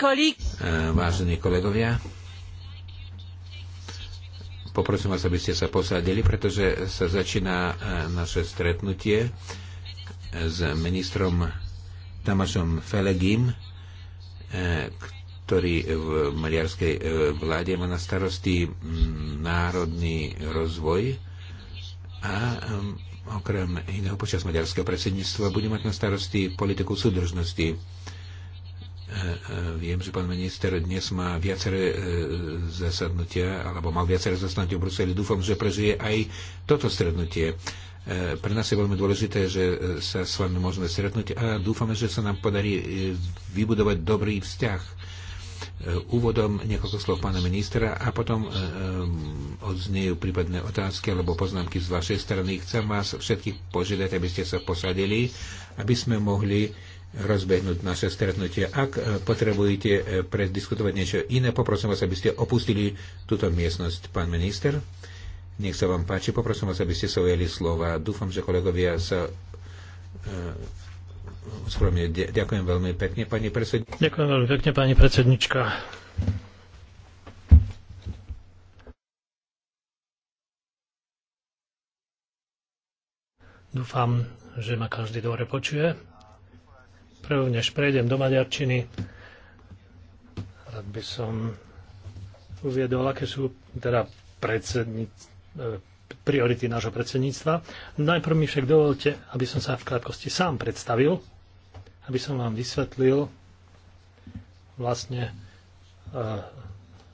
Eh, vážení kolegovia, poprosím vás, aby ste sa posadili, pretože sa začína eh, naše stretnutie eh, s ministrom Tamášom Felegim, ktorý v maliarskej vláde má na starosti mm, národný rozvoj a okrem iného počas maďarského predsedníctva bude mať na starosti politiku súdržnosti Viem, že pán minister dnes má viaceré e, zasadnutia, alebo mal viaceré zasadnutia v Bruseli. Dúfam, že prežije aj toto strednutie. E, pre nás je veľmi dôležité, že e, sa s vami môžeme stretnúť a dúfame, že sa nám podarí vybudovať dobrý vzťah. Úvodom niekoľko slov pána ministra a potom odznejú prípadné otázky alebo poznámky z vašej strany. Chcem vás všetkých požiadať, aby ste sa posadili, aby sme mohli rozbehnúť naše stretnutie. Ak e, potrebujete e, prediskutovať niečo iné, poprosím vás, aby ste opustili túto miestnosť, pán minister. Nech sa vám páči, poprosím vás, aby ste sa ujeli slova. Dúfam, že kolegovia sa e, skromne ďakujem veľmi pekne, pani predsednička. Ďakujem veľmi pekne, pani predsednička. Dúfam, že ma každý dobre počuje najprv, než prejdem do Maďarčiny. Rád by som uviedol, aké sú teda eh, priority nášho predsedníctva. Najprv mi však dovolte, aby som sa v krátkosti sám predstavil, aby som vám vysvetlil vlastne eh,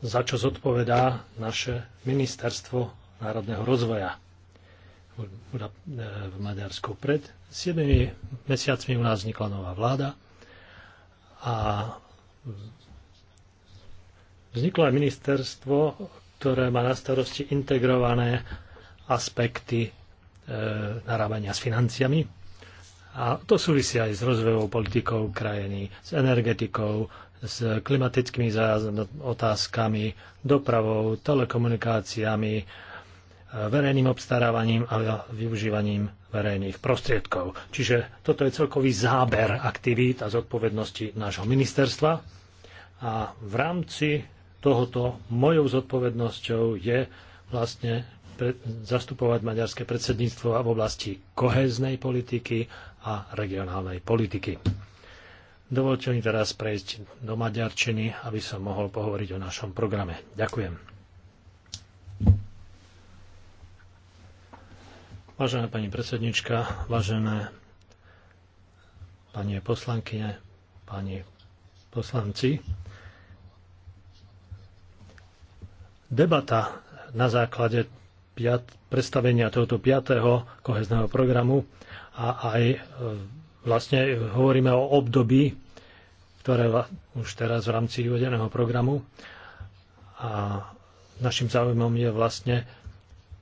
za čo zodpovedá naše ministerstvo národného rozvoja v Maďarsku. Pred 7 mesiacmi u nás vznikla nová vláda a vzniklo aj ministerstvo, ktoré má na starosti integrované aspekty e, narábania s financiami. A to súvisí aj s rozvojovou politikou krajiny, s energetikou, s klimatickými otázkami, dopravou, telekomunikáciami, verejným obstarávaním a využívaním verejných prostriedkov. Čiže toto je celkový záber aktivít a zodpovednosti nášho ministerstva. A v rámci tohoto mojou zodpovednosťou je vlastne zastupovať maďarské predsedníctvo v oblasti kohéznej politiky a regionálnej politiky. Dovolte mi teraz prejsť do maďarčiny, aby som mohol pohovoriť o našom programe. Ďakujem. Vážená pani predsednička, vážené pani poslankyne, pani poslanci, debata na základe piat, predstavenia tohoto 5. kohezného programu a aj e, vlastne hovoríme o období, ktoré už teraz v rámci uvedeného programu a našim záujmom je vlastne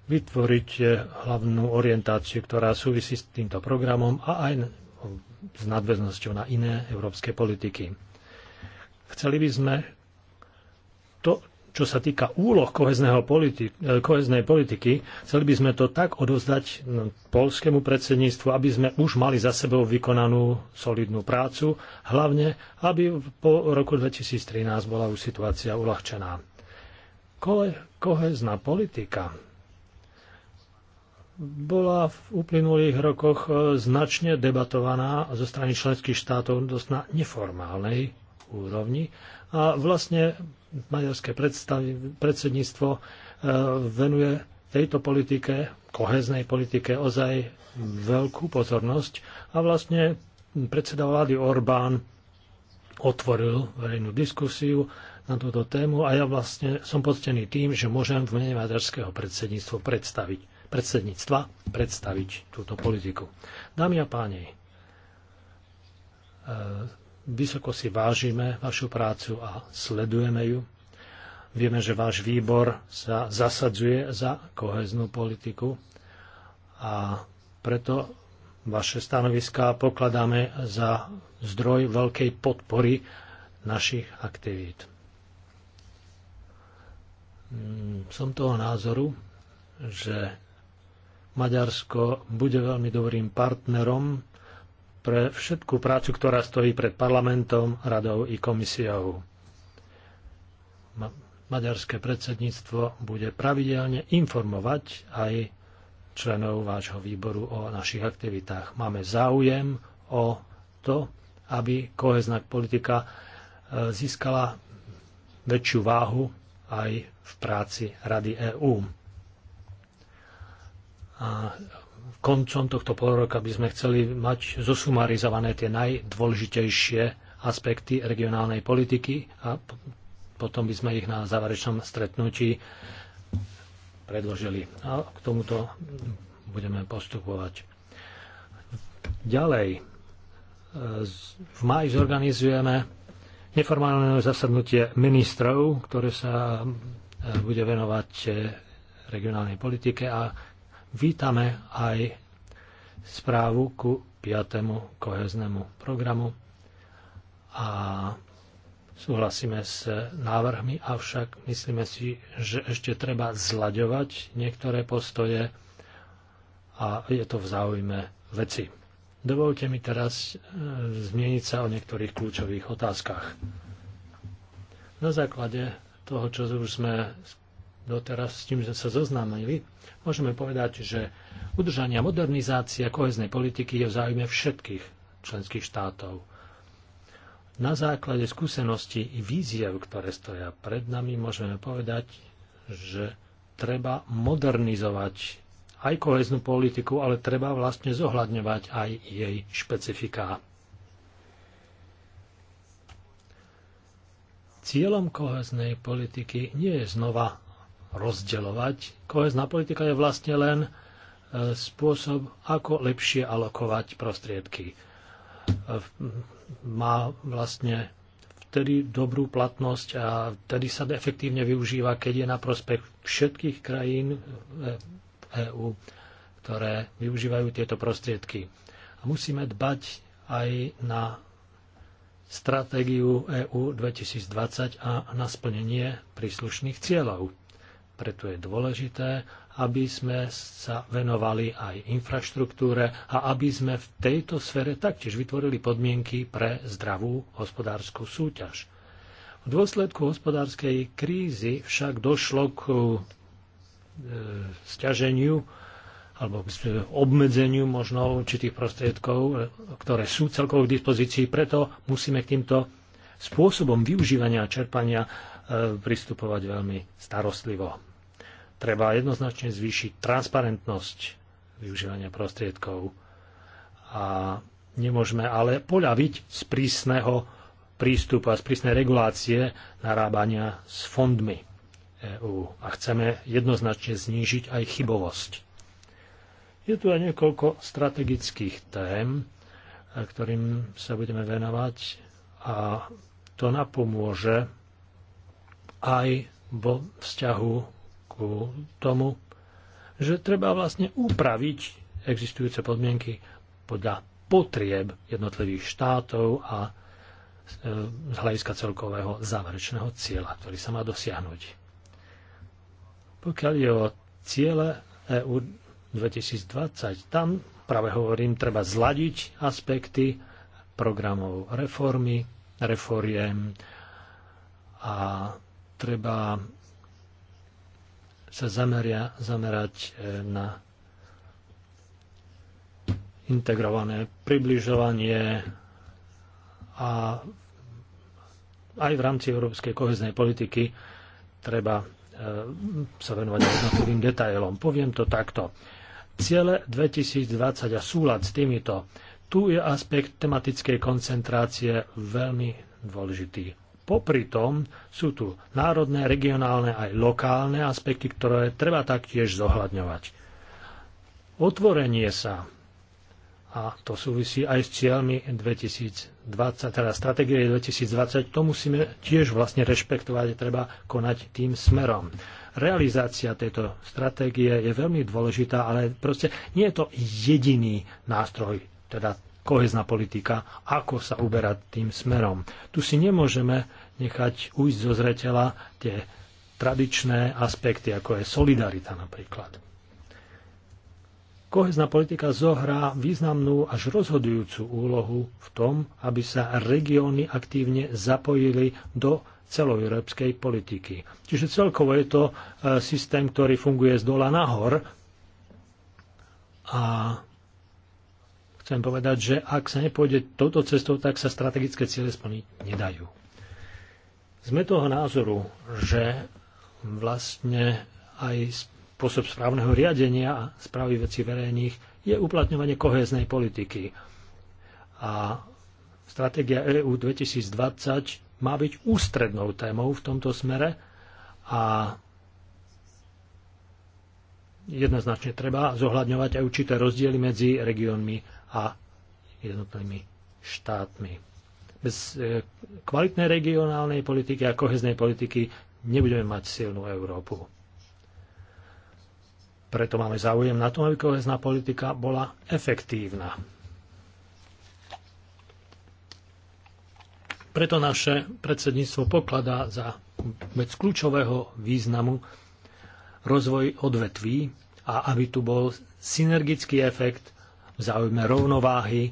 vytvoriť eh, hlavnú orientáciu, ktorá súvisí s týmto programom a aj s nadväznosťou na iné európske politiky. Chceli by sme to, čo sa týka úloh politi- eh, koheznej politiky, chceli by sme to tak odozdať no, polskému predsedníctvu, aby sme už mali za sebou vykonanú solidnú prácu, hlavne aby po roku 2013 bola už situácia uľahčená. Kohezná politika bola v uplynulých rokoch e, značne debatovaná zo strany členských štátov dosť na neformálnej úrovni a vlastne maďarské predsedníctvo e, venuje tejto politike, koheznej politike, ozaj veľkú pozornosť a vlastne predseda vlády Orbán otvoril verejnú diskusiu na túto tému a ja vlastne som poctený tým, že môžem v mene maďarského predsedníctva predstaviť predsedníctva predstaviť túto politiku. Dámy a páni, e, vysoko si vážime vašu prácu a sledujeme ju. Vieme, že váš výbor sa zasadzuje za koheznú politiku a preto vaše stanoviská pokladáme za zdroj veľkej podpory našich aktivít. Mm, som toho názoru, že Maďarsko bude veľmi dobrým partnerom pre všetkú prácu, ktorá stojí pred parlamentom, radou i komisiou. Maďarské predsedníctvo bude pravidelne informovať aj členov vášho výboru o našich aktivitách. Máme záujem o to, aby kohezná politika e, získala väčšiu váhu aj v práci Rady EÚ. A koncom tohto polroka by sme chceli mať zosumarizované tie najdôležitejšie aspekty regionálnej politiky a potom by sme ich na záverečnom stretnutí predložili. A k tomuto budeme postupovať. Ďalej, e, v maji zorganizujeme neformálne zasadnutie ministrov, ktoré sa e, bude venovať regionálnej politike a vítame aj správu ku 5. koheznému programu a súhlasíme s návrhmi, avšak myslíme si, že ešte treba zlaďovať niektoré postoje a je to v záujme veci. Dovolte mi teraz e, zmieniť sa o niektorých kľúčových otázkach. Na základe toho, čo už sme doteraz s tým, že sa zoznámili, môžeme povedať, že udržania modernizácia koheznej politiky je v záujme všetkých členských štátov. Na základe skúseností i víziev, ktoré stoja pred nami, môžeme povedať, že treba modernizovať aj koheznú politiku, ale treba vlastne zohľadňovať aj jej špecifiká. Cieľom koheznej politiky nie je znova rozdeľovať. Kohezná politika je vlastne len e, spôsob, ako lepšie alokovať prostriedky. E, má vlastne vtedy dobrú platnosť a vtedy sa efektívne využíva, keď je na prospech všetkých krajín EÚ, e ktoré využívajú tieto prostriedky. A musíme dbať aj na stratégiu EÚ 2020 a na splnenie príslušných cieľov. Preto je dôležité, aby sme sa venovali aj infraštruktúre a aby sme v tejto sfere taktiež vytvorili podmienky pre zdravú hospodárskú súťaž. V dôsledku hospodárskej krízy však došlo k e, stiaženiu alebo k obmedzeniu možno určitých prostriedkov, e, ktoré sú celkovo k dispozícii. Preto musíme k týmto spôsobom využívania a čerpania E, pristupovať veľmi starostlivo. Treba jednoznačne zvýšiť transparentnosť využívania prostriedkov a nemôžeme ale poľaviť z prísneho prístupu a z prísnej regulácie narábania s fondmi EÚ a chceme jednoznačne znížiť aj chybovosť. Je tu aj niekoľko strategických tém, e, ktorým sa budeme venovať a to napomôže aj vo vzťahu ku tomu, že treba vlastne upraviť existujúce podmienky podľa potrieb jednotlivých štátov a e, z hľadiska celkového záverečného cieľa, ktorý sa má dosiahnuť. Pokiaľ je o ciele EU 2020, tam práve hovorím, treba zladiť aspekty programov reformy, reforiem a treba sa zameria, zamerať e, na integrované približovanie a aj v rámci európskej koheznej politiky treba e, sa venovať jednotlivým detailom. Poviem to takto. Ciele 2020 a súlad s týmito. Tu je aspekt tematickej koncentrácie veľmi dôležitý. Popri tom sú tu národné, regionálne aj lokálne aspekty, ktoré treba taktiež zohľadňovať. Otvorenie sa, a to súvisí aj s cieľmi 2020, teda stratégie 2020, to musíme tiež vlastne rešpektovať, treba konať tým smerom. Realizácia tejto stratégie je veľmi dôležitá, ale proste nie je to jediný nástroj, teda kohezná politika, ako sa uberať tým smerom. Tu si nemôžeme nechať ujsť zo zreteľa tie tradičné aspekty, ako je solidarita napríklad. Kohezná politika zohrá významnú až rozhodujúcu úlohu v tom, aby sa regióny aktívne zapojili do celoeurópskej politiky. Čiže celkovo je to e, systém, ktorý funguje z dola nahor a chcem povedať, že ak sa nepôjde touto cestou, tak sa strategické ciele splniť nedajú. Sme toho názoru, že vlastne aj spôsob správneho riadenia a správy veci verejných je uplatňovanie kohéznej politiky. A stratégia EU 2020 má byť ústrednou témou v tomto smere a jednoznačne treba zohľadňovať aj určité rozdiely medzi regiónmi a jednotnými štátmi. Bez e, kvalitnej regionálnej politiky a koheznej politiky nebudeme mať silnú Európu. Preto máme záujem na tom, aby kohezná politika bola efektívna. Preto naše predsedníctvo pokladá za vec kľúčového významu rozvoj odvetví a aby tu bol synergický efekt v záujme rovnováhy,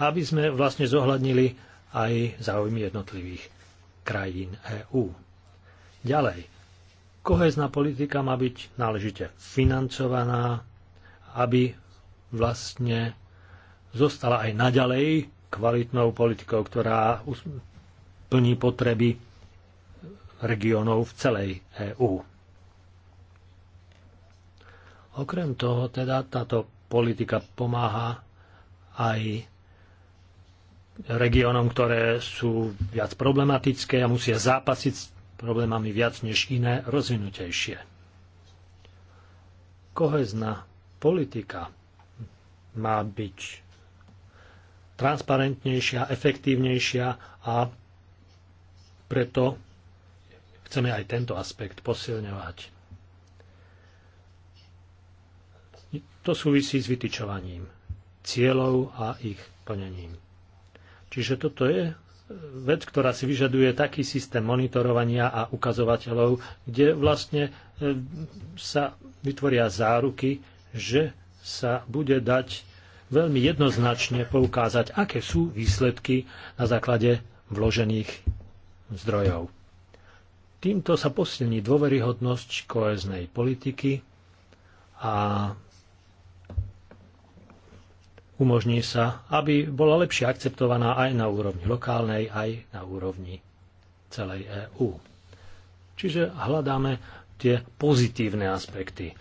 aby sme vlastne zohľadnili aj záujmy jednotlivých krajín EÚ. Ďalej, kohezná politika má byť náležite financovaná, aby vlastne zostala aj naďalej kvalitnou politikou, ktorá plní potreby regiónov v celej EÚ. Okrem toho teda táto politika pomáha aj regiónom, ktoré sú viac problematické a musia zápasiť s problémami viac než iné rozvinutejšie. Kohezná politika má byť transparentnejšia, efektívnejšia a preto chceme aj tento aspekt posilňovať. To súvisí s vytyčovaním cieľov a ich plnením. Čiže toto je e, vec, ktorá si vyžaduje taký systém monitorovania a ukazovateľov, kde vlastne e, sa vytvoria záruky, že sa bude dať veľmi jednoznačne poukázať, aké sú výsledky na základe vložených zdrojov. Týmto sa posilní dôveryhodnosť koeznej politiky a umožní sa, aby bola lepšie akceptovaná aj na úrovni lokálnej, aj na úrovni celej EÚ. Čiže hľadáme tie pozitívne aspekty.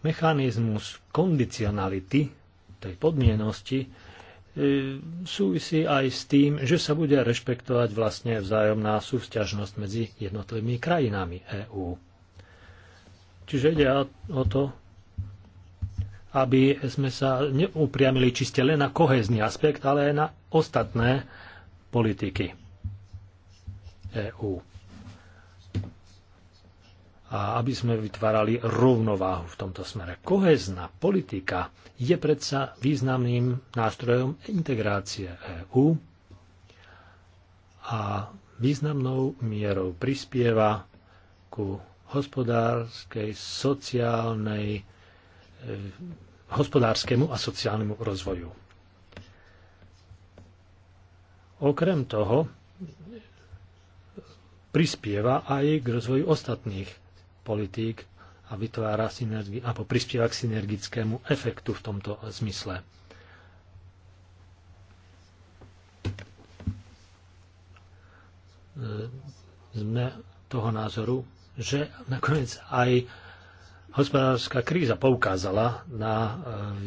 Mechanizmus kondicionality, tej podmienosti, e, súvisí aj s tým, že sa bude rešpektovať vlastne vzájomná súťažnosť medzi jednotlivými krajinami EÚ. Čiže ide o to, aby sme sa neupriamili čiste len na kohezný aspekt, ale aj na ostatné politiky EÚ. A aby sme vytvárali rovnováhu v tomto smere. Kohezná politika je predsa významným nástrojom integrácie EÚ a významnou mierou prispieva ku hospodárskej, sociálnej, Eh, hospodárskému a sociálnemu rozvoju. Okrem toho prispieva aj k rozvoju ostatných politík a vytvára synergi- alebo prispieva k synergickému efektu v tomto zmysle. Eh, sme toho názoru, že nakoniec aj hospodárska kríza poukázala na e,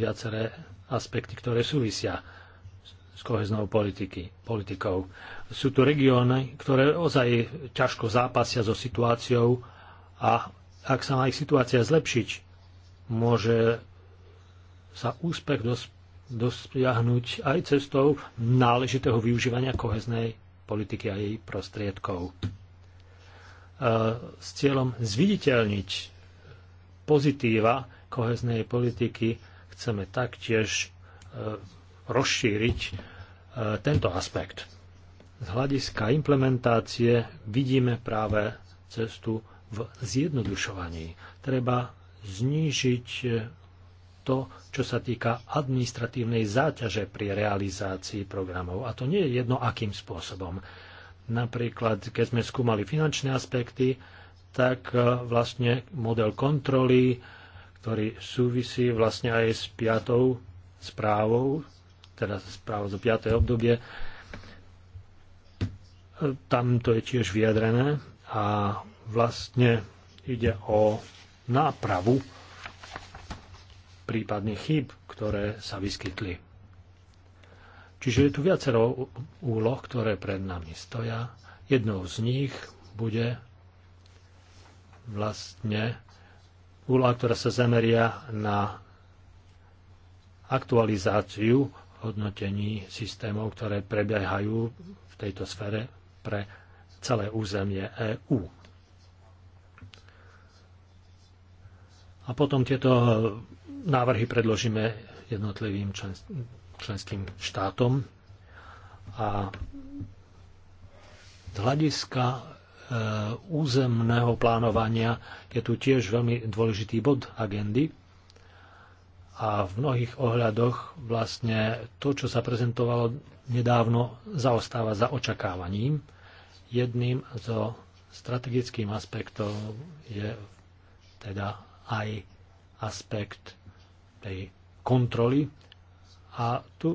viaceré aspekty, ktoré súvisia s koheznou politiky, politikou. Sú tu regióny, ktoré ozaj ťažko zápasia so situáciou a ak sa má ich situácia zlepšiť, môže sa úspech dos- dosiahnuť aj cestou náležitého využívania koheznej politiky a jej prostriedkov. E, s cieľom zviditeľniť pozitíva koheznej politiky chceme taktiež e, rozšíriť e, tento aspekt. Z hľadiska implementácie vidíme práve cestu v zjednodušovaní. Treba znížiť e, to, čo sa týka administratívnej záťaže pri realizácii programov. A to nie je jedno, akým spôsobom. Napríklad, keď sme skúmali finančné aspekty, tak e, vlastne model kontroly, ktorý súvisí vlastne aj s piatou správou, teda správou zo piatej obdobie, e, tam to je tiež vyjadrené a vlastne ide o nápravu prípadných chýb, ktoré sa vyskytli. Čiže je tu viacero úloh, ktoré pred nami stoja. Jednou z nich bude vlastne úloha, ktorá sa zameria na aktualizáciu hodnotení systémov, ktoré prebiehajú v tejto sfére pre celé územie EÚ. A potom tieto návrhy predložíme jednotlivým členským štátom a z hľadiska Eh, územného plánovania je tu tiež veľmi dôležitý bod agendy. A v mnohých ohľadoch vlastne to, čo sa prezentovalo nedávno, zaostáva za očakávaním. Jedným zo strategickým aspektom je teda aj aspekt tej kontroly. A tu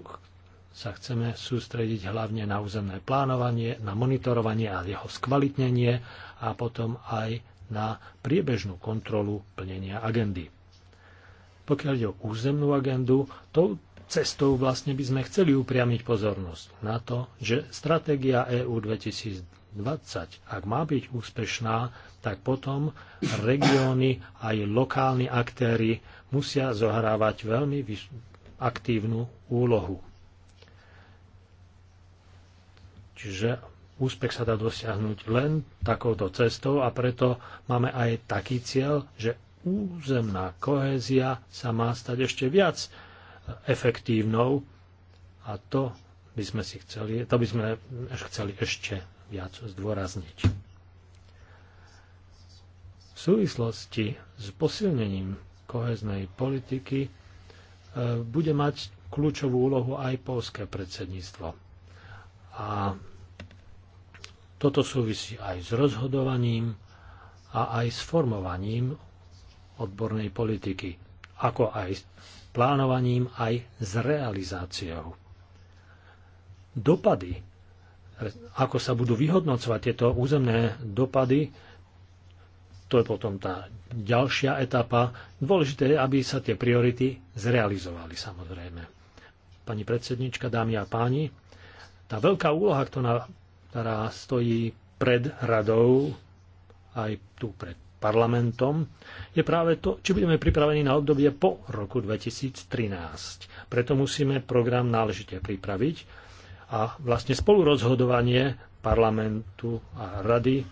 sa chceme sústrediť hlavne na územné plánovanie, na monitorovanie a jeho skvalitnenie a potom aj na priebežnú kontrolu plnenia agendy. Pokiaľ ide o územnú agendu, tou cestou vlastne by sme chceli upriamiť pozornosť na to, že stratégia EU 2020, ak má byť úspešná, tak potom regióny aj lokálni aktéry musia zohrávať veľmi aktívnu úlohu. Čiže úspech sa dá dosiahnuť len takouto cestou a preto máme aj taký cieľ, že územná kohézia sa má stať ešte viac efektívnou a to by sme si chceli, to by sme chceli ešte viac zdôrazniť. V súvislosti s posilnením koheznej politiky eh, bude mať kľúčovú úlohu aj polské predsedníctvo a toto súvisí aj s rozhodovaním a aj s formovaním odbornej politiky, ako aj s plánovaním, aj s realizáciou. Dopady, ako sa budú vyhodnocovať tieto územné dopady, to je potom tá ďalšia etapa. Dôležité je, aby sa tie priority zrealizovali samozrejme. Pani predsednička, dámy a páni, tá veľká úloha, ktorá stojí pred radou, aj tu pred parlamentom, je práve to, či budeme pripravení na obdobie po roku 2013. Preto musíme program náležite pripraviť a vlastne spolurozhodovanie parlamentu a rady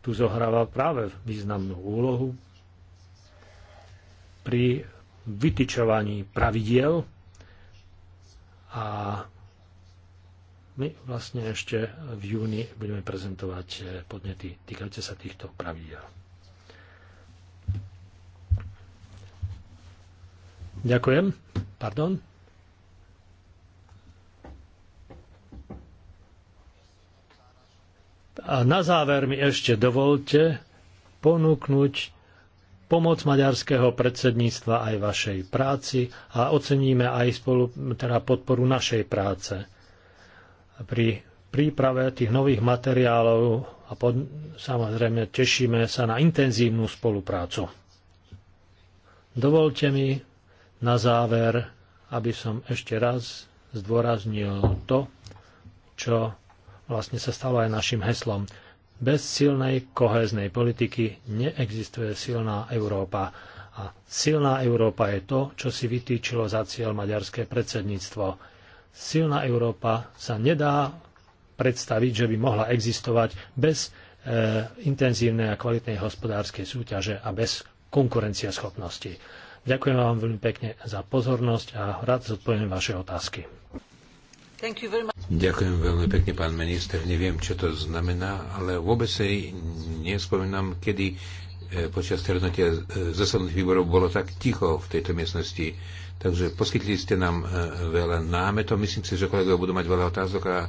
tu zohráva práve významnú úlohu pri vytyčovaní pravidiel a my vlastne ešte v júni budeme prezentovať eh, podnety týkajúce sa týchto pravidel. Ďakujem. Pardon. A na záver mi ešte dovolte ponúknuť pomoc maďarského predsedníctva aj vašej práci a oceníme aj spolu, teda podporu našej práce pri príprave tých nových materiálov a pod, samozrejme tešíme sa na intenzívnu spoluprácu. Dovolte mi na záver, aby som ešte raz zdôraznil to, čo vlastne sa stalo aj našim heslom. Bez silnej kohéznej politiky neexistuje silná Európa. A silná Európa je to, čo si vytýčilo za cieľ maďarské predsedníctvo silná Európa sa nedá predstaviť, že by mohla existovať bez e, intenzívnej a kvalitnej hospodárskej súťaže a bez konkurencieschopnosti. Ďakujem vám veľmi pekne za pozornosť a rád zodpoviem vaše otázky. Ďakujem veľmi pekne, pán minister. Neviem, čo to znamená, ale vôbec si nespomínam, kedy e, počas stretnutia e, zasadnutých výborov bolo tak ticho v tejto miestnosti Takže poskytli ste nám e, veľa námetov. Myslím si, že kolegovia budú mať veľa otázok a e,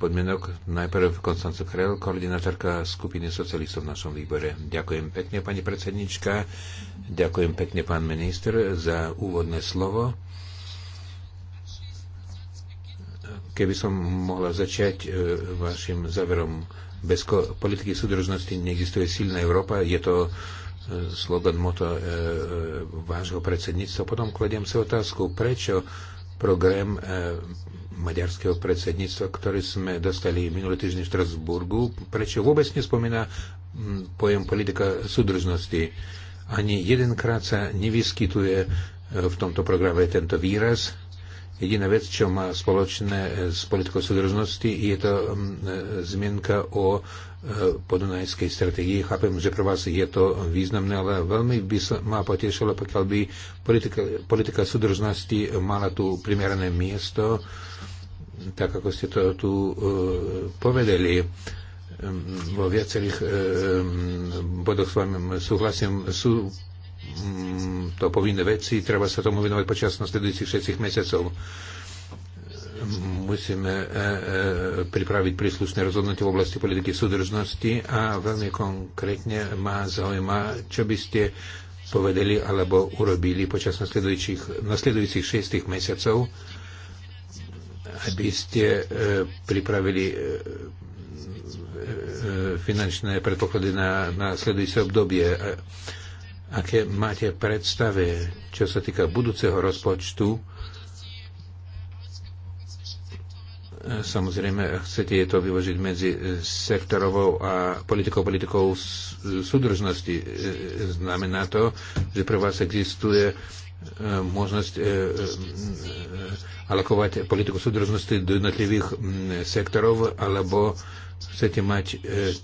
podmienok. Najprv Konstanca Krel, koordinátorka skupiny socialistov v našom výbore. Ďakujem pekne, pani predsednička. Ďakujem pekne, pán minister, za úvodné slovo. Keby som mohla začať e, vašim záverom, bez politiky súdržnosti neexistuje silná Európa. Je to slogan, moto e, e, vášho predsedníctva. Potom kladiem si otázku, prečo program e, maďarského predsedníctva, ktorý sme dostali minulý týždeň v Štrasburgu, prečo vôbec nespomína pojem politika súdržnosti. Ani jedenkrát sa nevyskytuje v tomto programe tento výraz. Jediná vec, čo má spoločné e, s politikou súdržnosti, je to mm, e, zmienka o e, podunajskej strategii. Chápem, že pre vás je to významné, ale veľmi by sa ma potešilo, pokiaľ by politika, politika súdržnosti mala tu primerané miesto, tak ako ste to tu povedali vo viacerých bodoch s vami súhlasím, sú Mm, to povinné veci, treba sa tomu venovať počas nasledujúcich všetkých mesiacov. Musíme e, e, pripraviť príslušné rozhodnutie v oblasti politiky súdržnosti a veľmi konkrétne ma zaujíma, čo by ste povedali alebo urobili počas nasledujúcich, nasledujúcich šestých mesiacov, aby ste e, pripravili finančné predpoklady na, nasledujúce obdobie obdobie aké máte predstavy, čo sa týka budúceho rozpočtu. Samozrejme, chcete je to vyložiť medzi sektorovou a politikou politikou súdržnosti. Znamená to, že pre vás existuje e, možnosť e, e, alokovať politiku súdržnosti do jednotlivých sektorov alebo chcete mať e,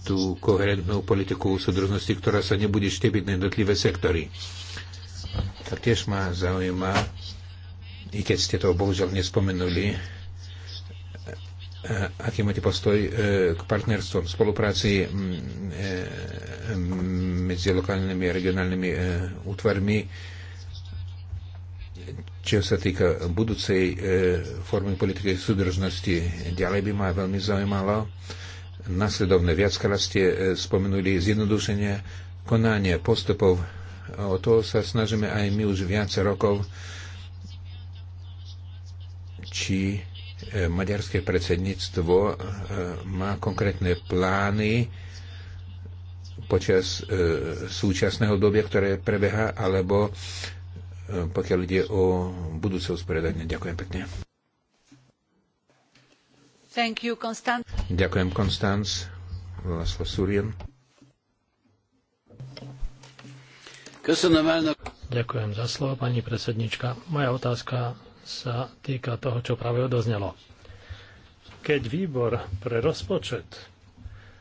tú koherentnú politiku súdržnosti, ktorá sa nebude štepiť na jednotlivé sektory. tiež ma zaujíma, i keď ste to bohužiaľ nespomenuli, e, aký máte postoj e, k partnerstvom, spolupráci e, medzi lokálnymi a regionálnymi útvarmi, čo sa týka budúcej formy politiky súdržnosti. Ďalej by ma veľmi zaujímalo, nasledovne. Viackrát ste e, spomenuli zjednodušenie konania postupov. O to sa snažíme aj my už viac rokov, či e, maďarské predsedníctvo e, má konkrétne plány počas súčasného dobia, ktoré prebeha, alebo pokiaľ ide o budúce usporiadanie. Ďakujem pekne. Thank you, Constance. Ďakujem, Konstanc. Laslo Surien. Ďakujem za slovo, pani predsednička. Moja otázka sa týka toho, čo práve odoznelo. Keď výbor pre rozpočet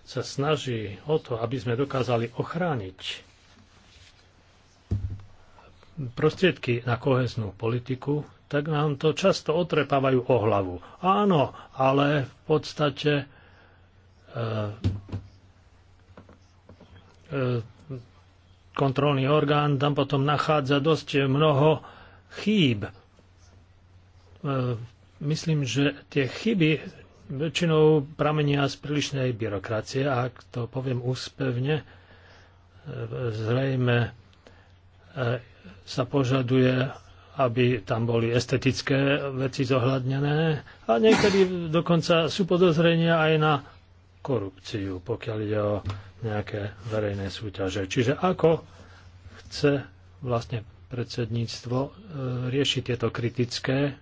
sa snaží o to, aby sme dokázali ochrániť prostriedky na koheznú politiku tak nám to často otrepávajú o hlavu. Áno, ale v podstate e, e, kontrolný orgán tam potom nachádza dosť mnoho chýb. E, myslím, že tie chyby väčšinou pramenia z prílišnej byrokracie, ak to poviem úspevne, e, zrejme e, sa požaduje aby tam boli estetické veci zohľadnené a niekedy dokonca sú podozrenia aj na korupciu, pokiaľ ide o nejaké verejné súťaže. Čiže ako chce vlastne predsedníctvo e, riešiť tieto kritické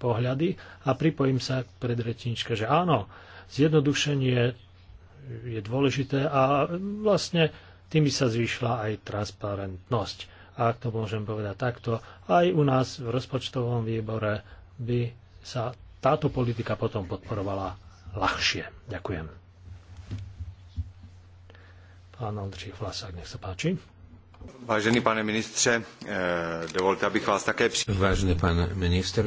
pohľady a pripojím sa k predretničke, že áno, zjednodušenie je dôležité a vlastne tým by sa zvýšila aj transparentnosť ak to môžem povedať takto, aj u nás v rozpočtovom výbore by sa táto politika potom podporovala ľahšie. Ďakujem. Pán Ondřich Vlasák, nech sa páči. Vážený pane ministře, eh, dovolte, abych vás také... při... Vážený pán minister,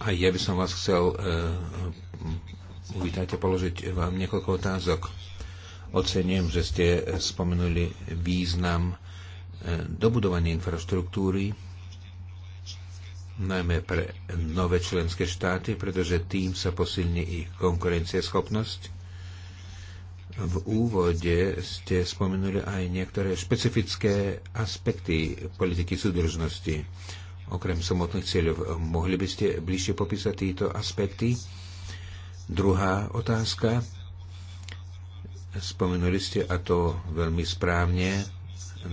a ja by som vás chcel eh, uvítať a položiť vám niekoľko otázok. Ocením, že ste spomenuli význam dobudovanie infraštruktúry, najmä pre nové členské štáty, pretože tým sa posilní ich konkurencieschopnosť. V úvode ste spomenuli aj niektoré špecifické aspekty politiky súdržnosti. Okrem samotných cieľov, mohli by ste bližšie popísať tieto aspekty? Druhá otázka. Spomenuli ste, a to veľmi správne,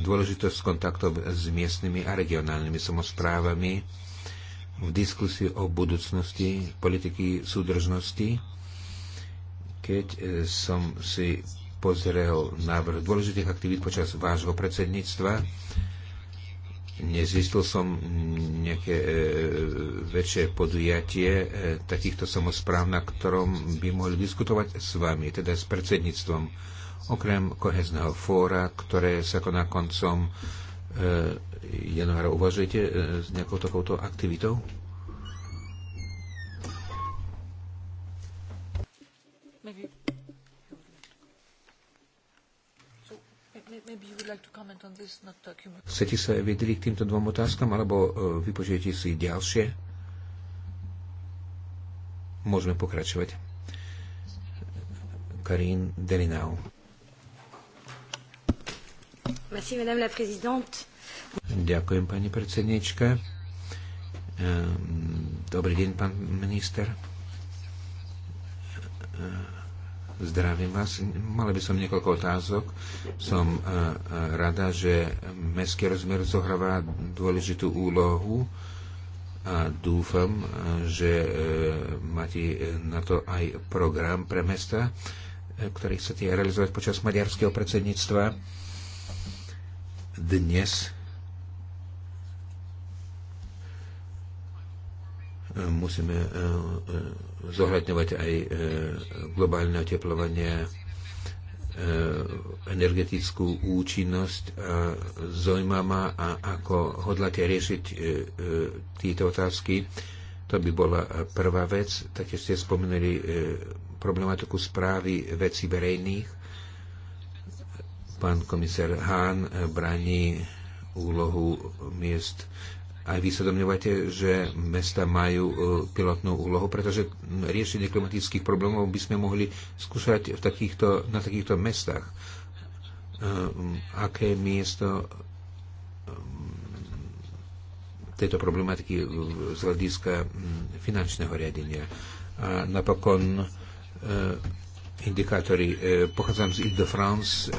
dôležitosť kontaktov s miestnymi a regionálnymi samozprávami v diskusii o budúcnosti politiky súdržnosti. Keď e, som si pozrel návrh dôležitých aktivít počas vášho predsedníctva, nezistil som nejaké e, väčšie podujatie e, takýchto samozpráv, na ktorom by mohli diskutovať s vami, teda s predsedníctvom Okrem kohezného fóra, ktoré sa koná koncom e, januára, uvažujete e, s nejakou takouto aktivitou? Chcete sa vyjadriť k týmto dvom otázkam, alebo e, vypočujete si ďalšie? Môžeme pokračovať. Karín Delinau. Merci, madame la présidente. Ďakujem, pani predsednička. Ehm, dobrý deň, pán minister. Ehm, zdravím vás. Mala by som niekoľko otázok. Som e, e, rada, že mestský rozmer zohráva dôležitú úlohu a dúfam, e, že máte na to aj program pre mesta, ktorý chcete realizovať počas maďarského predsedníctva dnes musíme eh, eh, zohľadňovať aj eh, globálne oteplovanie, energetickú účinnosť. A zaujíma ma, a ako hodláte riešiť tieto otázky. To by bola prvá vec. Taktiež ste spomenuli problematiku správy vecí verejných Pán komisár Hahn bráni úlohu miest. Aj vy sa domnievate, že mesta majú e, pilotnú úlohu, pretože riešenie klimatických problémov by sme mohli skúšať v takýchto, na takýchto mestách. E, aké miesto e, tejto problematiky z hľadiska finančného riadenia. A napokon indikátory. Pochádzam z Ile de France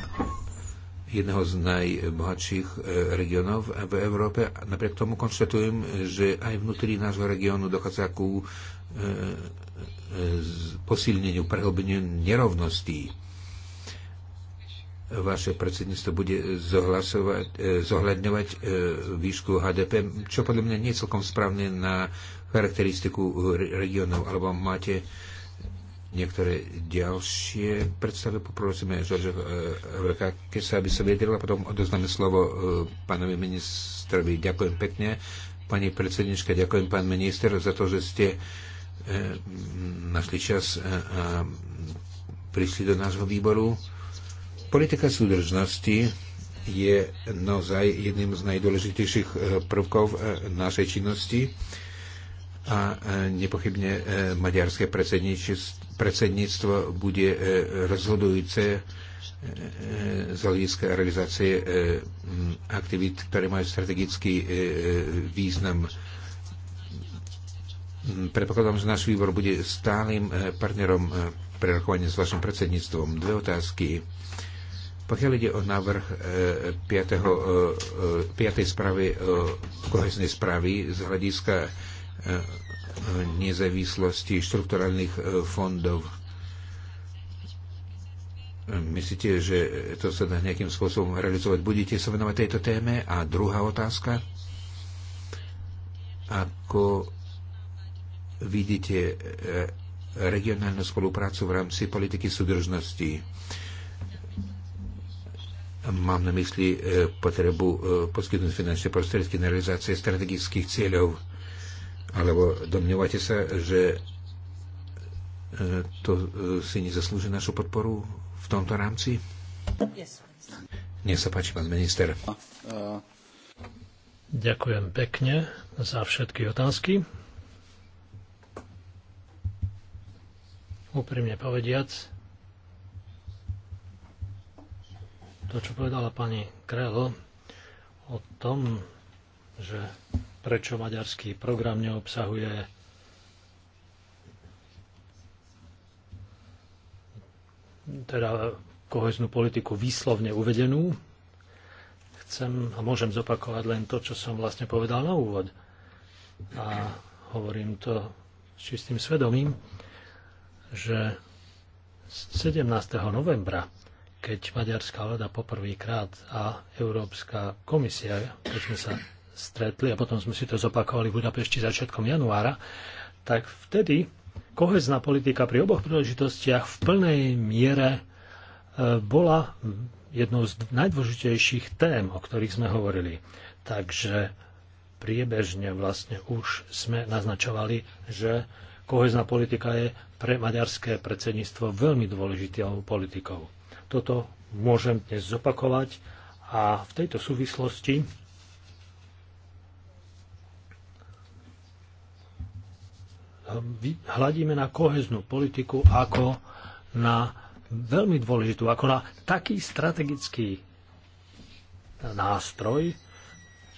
jedného z najbohatších e, regionov v Európe. Napriek tomu konštatujem, že aj vnútri nášho regiónu dochádza ku e, e, posilneniu, prehlbeniu nerovností. Vaše predsedníctvo bude zohľadňovať výšku HDP, čo podľa mňa nie je celkom správne na charakteristiku regionov, alebo máte niektoré ďalšie predstavy. Poprosíme Žorža Vrkakesa, e, aby sa vedela, potom odoznáme slovo e, pánovi ministrovi. Ďakujem pekne. Pani predsednička, ďakujem pán minister za to, že ste e, našli čas a prišli do nášho výboru. Politika súdržnosti je naozaj jedným z najdôležitejších prvkov našej činnosti a e, nepochybne e, maďarské predsedníctvo bude e, rozhodujúce z hľadiska realizácie aktivít, ktoré majú strategický význam. Predpokladám, že náš výbor bude stálym partnerom pre rokovanie s vašim predsedníctvom. Dve otázky. Pokiaľ ide o návrh 5. správy, kohesnej správy z hľadiska E, nezávislosti štrukturálnych e, fondov. E, myslíte, že to sa dá nejakým spôsobom realizovať? Budete sa venovať tejto téme? A druhá otázka. Ako vidíte regionálnu spoluprácu v rámci politiky súdržnosti? Mám na mysli potrebu poskytnúť finančné prostriedky na realizácie strategických cieľov alebo domnievate sa, že e, to e, si nezaslúži našu podporu v tomto rámci? Nech sa páči, pán minister. E, Ďakujem pekne za všetky otázky. Úprimne povediac, to, čo povedala pani Krelo o tom, že prečo maďarský program neobsahuje teda koheznú politiku výslovne uvedenú. Chcem a môžem zopakovať len to, čo som vlastne povedal na úvod. A hovorím to s čistým svedomím, že 17. novembra, keď maďarská vláda poprvýkrát a Európska komisia, keď sme sa stretli a potom sme si to zopakovali v Budapešti začiatkom januára, tak vtedy kohezná politika pri oboch príležitostiach v plnej miere e, bola jednou z najdôležitejších tém, o ktorých sme hovorili. Takže priebežne vlastne už sme naznačovali, že kohezná politika je pre maďarské predsedníctvo veľmi dôležitou politikou. Toto môžem dnes zopakovať a v tejto súvislosti hľadíme na koheznú politiku ako na veľmi dôležitú, ako na taký strategický nástroj,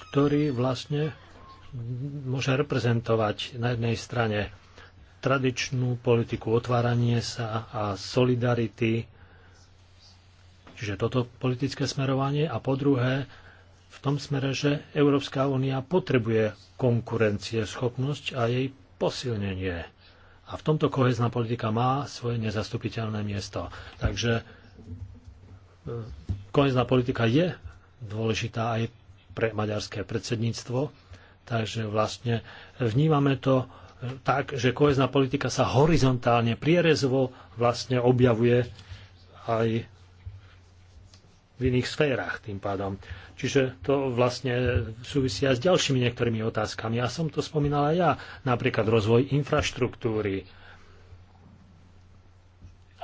ktorý vlastne môže reprezentovať na jednej strane tradičnú politiku otváranie sa a solidarity, čiže toto politické smerovanie a po druhé v tom smere, že Európska únia potrebuje konkurencie schopnosť a jej posilnenie. A v tomto kohezná politika má svoje nezastupiteľné miesto. Takže e, kohezná politika je dôležitá aj pre maďarské predsedníctvo. Takže vlastne vnímame to e, tak, že kohezná politika sa horizontálne prierezovo vlastne objavuje aj v iných sférach tým pádom. Čiže to vlastne súvisia s ďalšími niektorými otázkami. Ja som to spomínala ja, napríklad rozvoj infraštruktúry.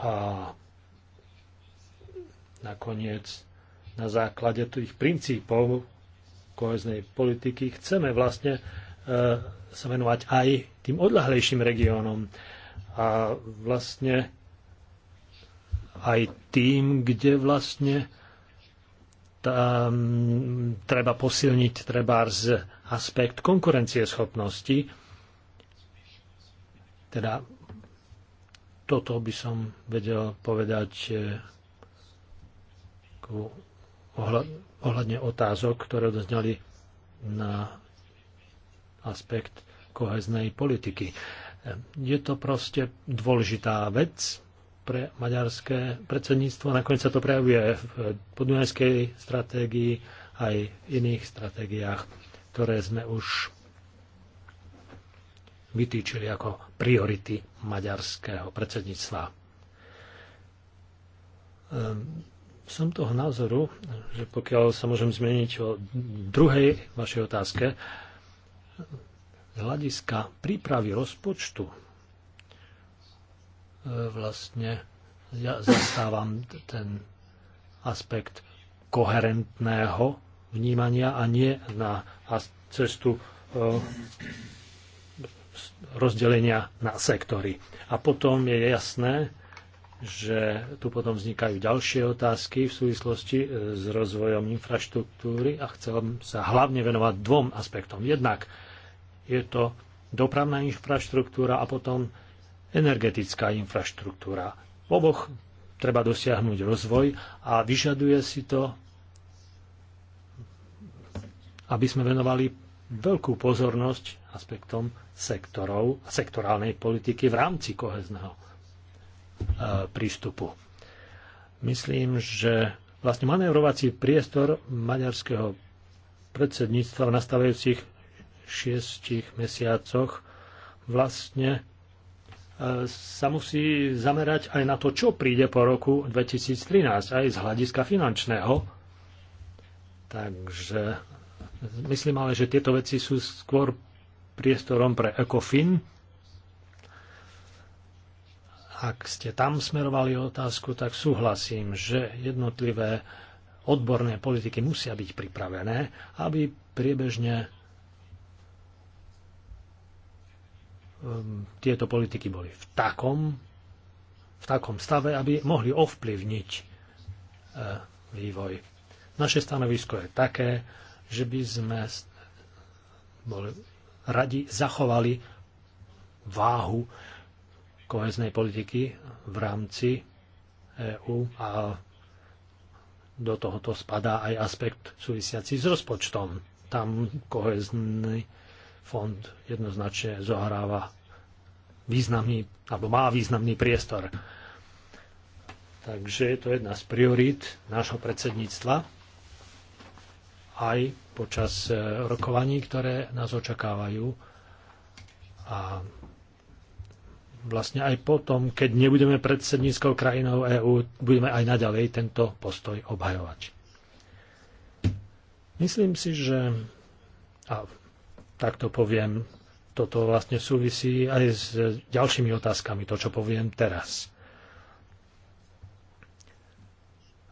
A nakoniec na základe tých princípov koheznej politiky chceme vlastne e, sa venovať aj tým odľahlejším regiónom a vlastne aj tým, kde vlastne treba posilniť treba z aspekt konkurencieschopnosti. Teda toto by som vedel povedať eh, ku ohľadne otázok, ktoré doznali na aspekt koheznej politiky. Je to proste dôležitá vec, pre maďarské predsedníctvo. Nakoniec sa to prejavuje v podunajskej stratégii aj v iných stratégiách, ktoré sme už vytýčili ako priority maďarského predsedníctva. Ehm, som toho názoru, že pokiaľ sa môžem zmeniť o druhej vašej otázke, z hľadiska prípravy rozpočtu E, vlastne ja zastávam ten aspekt koherentného vnímania a nie na cestu e, rozdelenia na sektory. A potom je jasné, že tu potom vznikajú ďalšie otázky v súvislosti e, s rozvojom infraštruktúry a chcel sa hlavne venovať dvom aspektom. Jednak je to dopravná infraštruktúra a potom energetická infraštruktúra. V oboch treba dosiahnuť rozvoj a vyžaduje si to, aby sme venovali veľkú pozornosť aspektom sektorov a sektorálnej politiky v rámci kohezného e, prístupu. Myslím, že vlastne manévrovací priestor maďarského predsedníctva v nastávajúcich šiestich mesiacoch vlastne sa musí zamerať aj na to, čo príde po roku 2013, aj z hľadiska finančného. Takže myslím ale, že tieto veci sú skôr priestorom pre ECOFIN. Ak ste tam smerovali otázku, tak súhlasím, že jednotlivé odborné politiky musia byť pripravené, aby priebežne Ehm, tieto politiky boli v takom, v takom stave, aby mohli ovplyvniť e, vývoj. Naše stanovisko je také, že by sme boli radi zachovali váhu koheznej politiky v rámci EÚ a do tohoto spadá aj aspekt súvisiaci s rozpočtom. Tam kohezný fond jednoznačne zohráva významný, alebo má významný priestor. Takže je to jedna z priorít nášho predsedníctva aj počas e, rokovaní, ktoré nás očakávajú. A vlastne aj potom, keď nebudeme predsedníckou krajinou EÚ, budeme aj naďalej tento postoj obhajovať. Myslím si, že a tak to poviem, toto vlastne súvisí aj s ďalšími otázkami, to, čo poviem teraz.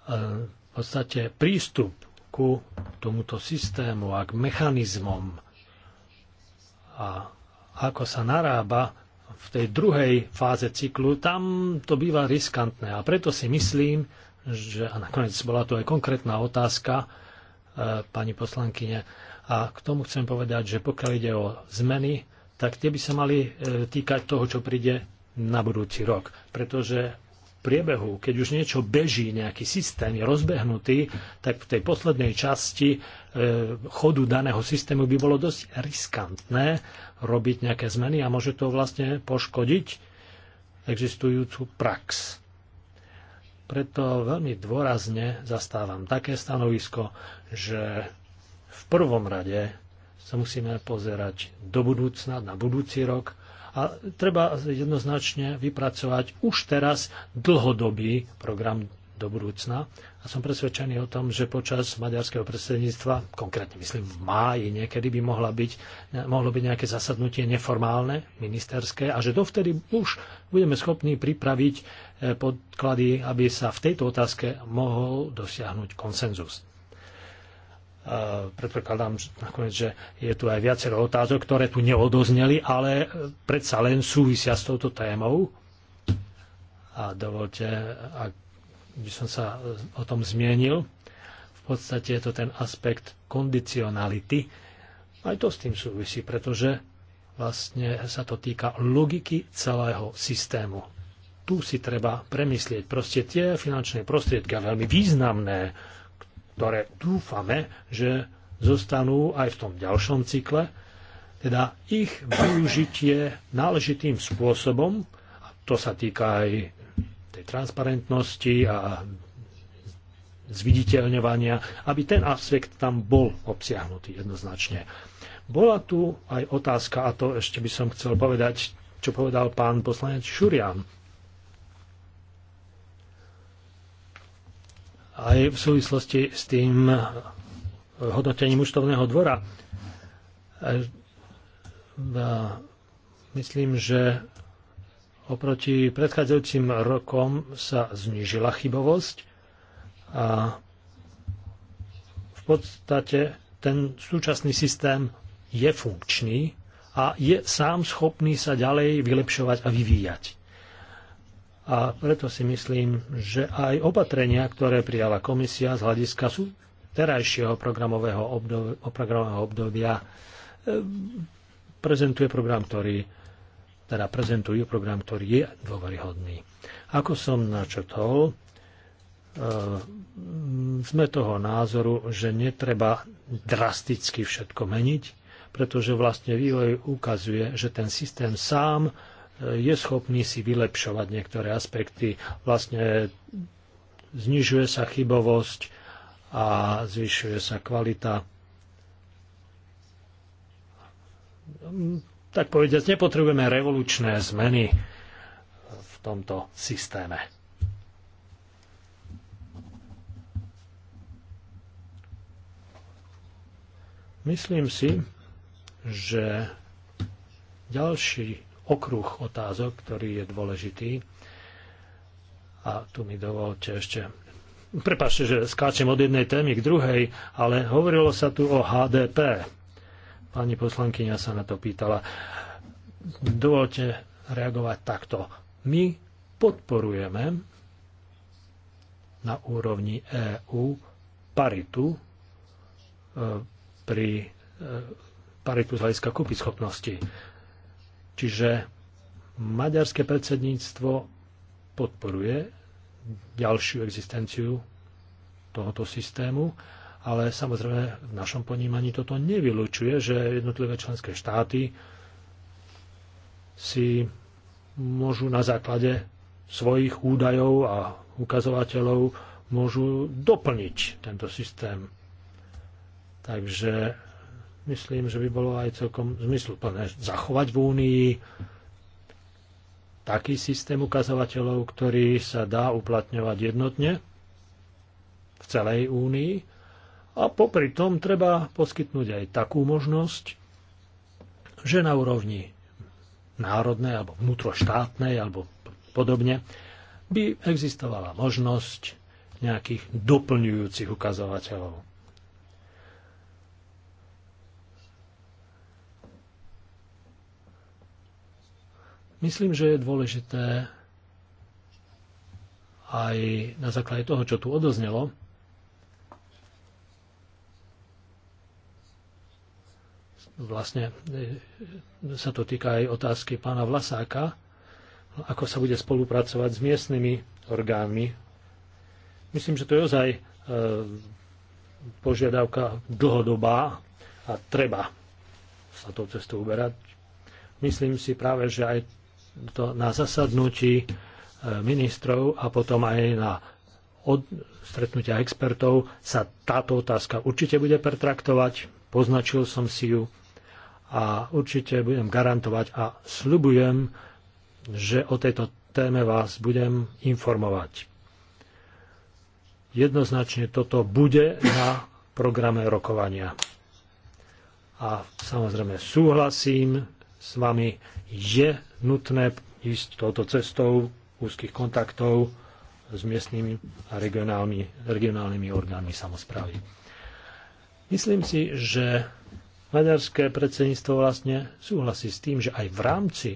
E, v podstate prístup ku tomuto systému a k mechanizmom a ako sa narába v tej druhej fáze cyklu, tam to býva riskantné. A preto si myslím, že, a nakoniec bola tu aj konkrétna otázka e, pani poslankyne, a k tomu chcem povedať, že pokiaľ ide o zmeny, tak tie by sa mali e, týkať toho, čo príde na budúci rok. Pretože v priebehu, keď už niečo beží, nejaký systém je rozbehnutý, tak v tej poslednej časti e, chodu daného systému by bolo dosť riskantné robiť nejaké zmeny a môže to vlastne poškodiť existujúcu prax. Preto veľmi dôrazne zastávam také stanovisko, že v prvom rade sa musíme pozerať do budúcna, na budúci rok a treba jednoznačne vypracovať už teraz dlhodobý program do budúcna. A som presvedčený o tom, že počas maďarského predsedníctva, konkrétne myslím v máji niekedy, by mohla byť, mohlo byť nejaké zasadnutie neformálne, ministerské, a že dovtedy už budeme schopní pripraviť eh, podklady, aby sa v tejto otázke mohol dosiahnuť konsenzus. Eh, predpokladám že nakoniec, že je tu aj viacero otázok, ktoré tu neodozneli, ale eh, predsa len súvisia s touto témou. A dovolte, ak by som sa eh, o tom zmienil, v podstate je to ten aspekt kondicionality. Aj to s tým súvisí, pretože vlastne sa to týka logiky celého systému. Tu si treba premyslieť. Proste tie finančné prostriedky, a veľmi významné, ktoré dúfame, že zostanú aj v tom ďalšom cykle, teda ich využitie náležitým spôsobom, a to sa týka aj tej transparentnosti a zviditeľňovania, aby ten aspekt tam bol obsiahnutý jednoznačne. Bola tu aj otázka, a to ešte by som chcel povedať, čo povedal pán poslanec Šurian aj v súvislosti s tým eh, hodnotením účtovného dvora. Eh, myslím, že oproti predchádzajúcim rokom sa znížila chybovosť a v podstate ten súčasný systém je funkčný a je sám schopný sa ďalej vylepšovať a vyvíjať. A preto si myslím, že aj opatrenia, ktoré prijala komisia z hľadiska sú terajšieho programového obdo- programového obdobia e, prezentuje program, ktorý teda prezentujú program, ktorý je dôveryhodný. Ako som načrtol, e, sme toho názoru, že netreba drasticky všetko meniť, pretože vlastne vývoj ukazuje, že ten systém sám je schopný si vylepšovať niektoré aspekty. Vlastne znižuje sa chybovosť a zvyšuje sa kvalita. Tak povediať, nepotrebujeme revolučné zmeny v tomto systéme. Myslím si, že ďalší okruh otázok, ktorý je dôležitý. A tu mi dovolte ešte Prepašte, že skáčem od jednej témy k druhej, ale hovorilo sa tu o HDP. Pani poslankyňa sa na to pýtala. Dovolte reagovať takto. My podporujeme na úrovni EÚ paritu e, pri e, paritu z hľadiska kúpyschopnosti. Čiže maďarské predsedníctvo podporuje ďalšiu existenciu tohoto systému, ale samozrejme v našom ponímaní toto nevylučuje, že jednotlivé členské štáty si môžu na základe svojich údajov a ukazovateľov môžu doplniť tento systém. Takže myslím, že by bolo aj celkom zmysluplné zachovať v Únii taký systém ukazovateľov, ktorý sa dá uplatňovať jednotne v celej Únii a popri tom treba poskytnúť aj takú možnosť, že na úrovni národnej alebo vnútroštátnej alebo podobne by existovala možnosť nejakých doplňujúcich ukazovateľov. Myslím, že je dôležité aj na základe toho, čo tu odoznelo, vlastne e, sa to týka aj otázky pána Vlasáka, ako sa bude spolupracovať s miestnymi orgánmi. Myslím, že to je ozaj e, požiadavka dlhodobá a treba sa tou cestou uberať. Myslím si práve, že aj to na zasadnutí e, ministrov a potom aj na od stretnutia expertov sa táto otázka určite bude pertraktovať. Poznačil som si ju a určite budem garantovať a sľubujem, že o tejto téme vás budem informovať. Jednoznačne toto bude na programe rokovania. A samozrejme súhlasím s vami, je nutné ísť touto cestou úzkých kontaktov s miestnymi a regionálnymi, regionálnymi orgánmi samozprávy. Myslím si, že maďarské predsedníctvo vlastne súhlasí s tým, že aj v rámci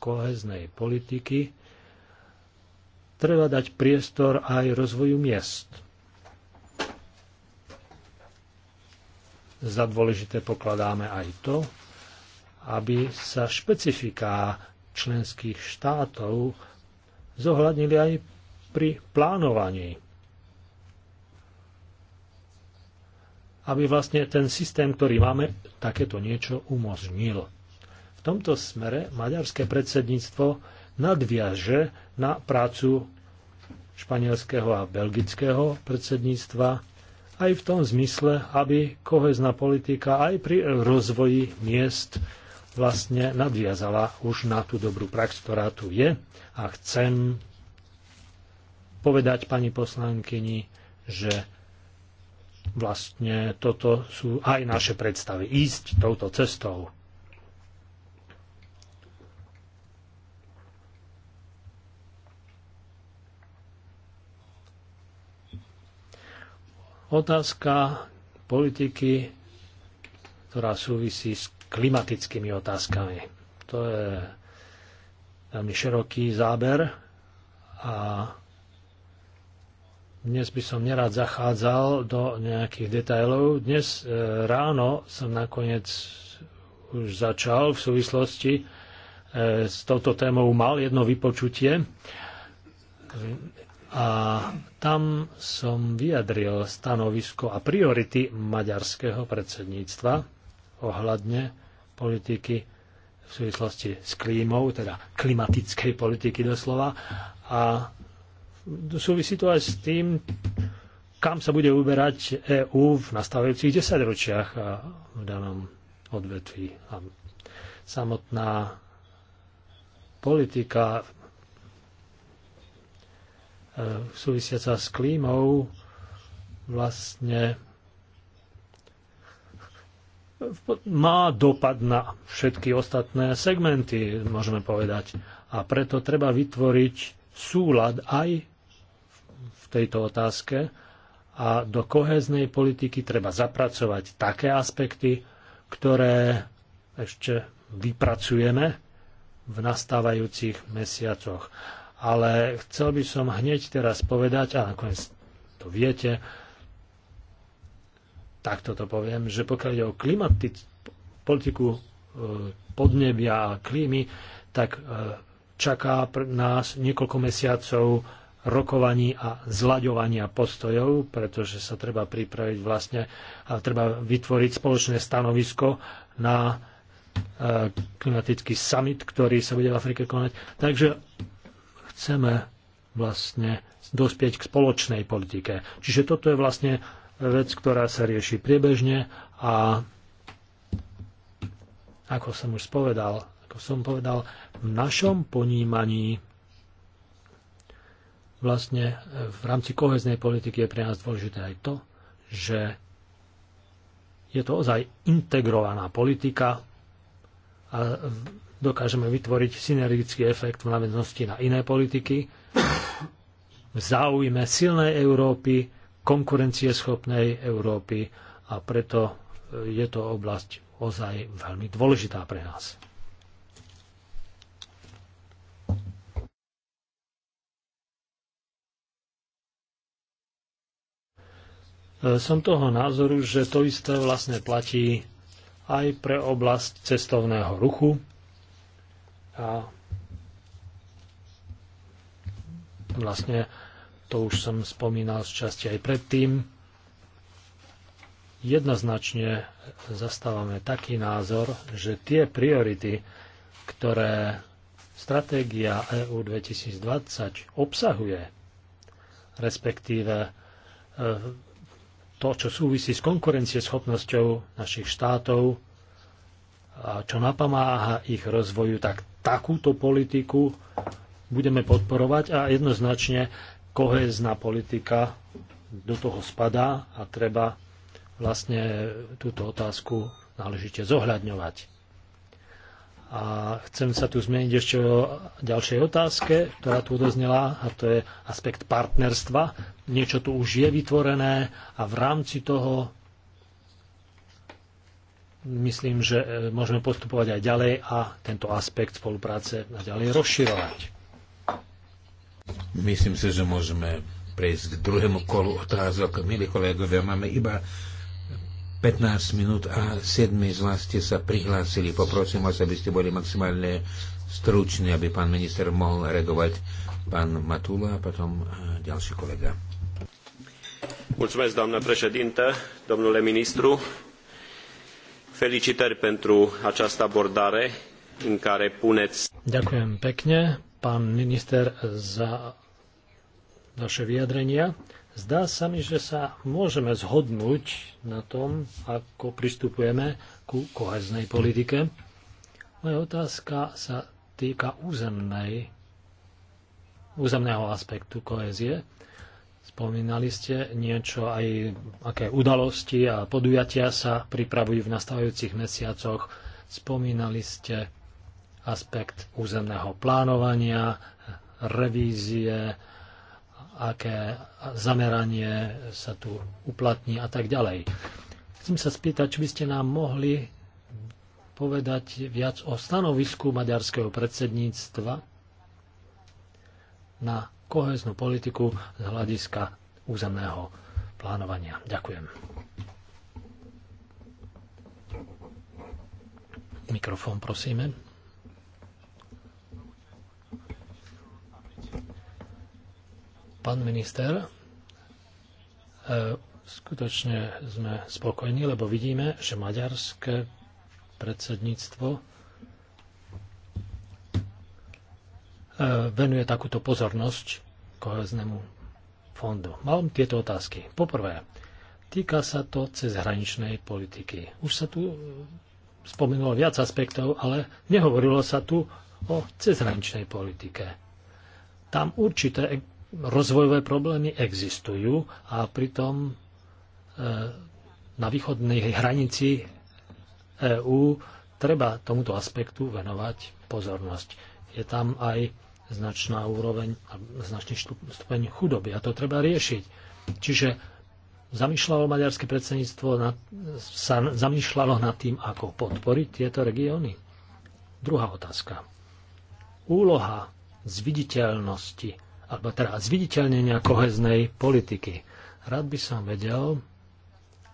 koheznej politiky treba dať priestor aj rozvoju miest. Za dôležité pokladáme aj to, aby sa špecifiká členských štátov zohľadnili aj pri plánovaní. Aby vlastne ten systém, ktorý máme, takéto niečo umožnil. V tomto smere maďarské predsedníctvo nadviaže na prácu španielského a belgického predsedníctva aj v tom zmysle, aby kohezná politika aj pri rozvoji miest vlastne nadviazala už na tú dobrú prax, ktorá tu je. A chcem povedať pani poslankyni, že vlastne toto sú aj naše predstavy. Ísť touto cestou. Otázka politiky, ktorá súvisí s klimatickými otázkami. To je veľmi široký záber a dnes by som nerád zachádzal do nejakých detajlov. Dnes e, ráno som nakoniec už začal v súvislosti e, s touto témou mal jedno vypočutie a tam som vyjadril stanovisko a priority maďarského predsedníctva ohľadne politiky v súvislosti s klímou, teda klimatickej politiky doslova. A súvisí to aj s tým, kam sa bude uberať EÚ v nastavujúcich desaťročiach a v danom odvetví. A samotná politika e, súvisiaca s klímou vlastne má dopad na všetky ostatné segmenty, môžeme povedať. A preto treba vytvoriť súlad aj v tejto otázke a do koheznej politiky treba zapracovať také aspekty, ktoré ešte vypracujeme v nastávajúcich mesiacoch. Ale chcel by som hneď teraz povedať, a nakoniec to viete, takto to poviem, že pokiaľ ide o klimatic, politiku e, podnebia a klímy, tak e, čaká nás niekoľko mesiacov rokovaní a zlaďovania postojov, pretože sa treba pripraviť vlastne a treba vytvoriť spoločné stanovisko na e, klimatický summit, ktorý sa bude v Afrike konať. Takže chceme vlastne dospieť k spoločnej politike. Čiže toto je vlastne vec, ktorá sa rieši priebežne a ako som už povedal, ako som povedal, v našom ponímaní vlastne v rámci koheznej politiky je pre nás dôležité aj to, že je to ozaj integrovaná politika a dokážeme vytvoriť synergický efekt v náväznosti na iné politiky v záujme silnej Európy, konkurencieschopnej Európy a preto e, je to oblasť ozaj veľmi dôležitá pre nás. E, som toho názoru, že to isté vlastne platí aj pre oblasť cestovného ruchu a vlastne to už som spomínal z časti aj predtým, jednoznačne zastávame taký názor, že tie priority, ktoré stratégia EU 2020 obsahuje, respektíve e, to, čo súvisí s konkurencieschopnosťou našich štátov a čo napomáha ich rozvoju, tak takúto politiku budeme podporovať a jednoznačne kohézna politika do toho spadá a treba vlastne túto otázku náležite zohľadňovať. A chcem sa tu zmeniť ešte o ďalšej otázke, ktorá tu odoznela, a to je aspekt partnerstva. Niečo tu už je vytvorené a v rámci toho myslím, že e, môžeme postupovať aj ďalej a tento aspekt spolupráce naďalej rozširovať. Myslím si, že môžeme prejsť k druhému kolu otázok. Milí kolegovia, máme iba 15 minút a 7 z vás ste sa prihlásili. Poprosím vás, aby ste boli maximálne stručný, aby pán minister mohol reagovať pán Matula a potom e, ďalší kolega. Mulțumesc, doamnă președintă, domnule ministru. Felicitări pentru această abordare în care puneți... Ďakujem pekne, pán minister, za vaše vyjadrenia. Zdá sa mi, že sa môžeme zhodnúť na tom, ako pristupujeme ku koheznej politike. Moja otázka sa týka územnej, územného aspektu kohezie. Spomínali ste niečo aj, aké udalosti a podujatia sa pripravujú v nastávajúcich mesiacoch. Spomínali ste aspekt územného plánovania, revízie, aké zameranie sa tu uplatní a tak ďalej. Chcem sa spýtať, či by ste nám mohli povedať viac o stanovisku maďarského predsedníctva na koheznú politiku z hľadiska územného plánovania. Ďakujem. Mikrofón prosíme. Pán minister, e, skutočne sme spokojní, lebo vidíme, že maďarské predsedníctvo e, venuje takúto pozornosť koheznému fondu. Mám tieto otázky. Poprvé, týka sa to cezhraničnej politiky. Už sa tu e, spomenulo viac aspektov, ale nehovorilo sa tu o cezhraničnej politike. Tam určité rozvojové problémy existujú a pritom e, na východnej hranici EÚ treba tomuto aspektu venovať pozornosť. Je tam aj značná úroveň, a značný stupeň chudoby a to treba riešiť. Čiže zamýšľalo maďarské predsedníctvo nad, sa zamýšľalo nad tým, ako podporiť tieto regióny. Druhá otázka. Úloha zviditeľnosti alebo teda zviditeľnenia koheznej politiky. Rád by som vedel,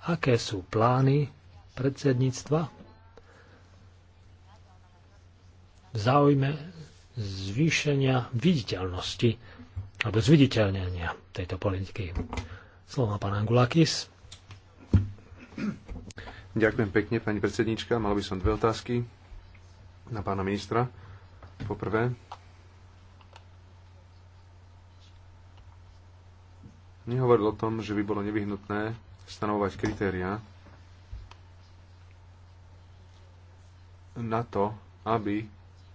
aké sú plány predsedníctva v záujme zvýšenia viditeľnosti alebo zviditeľnenia tejto politiky. Slovo má pán Angulakis. Ďakujem pekne, pani predsednička. Mal by som dve otázky na pána ministra. Poprvé, nehovoril o tom, že by bolo nevyhnutné stanovovať kritéria na to, aby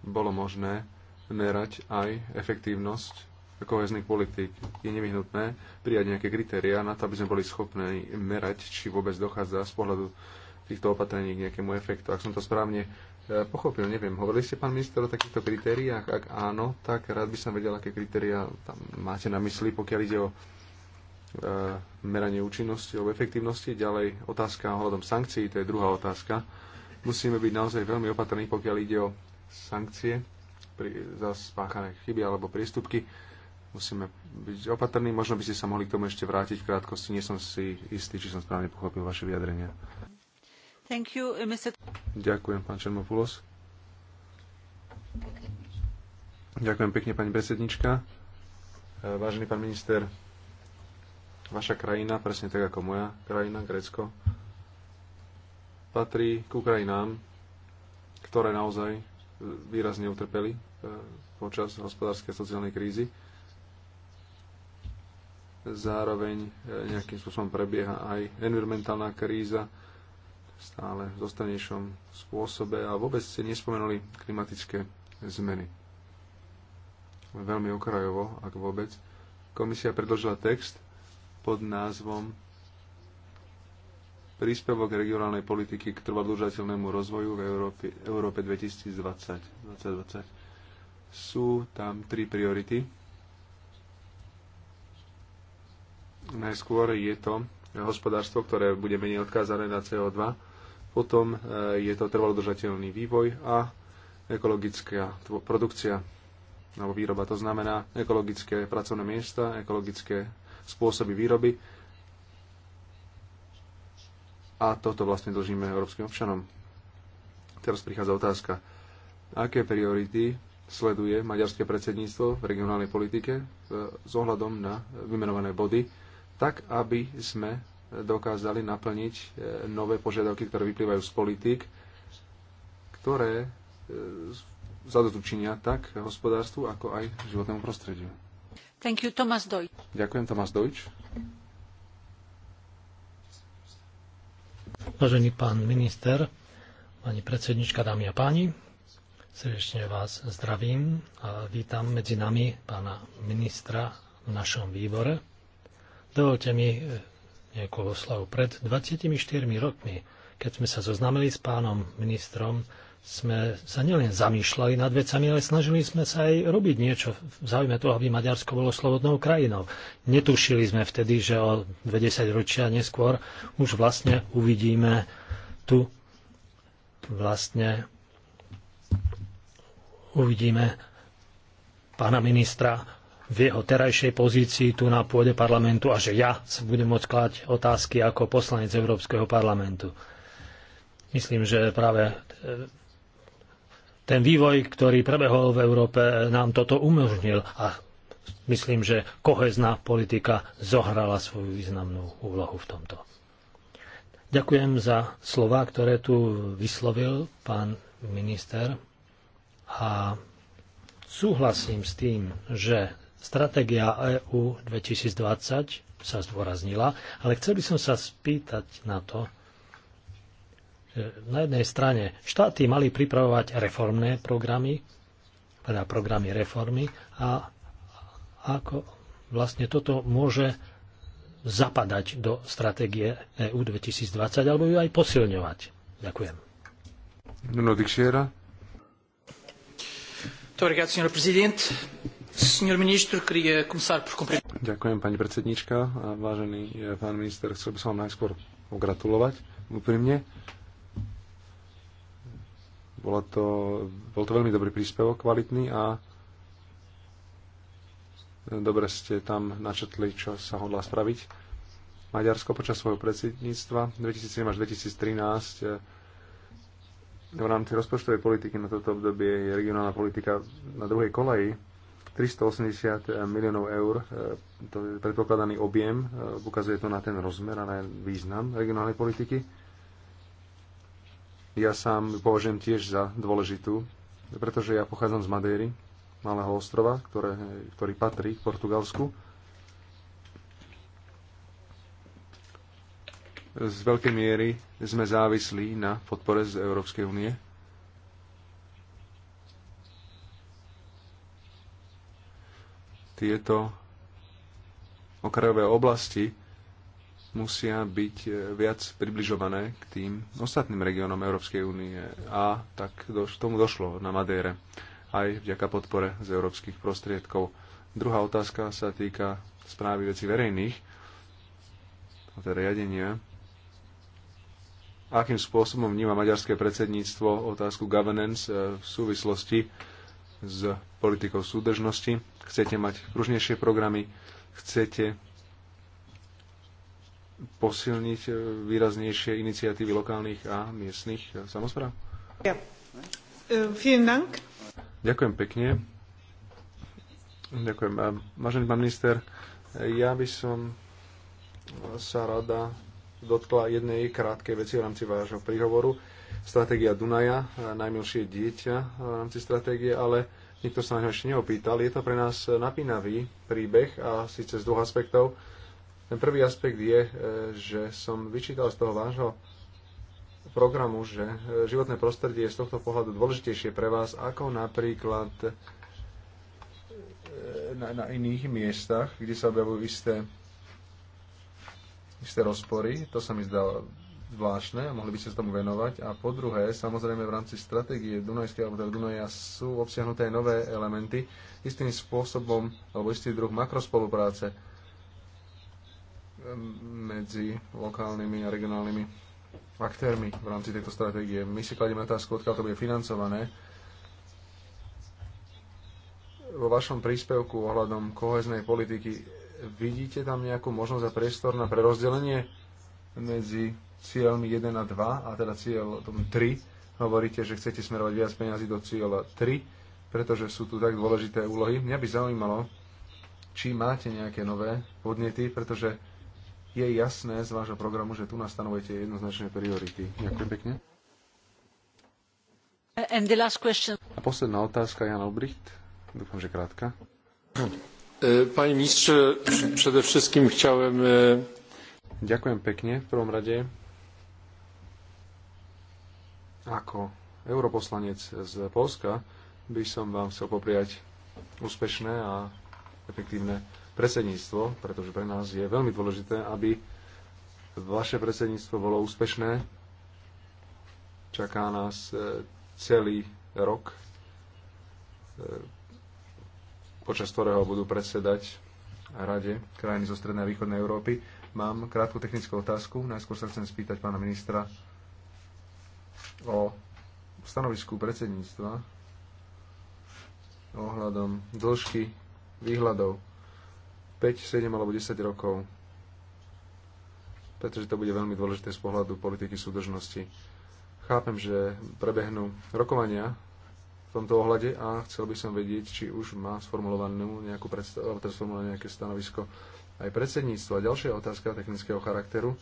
bolo možné merať aj efektívnosť kohezných politik. Je nevyhnutné prijať nejaké kritéria na to, aby sme boli schopní merať, či vôbec dochádza z pohľadu týchto opatrení k nejakému efektu. Ak som to správne e, pochopil, neviem, hovorili ste, pán minister, o takýchto kritériách? Ak áno, tak rád by som vedel, aké kritéria tam máte na mysli, pokiaľ ide o E, meranie účinnosti alebo efektívnosti. Ďalej otázka ohľadom sankcií, to je druhá otázka. Musíme byť naozaj veľmi opatrní, pokiaľ ide o sankcie pri, za spáchané chyby alebo prístupky. Musíme byť opatrní, možno by ste sa mohli k tomu ešte vrátiť v krátkosti. Nie som si istý, či som správne pochopil vaše vyjadrenia. Thank you, uh, Mr. Ďakujem, pán Čermopulos. Ďakujem pekne, pani predsednička. E, vážený pán minister, Vaša krajina, presne tak ako moja krajina, Grécko, patrí k krajinám, ktoré naozaj výrazne utrpeli e, počas hospodárskej a sociálnej krízy. Zároveň e, nejakým spôsobom prebieha aj environmentálna kríza stále v zostanejšom spôsobe a vôbec ste nespomenuli klimatické zmeny. Veľmi okrajovo, ak vôbec. Komisia predložila text, pod názvom Príspevok regionálnej politiky k trvalúžateľnému rozvoju v Európe, Európe 2020, 2020. Sú tam tri priority. Najskôr je to hospodárstvo, ktoré bude menej odkázané na CO2. Potom e, je to trvalodržateľný vývoj a ekologická produkcia alebo výroba. To znamená ekologické pracovné miesta, ekologické spôsoby výroby. A toto vlastne dlžíme európskym občanom. Teraz prichádza otázka. Aké priority sleduje maďarské predsedníctvo v regionálnej politike e, s ohľadom na vymenované body, tak aby sme dokázali naplniť e, nové požiadavky, ktoré vyplývajú z politík, ktoré e, zadotučinia tak hospodárstvu, ako aj životnému prostrediu. Thank you, Thomas Deutsch. Ďakujem, Thomas Deutsch. Vážený pán minister, pani predsednička, dámy a páni, srdečne vás zdravím a vítam medzi nami pána ministra v našom výbore. Dovolte mi eh, niekoľko slov. Pred 24 rokmi, keď sme sa zoznamili s pánom ministrom, sme sa nielen zamýšľali nad vecami, ale snažili sme sa aj robiť niečo v záujme toho, aby Maďarsko bolo slobodnou krajinou. Netušili sme vtedy, že o 20 ročia neskôr už vlastne uvidíme tu vlastne uvidíme pána ministra v jeho terajšej pozícii tu na pôde parlamentu a že ja sa budem môcť klať otázky ako poslanec Európskeho parlamentu. Myslím, že práve ten vývoj, ktorý prebehol v Európe, nám toto umožnil a myslím, že kohezná politika zohrala svoju významnú úlohu v tomto. Ďakujem za slova, ktoré tu vyslovil pán minister a súhlasím s tým, že stratégia EU 2020 sa zdôraznila, ale chcel by som sa spýtať na to, na jednej strane štáty mali pripravovať reformné programy, teda programy reformy a ako vlastne toto môže zapadať do stratégie EU 2020 alebo ju aj posilňovať. Ďakujem. Nuno Ďakujem, pani predsednička. Vážený eh, pán minister, chcel by som vám najskôr pogratulovať úprimne bolo to, bol to veľmi dobrý príspevok, kvalitný a dobre ste tam načetli, čo sa hodlá spraviť. Maďarsko počas svojho predsedníctva 2007 až 2013 eh, v rámci rozpočtovej politiky na toto obdobie je regionálna politika na druhej koleji. 380 miliónov eur, eh, to je predpokladaný objem, eh, ukazuje to na ten rozmer a na význam regionálnej politiky ja sám považujem tiež za dôležitú, pretože ja pochádzam z Madéry, malého ostrova, ktoré, ktorý patrí k Portugalsku. Z veľkej miery sme závislí na podpore z Európskej únie. Tieto okrajové oblasti musia byť e, viac približované k tým ostatným regiónom Európskej únie. A tak do, tomu došlo na Madére aj vďaka podpore z európskych prostriedkov. Druhá otázka sa týka správy veci verejných, teda riadenia. Akým spôsobom vníma maďarské predsedníctvo otázku governance e, v súvislosti s politikou súdržnosti? Chcete mať pružnejšie programy? Chcete posilniť e, výraznejšie iniciatívy lokálnych a miestnych e, samozpráv? E, Ďakujem pekne. Ďakujem. Vážený pán minister, ja by som sa rada dotkla jednej krátkej veci v rámci vášho príhovoru. Stratégia Dunaja, najmilšie dieťa v rámci stratégie, ale nikto sa na ňo ešte neopýtal. Je to pre nás napínavý príbeh a síce z dvoch aspektov ten prvý aspekt je, e, že som vyčítal z toho vášho programu, že e, životné prostredie je z tohto pohľadu dôležitejšie pre vás ako napríklad e, na, na iných miestach, kde sa objavujú isté, isté rozpory. To sa mi zdalo zvláštne a mohli by ste sa tomu venovať. A po druhé, samozrejme v rámci stratégie Dunajskej alebo teda Dunaja sú obsiahnuté aj nové elementy, istým spôsobom alebo istý druh makrospolupráce medzi lokálnymi a regionálnymi aktérmi v rámci tejto stratégie. My si kladieme otázku, odkiaľ to bude financované. Vo vašom príspevku ohľadom koheznej politiky vidíte tam nejakú možnosť a priestor na prerozdelenie medzi cieľmi 1 a 2 a teda cieľ 3. Hovoríte, že chcete smerovať viac peniazy do cieľa 3, pretože sú tu tak dôležité úlohy. Mňa by zaujímalo, či máte nejaké nové podnety, pretože je jasné z vášho programu, že tu nastanovujete jednoznačné priority. Ďakujem pekne. A posledná otázka, Jan Obricht. Dúfam, že krátka. E, Pani ministrze, przede chciałem... E, Ďakujem pekne v prvom rade. Ako europoslanec z Polska by som vám chcel popriať úspešné a efektívne predsedníctvo, pretože pre nás je veľmi dôležité, aby vaše predsedníctvo bolo úspešné. Čaká nás e, celý rok, e, počas ktorého budú predsedať Rade krajiny zo Strednej a Východnej Európy. Mám krátku technickú otázku. Najskôr sa chcem spýtať pána ministra o stanovisku predsedníctva ohľadom dĺžky výhľadov 5, 7 alebo 10 rokov, pretože to bude veľmi dôležité z pohľadu politiky súdržnosti. Chápem, že prebehnú rokovania v tomto ohľade a chcel by som vedieť, či už má sformulovanú nejakú predstavu, teda nejaké stanovisko aj predsedníctvo. A ďalšia otázka technického charakteru.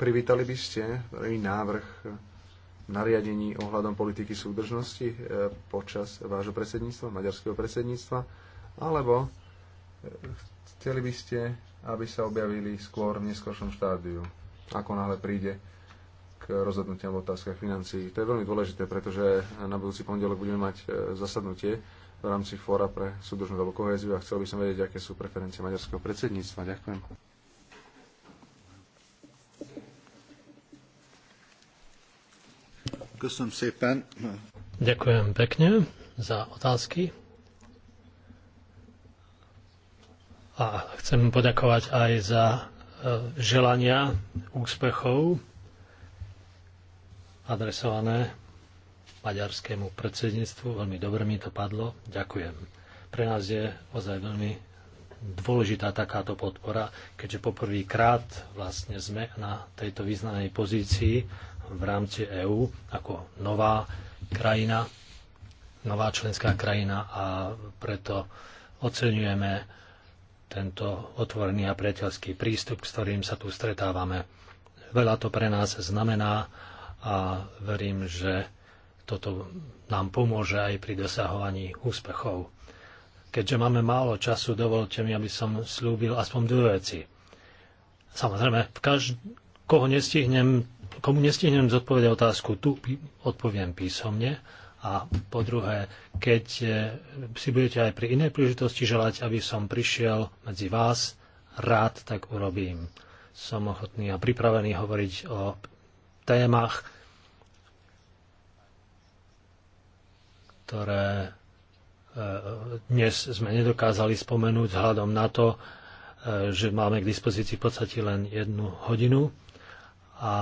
Privítali by ste prvý návrh nariadení ohľadom politiky súdržnosti e, počas vášho predsedníctva, maďarského predsedníctva, alebo e, chceli by ste, aby sa objavili skôr v neskôršom štádiu, ako náhle príde k rozhodnutiam v otázkach financií. To je veľmi dôležité, pretože na budúci pondelok budeme mať e, zasadnutie v rámci fóra pre súdržnú veľkohéziu a chcel by som vedieť, aké sú preferencie maďarského predsedníctva. Ďakujem. Ďakujem pekne za otázky. A chcem poďakovať aj za e, želania úspechov adresované maďarskému predsedníctvu. Veľmi dobre mi to padlo. Ďakujem. Pre nás je ozaj veľmi dôležitá takáto podpora, keďže poprvýkrát vlastne sme na tejto významnej pozícii v rámci EÚ ako nová krajina, nová členská krajina a preto oceňujeme tento otvorený a priateľský prístup, s ktorým sa tu stretávame. Veľa to pre nás znamená a verím, že toto nám pomôže aj pri dosahovaní úspechov. Keďže máme málo času, dovolte mi, aby som slúbil aspoň dve veci. Samozrejme, v každ- koho nestihnem, komu nestihnem zodpovedať otázku, tu odpoviem písomne. A po druhé, keď eh, si budete aj pri inej príležitosti želať, aby som prišiel medzi vás, rád tak urobím. Som ochotný a pripravený hovoriť o témach, ktoré eh, dnes sme nedokázali spomenúť vzhľadom na to, eh, že máme k dispozícii v podstate len jednu hodinu a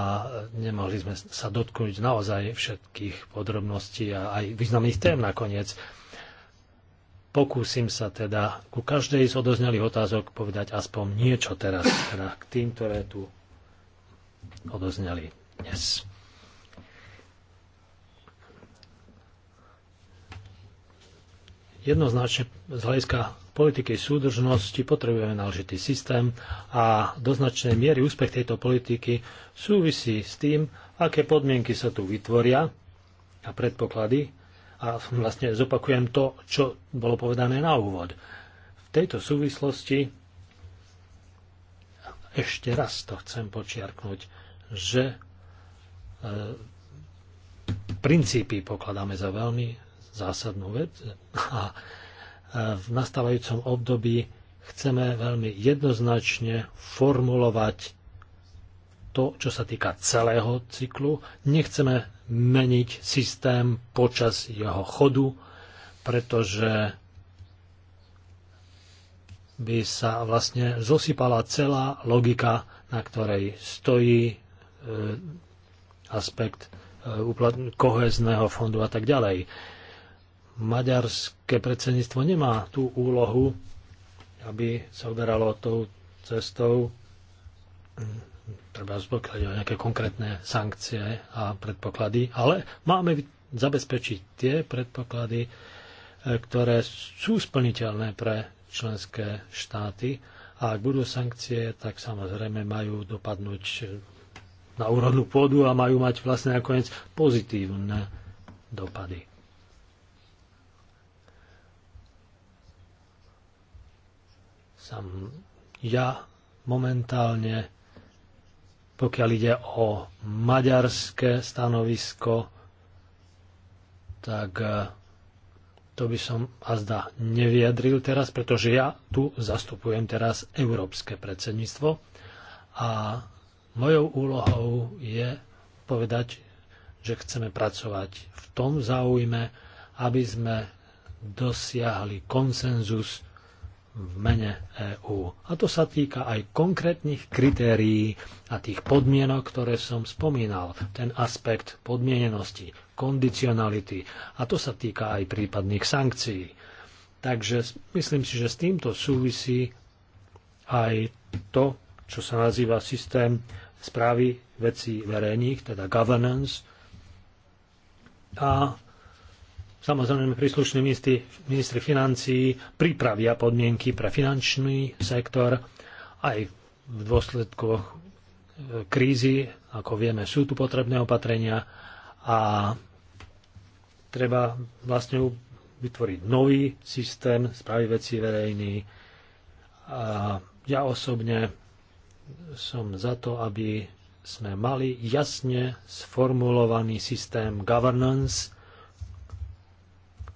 nemohli sme sa dotknúť naozaj všetkých podrobností a aj významných tém nakoniec. Pokúsim sa teda ku každej z odoznelých otázok povedať aspoň niečo teraz teda k tým, ktoré tu odozneli dnes. Jednoznačne z hľadiska politiky súdržnosti potrebujeme náležitý systém a do značnej miery úspech tejto politiky súvisí s tým, aké podmienky sa tu vytvoria a predpoklady. A vlastne zopakujem to, čo bolo povedané na úvod. V tejto súvislosti ešte raz to chcem počiarknúť, že e, princípy pokladáme za veľmi zásadnú vec a v nastávajúcom období chceme veľmi jednoznačne formulovať to, čo sa týka celého cyklu. Nechceme meniť systém počas jeho chodu, pretože by sa vlastne zosypala celá logika, na ktorej stojí e, aspekt e, kohezného fondu a tak ďalej maďarské predsedníctvo nemá tú úlohu, aby sa uberalo tou cestou, treba pokiaľ o nejaké konkrétne sankcie a predpoklady, ale máme zabezpečiť tie predpoklady, e, ktoré sú splniteľné pre členské štáty a ak budú sankcie, tak samozrejme majú dopadnúť na úrodnú pôdu a majú mať vlastne nakoniec pozitívne dopady. Sam ja momentálne, pokiaľ ide o maďarské stanovisko, tak e, to by som azda zda nevyjadril teraz, pretože ja tu zastupujem teraz európske predsedníctvo a mojou úlohou je povedať, že chceme pracovať v tom záujme, aby sme dosiahli konsenzus v mene EÚ. A to sa týka aj konkrétnych kritérií a tých podmienok, ktoré som spomínal. Ten aspekt podmienenosti, kondicionality. A to sa týka aj prípadných sankcií. Takže myslím si, že s týmto súvisí aj to, čo sa nazýva systém správy vecí verejných, teda governance. A Samozrejme, príslušní ministri, ministri financií pripravia podmienky pre finančný sektor aj v dôsledkoch e, krízy, ako vieme, sú tu potrebné opatrenia a treba vlastne vytvoriť nový systém správy veci verejný. A ja osobne som za to, aby sme mali jasne sformulovaný systém governance,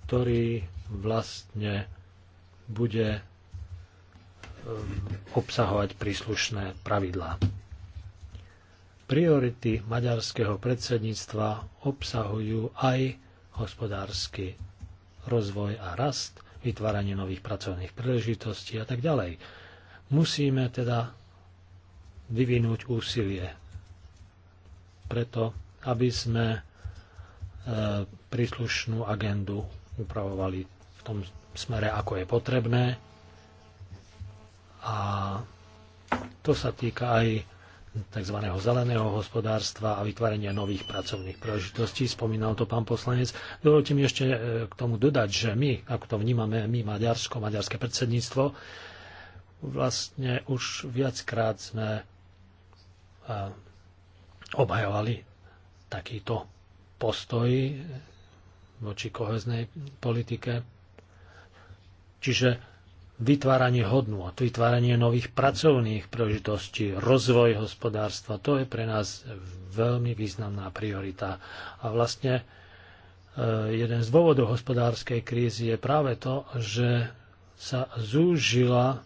ktorý vlastne bude um, obsahovať príslušné pravidlá. Priority maďarského predsedníctva obsahujú aj hospodársky rozvoj a rast, vytváranie nových pracovných príležitostí a tak ďalej. Musíme teda vyvinúť úsilie preto, aby sme e, príslušnú agendu upravovali v tom smere, ako je potrebné. A to sa týka aj tzv. zeleného hospodárstva a vytvárania nových pracovných príležitostí. Spomínal to pán poslanec. Dovolte mi ešte e, k tomu dodať, že my, ako to vnímame, my Maďarsko, maďarské predsedníctvo, vlastne už viackrát sme e, obhajovali takýto postoj voči koheznej politike. Čiže vytváranie hodnú vytváranie nových pracovných príležitostí, rozvoj hospodárstva, to je pre nás veľmi významná priorita. A vlastne e, jeden z dôvodov hospodárskej krízy je práve to, že sa zúžila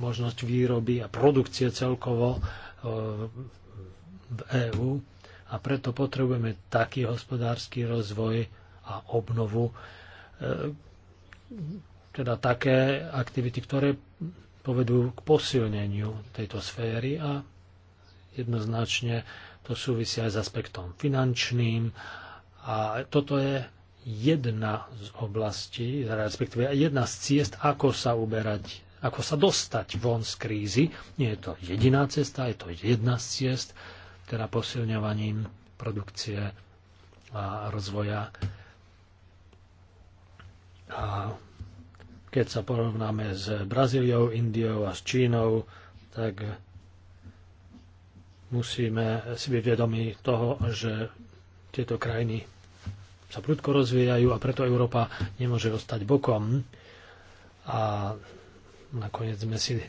možnosť výroby a produkcie celkovo e, v EÚ a preto potrebujeme taký hospodársky rozvoj, a obnovu, e, teda také aktivity, ktoré povedú k posilneniu tejto sféry a jednoznačne to súvisí aj s aspektom finančným a toto je jedna z oblastí, respektíve jedna z ciest, ako sa uberať, ako sa dostať von z krízy. Nie je to jediná cesta, je to jedna z ciest, teda posilňovaním produkcie a rozvoja a keď sa porovnáme s Brazíliou, Indiou a s Čínou, tak musíme si byť vedomi toho, že tieto krajiny sa prudko rozvíjajú a preto Európa nemôže ostať bokom. A nakoniec sme si eh,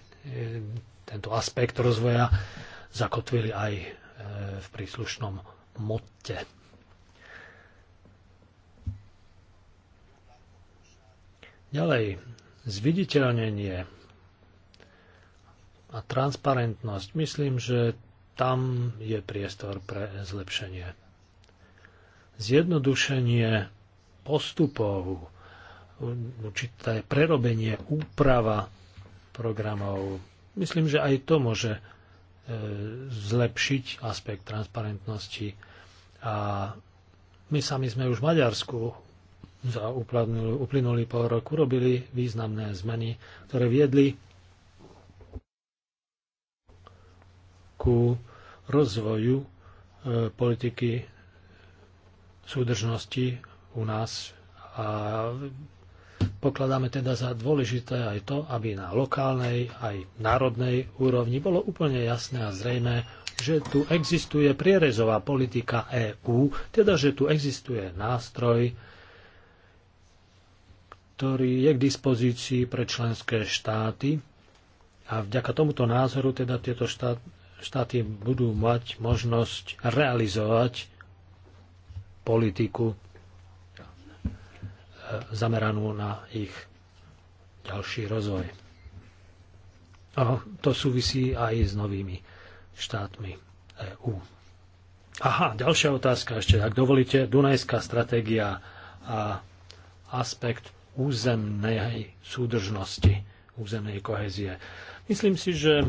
tento aspekt rozvoja zakotvili aj eh, v príslušnom motte. Ďalej, zviditeľnenie a transparentnosť. Myslím, že tam je priestor pre zlepšenie. Zjednodušenie postupov, určité prerobenie, úprava programov. Myslím, že aj to môže e, zlepšiť aspekt transparentnosti. A my sami sme už v Maďarsku za uplynulý pol rok urobili významné zmeny, ktoré viedli ku rozvoju e, politiky súdržnosti u nás a pokladáme teda za dôležité aj to, aby na lokálnej aj národnej úrovni bolo úplne jasné a zrejme, že tu existuje prierezová politika EÚ, teda že tu existuje nástroj, ktorý je k dispozícii pre členské štáty a vďaka tomuto názoru teda tieto štát, štáty budú mať možnosť realizovať politiku e, zameranú na ich ďalší rozvoj. A to súvisí aj s novými štátmi EÚ. Aha, ďalšia otázka ešte, ak dovolíte, Dunajská stratégia a aspekt územnej súdržnosti, územnej kohezie. Myslím si, že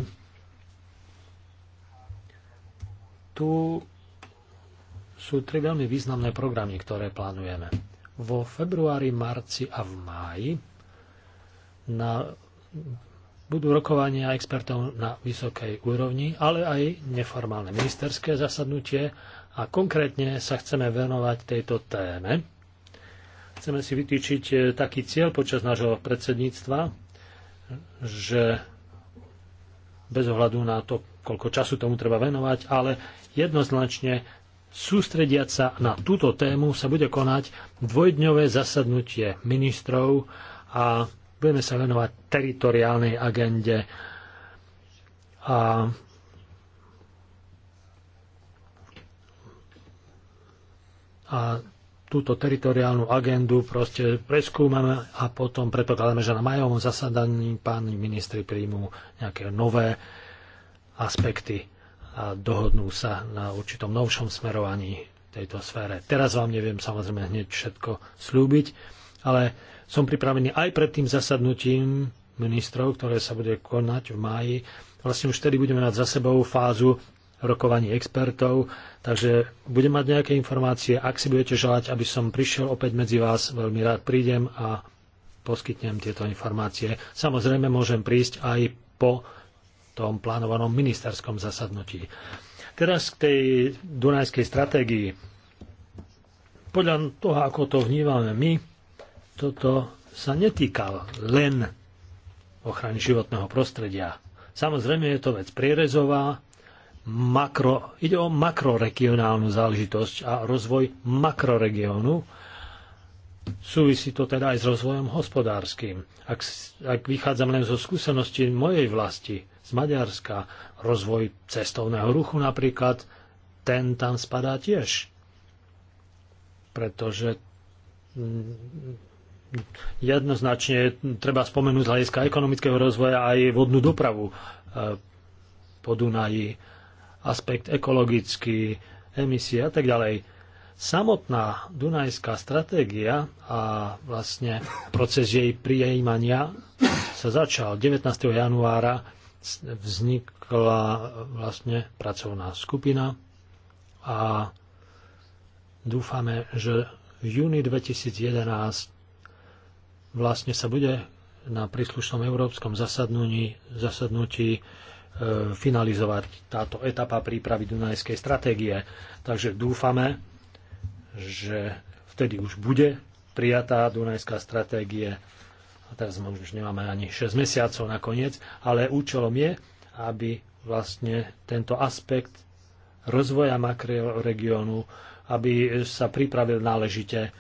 tu sú tri veľmi významné programy, ktoré plánujeme. Vo februári, marci a v máji na, budú rokovania expertov na vysokej úrovni, ale aj neformálne ministerské zasadnutie a konkrétne sa chceme venovať tejto téme chceme si vytýčiť e, taký cieľ počas nášho predsedníctva, že bez ohľadu na to, koľko času tomu treba venovať, ale jednoznačne sústrediať sa na túto tému sa bude konať dvojdňové zasadnutie ministrov a budeme sa venovať teritoriálnej agende a a túto teritoriálnu agendu proste preskúmame a potom predpokladáme, že na majovom zasadaní páni ministri príjmú nejaké nové aspekty a dohodnú sa na určitom novšom smerovaní tejto sfére. Teraz vám neviem samozrejme hneď všetko slúbiť, ale som pripravený aj pred tým zasadnutím ministrov, ktoré sa bude konať v máji. Vlastne už tedy budeme mať za sebou fázu rokovaní expertov, takže budem mať nejaké informácie. Ak si budete želať, aby som prišiel opäť medzi vás, veľmi rád prídem a poskytnem tieto informácie. Samozrejme, môžem prísť aj po tom plánovanom ministerskom zasadnutí. Teraz k tej Dunajskej stratégii. Podľa toho, ako to vnívame my, toto sa netýka len ochrany životného prostredia. Samozrejme je to vec prierezová makro, ide o makroregionálnu záležitosť a rozvoj makroregiónu. Súvisí to teda aj s rozvojom hospodárskym. Ak, ak vychádzam len zo skúsenosti mojej vlasti z Maďarska, rozvoj cestovného ruchu napríklad, ten tam spadá tiež. Pretože mm, jednoznačne treba spomenúť z hľadiska ekonomického rozvoja aj vodnú dopravu eh, po Dunaji aspekt ekologický, emisie a tak ďalej. Samotná Dunajská stratégia a vlastne proces jej prijímania sa začal 19. januára vznikla vlastne pracovná skupina a dúfame, že v júni 2011 vlastne sa bude na príslušnom európskom zasadnutí, zasadnutí E, finalizovať táto etapa prípravy Dunajskej stratégie. Takže dúfame, že vtedy už bude prijatá Dunajská stratégie. A teraz už nemáme ani 6 mesiacov nakoniec, ale účelom je, aby vlastne tento aspekt rozvoja makroregiónu, aby sa pripravil náležite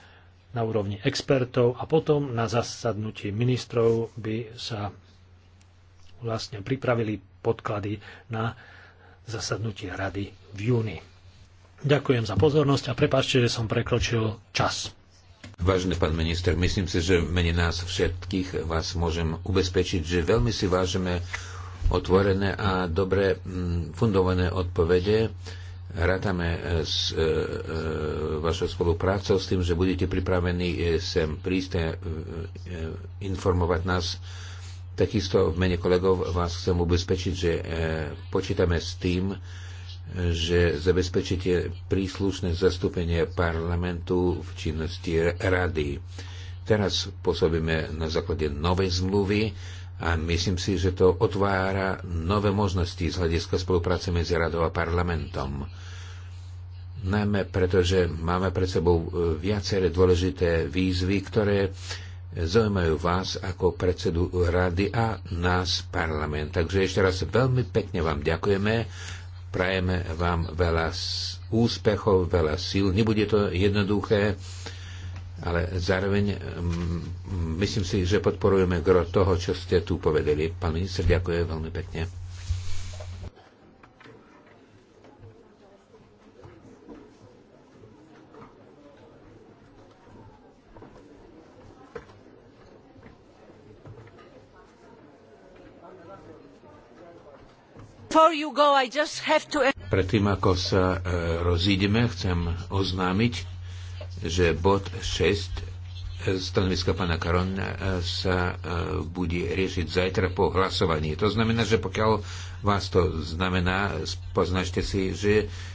na úrovni expertov a potom na zasadnutí ministrov by sa vlastne pripravili podklady na zasadnutie rady v júni. Ďakujem za pozornosť a prepáčte, že som prekročil čas. Vážený pán minister, myslím si, že mene nás všetkých vás môžem ubezpečiť, že veľmi si vážime otvorené a dobre mm, fundované odpovede. Rátame e, s e, e, vašou spoluprácou, s tým, že budete pripravení e, sem prísť a e, informovať nás Takisto v mene kolegov vás chcem ubezpečiť, že e, počítame s tým, že zabezpečíte príslušné zastúpenie parlamentu v činnosti rady. Teraz pôsobíme na základe novej zmluvy a myslím si, že to otvára nové možnosti z hľadiska spolupráce medzi radou a parlamentom. Najmä preto, že máme pred sebou e, viaceré dôležité výzvy, ktoré zaujímajú vás ako predsedu rady a nás parlament. Takže ešte raz veľmi pekne vám ďakujeme, prajeme vám veľa úspechov, veľa síl. Nebude to jednoduché, ale zároveň mm, myslím si, že podporujeme gro toho, čo ste tu povedali. Pán minister, ďakujem veľmi pekne. Predtým, ako sa e, rozídeme, chcem oznámiť, že bod 6 e, stanoviska pána Karona e, sa bude riešiť zajtra po hlasovaní. To znamená, že pokiaľ vás to znamená, poznačte si, že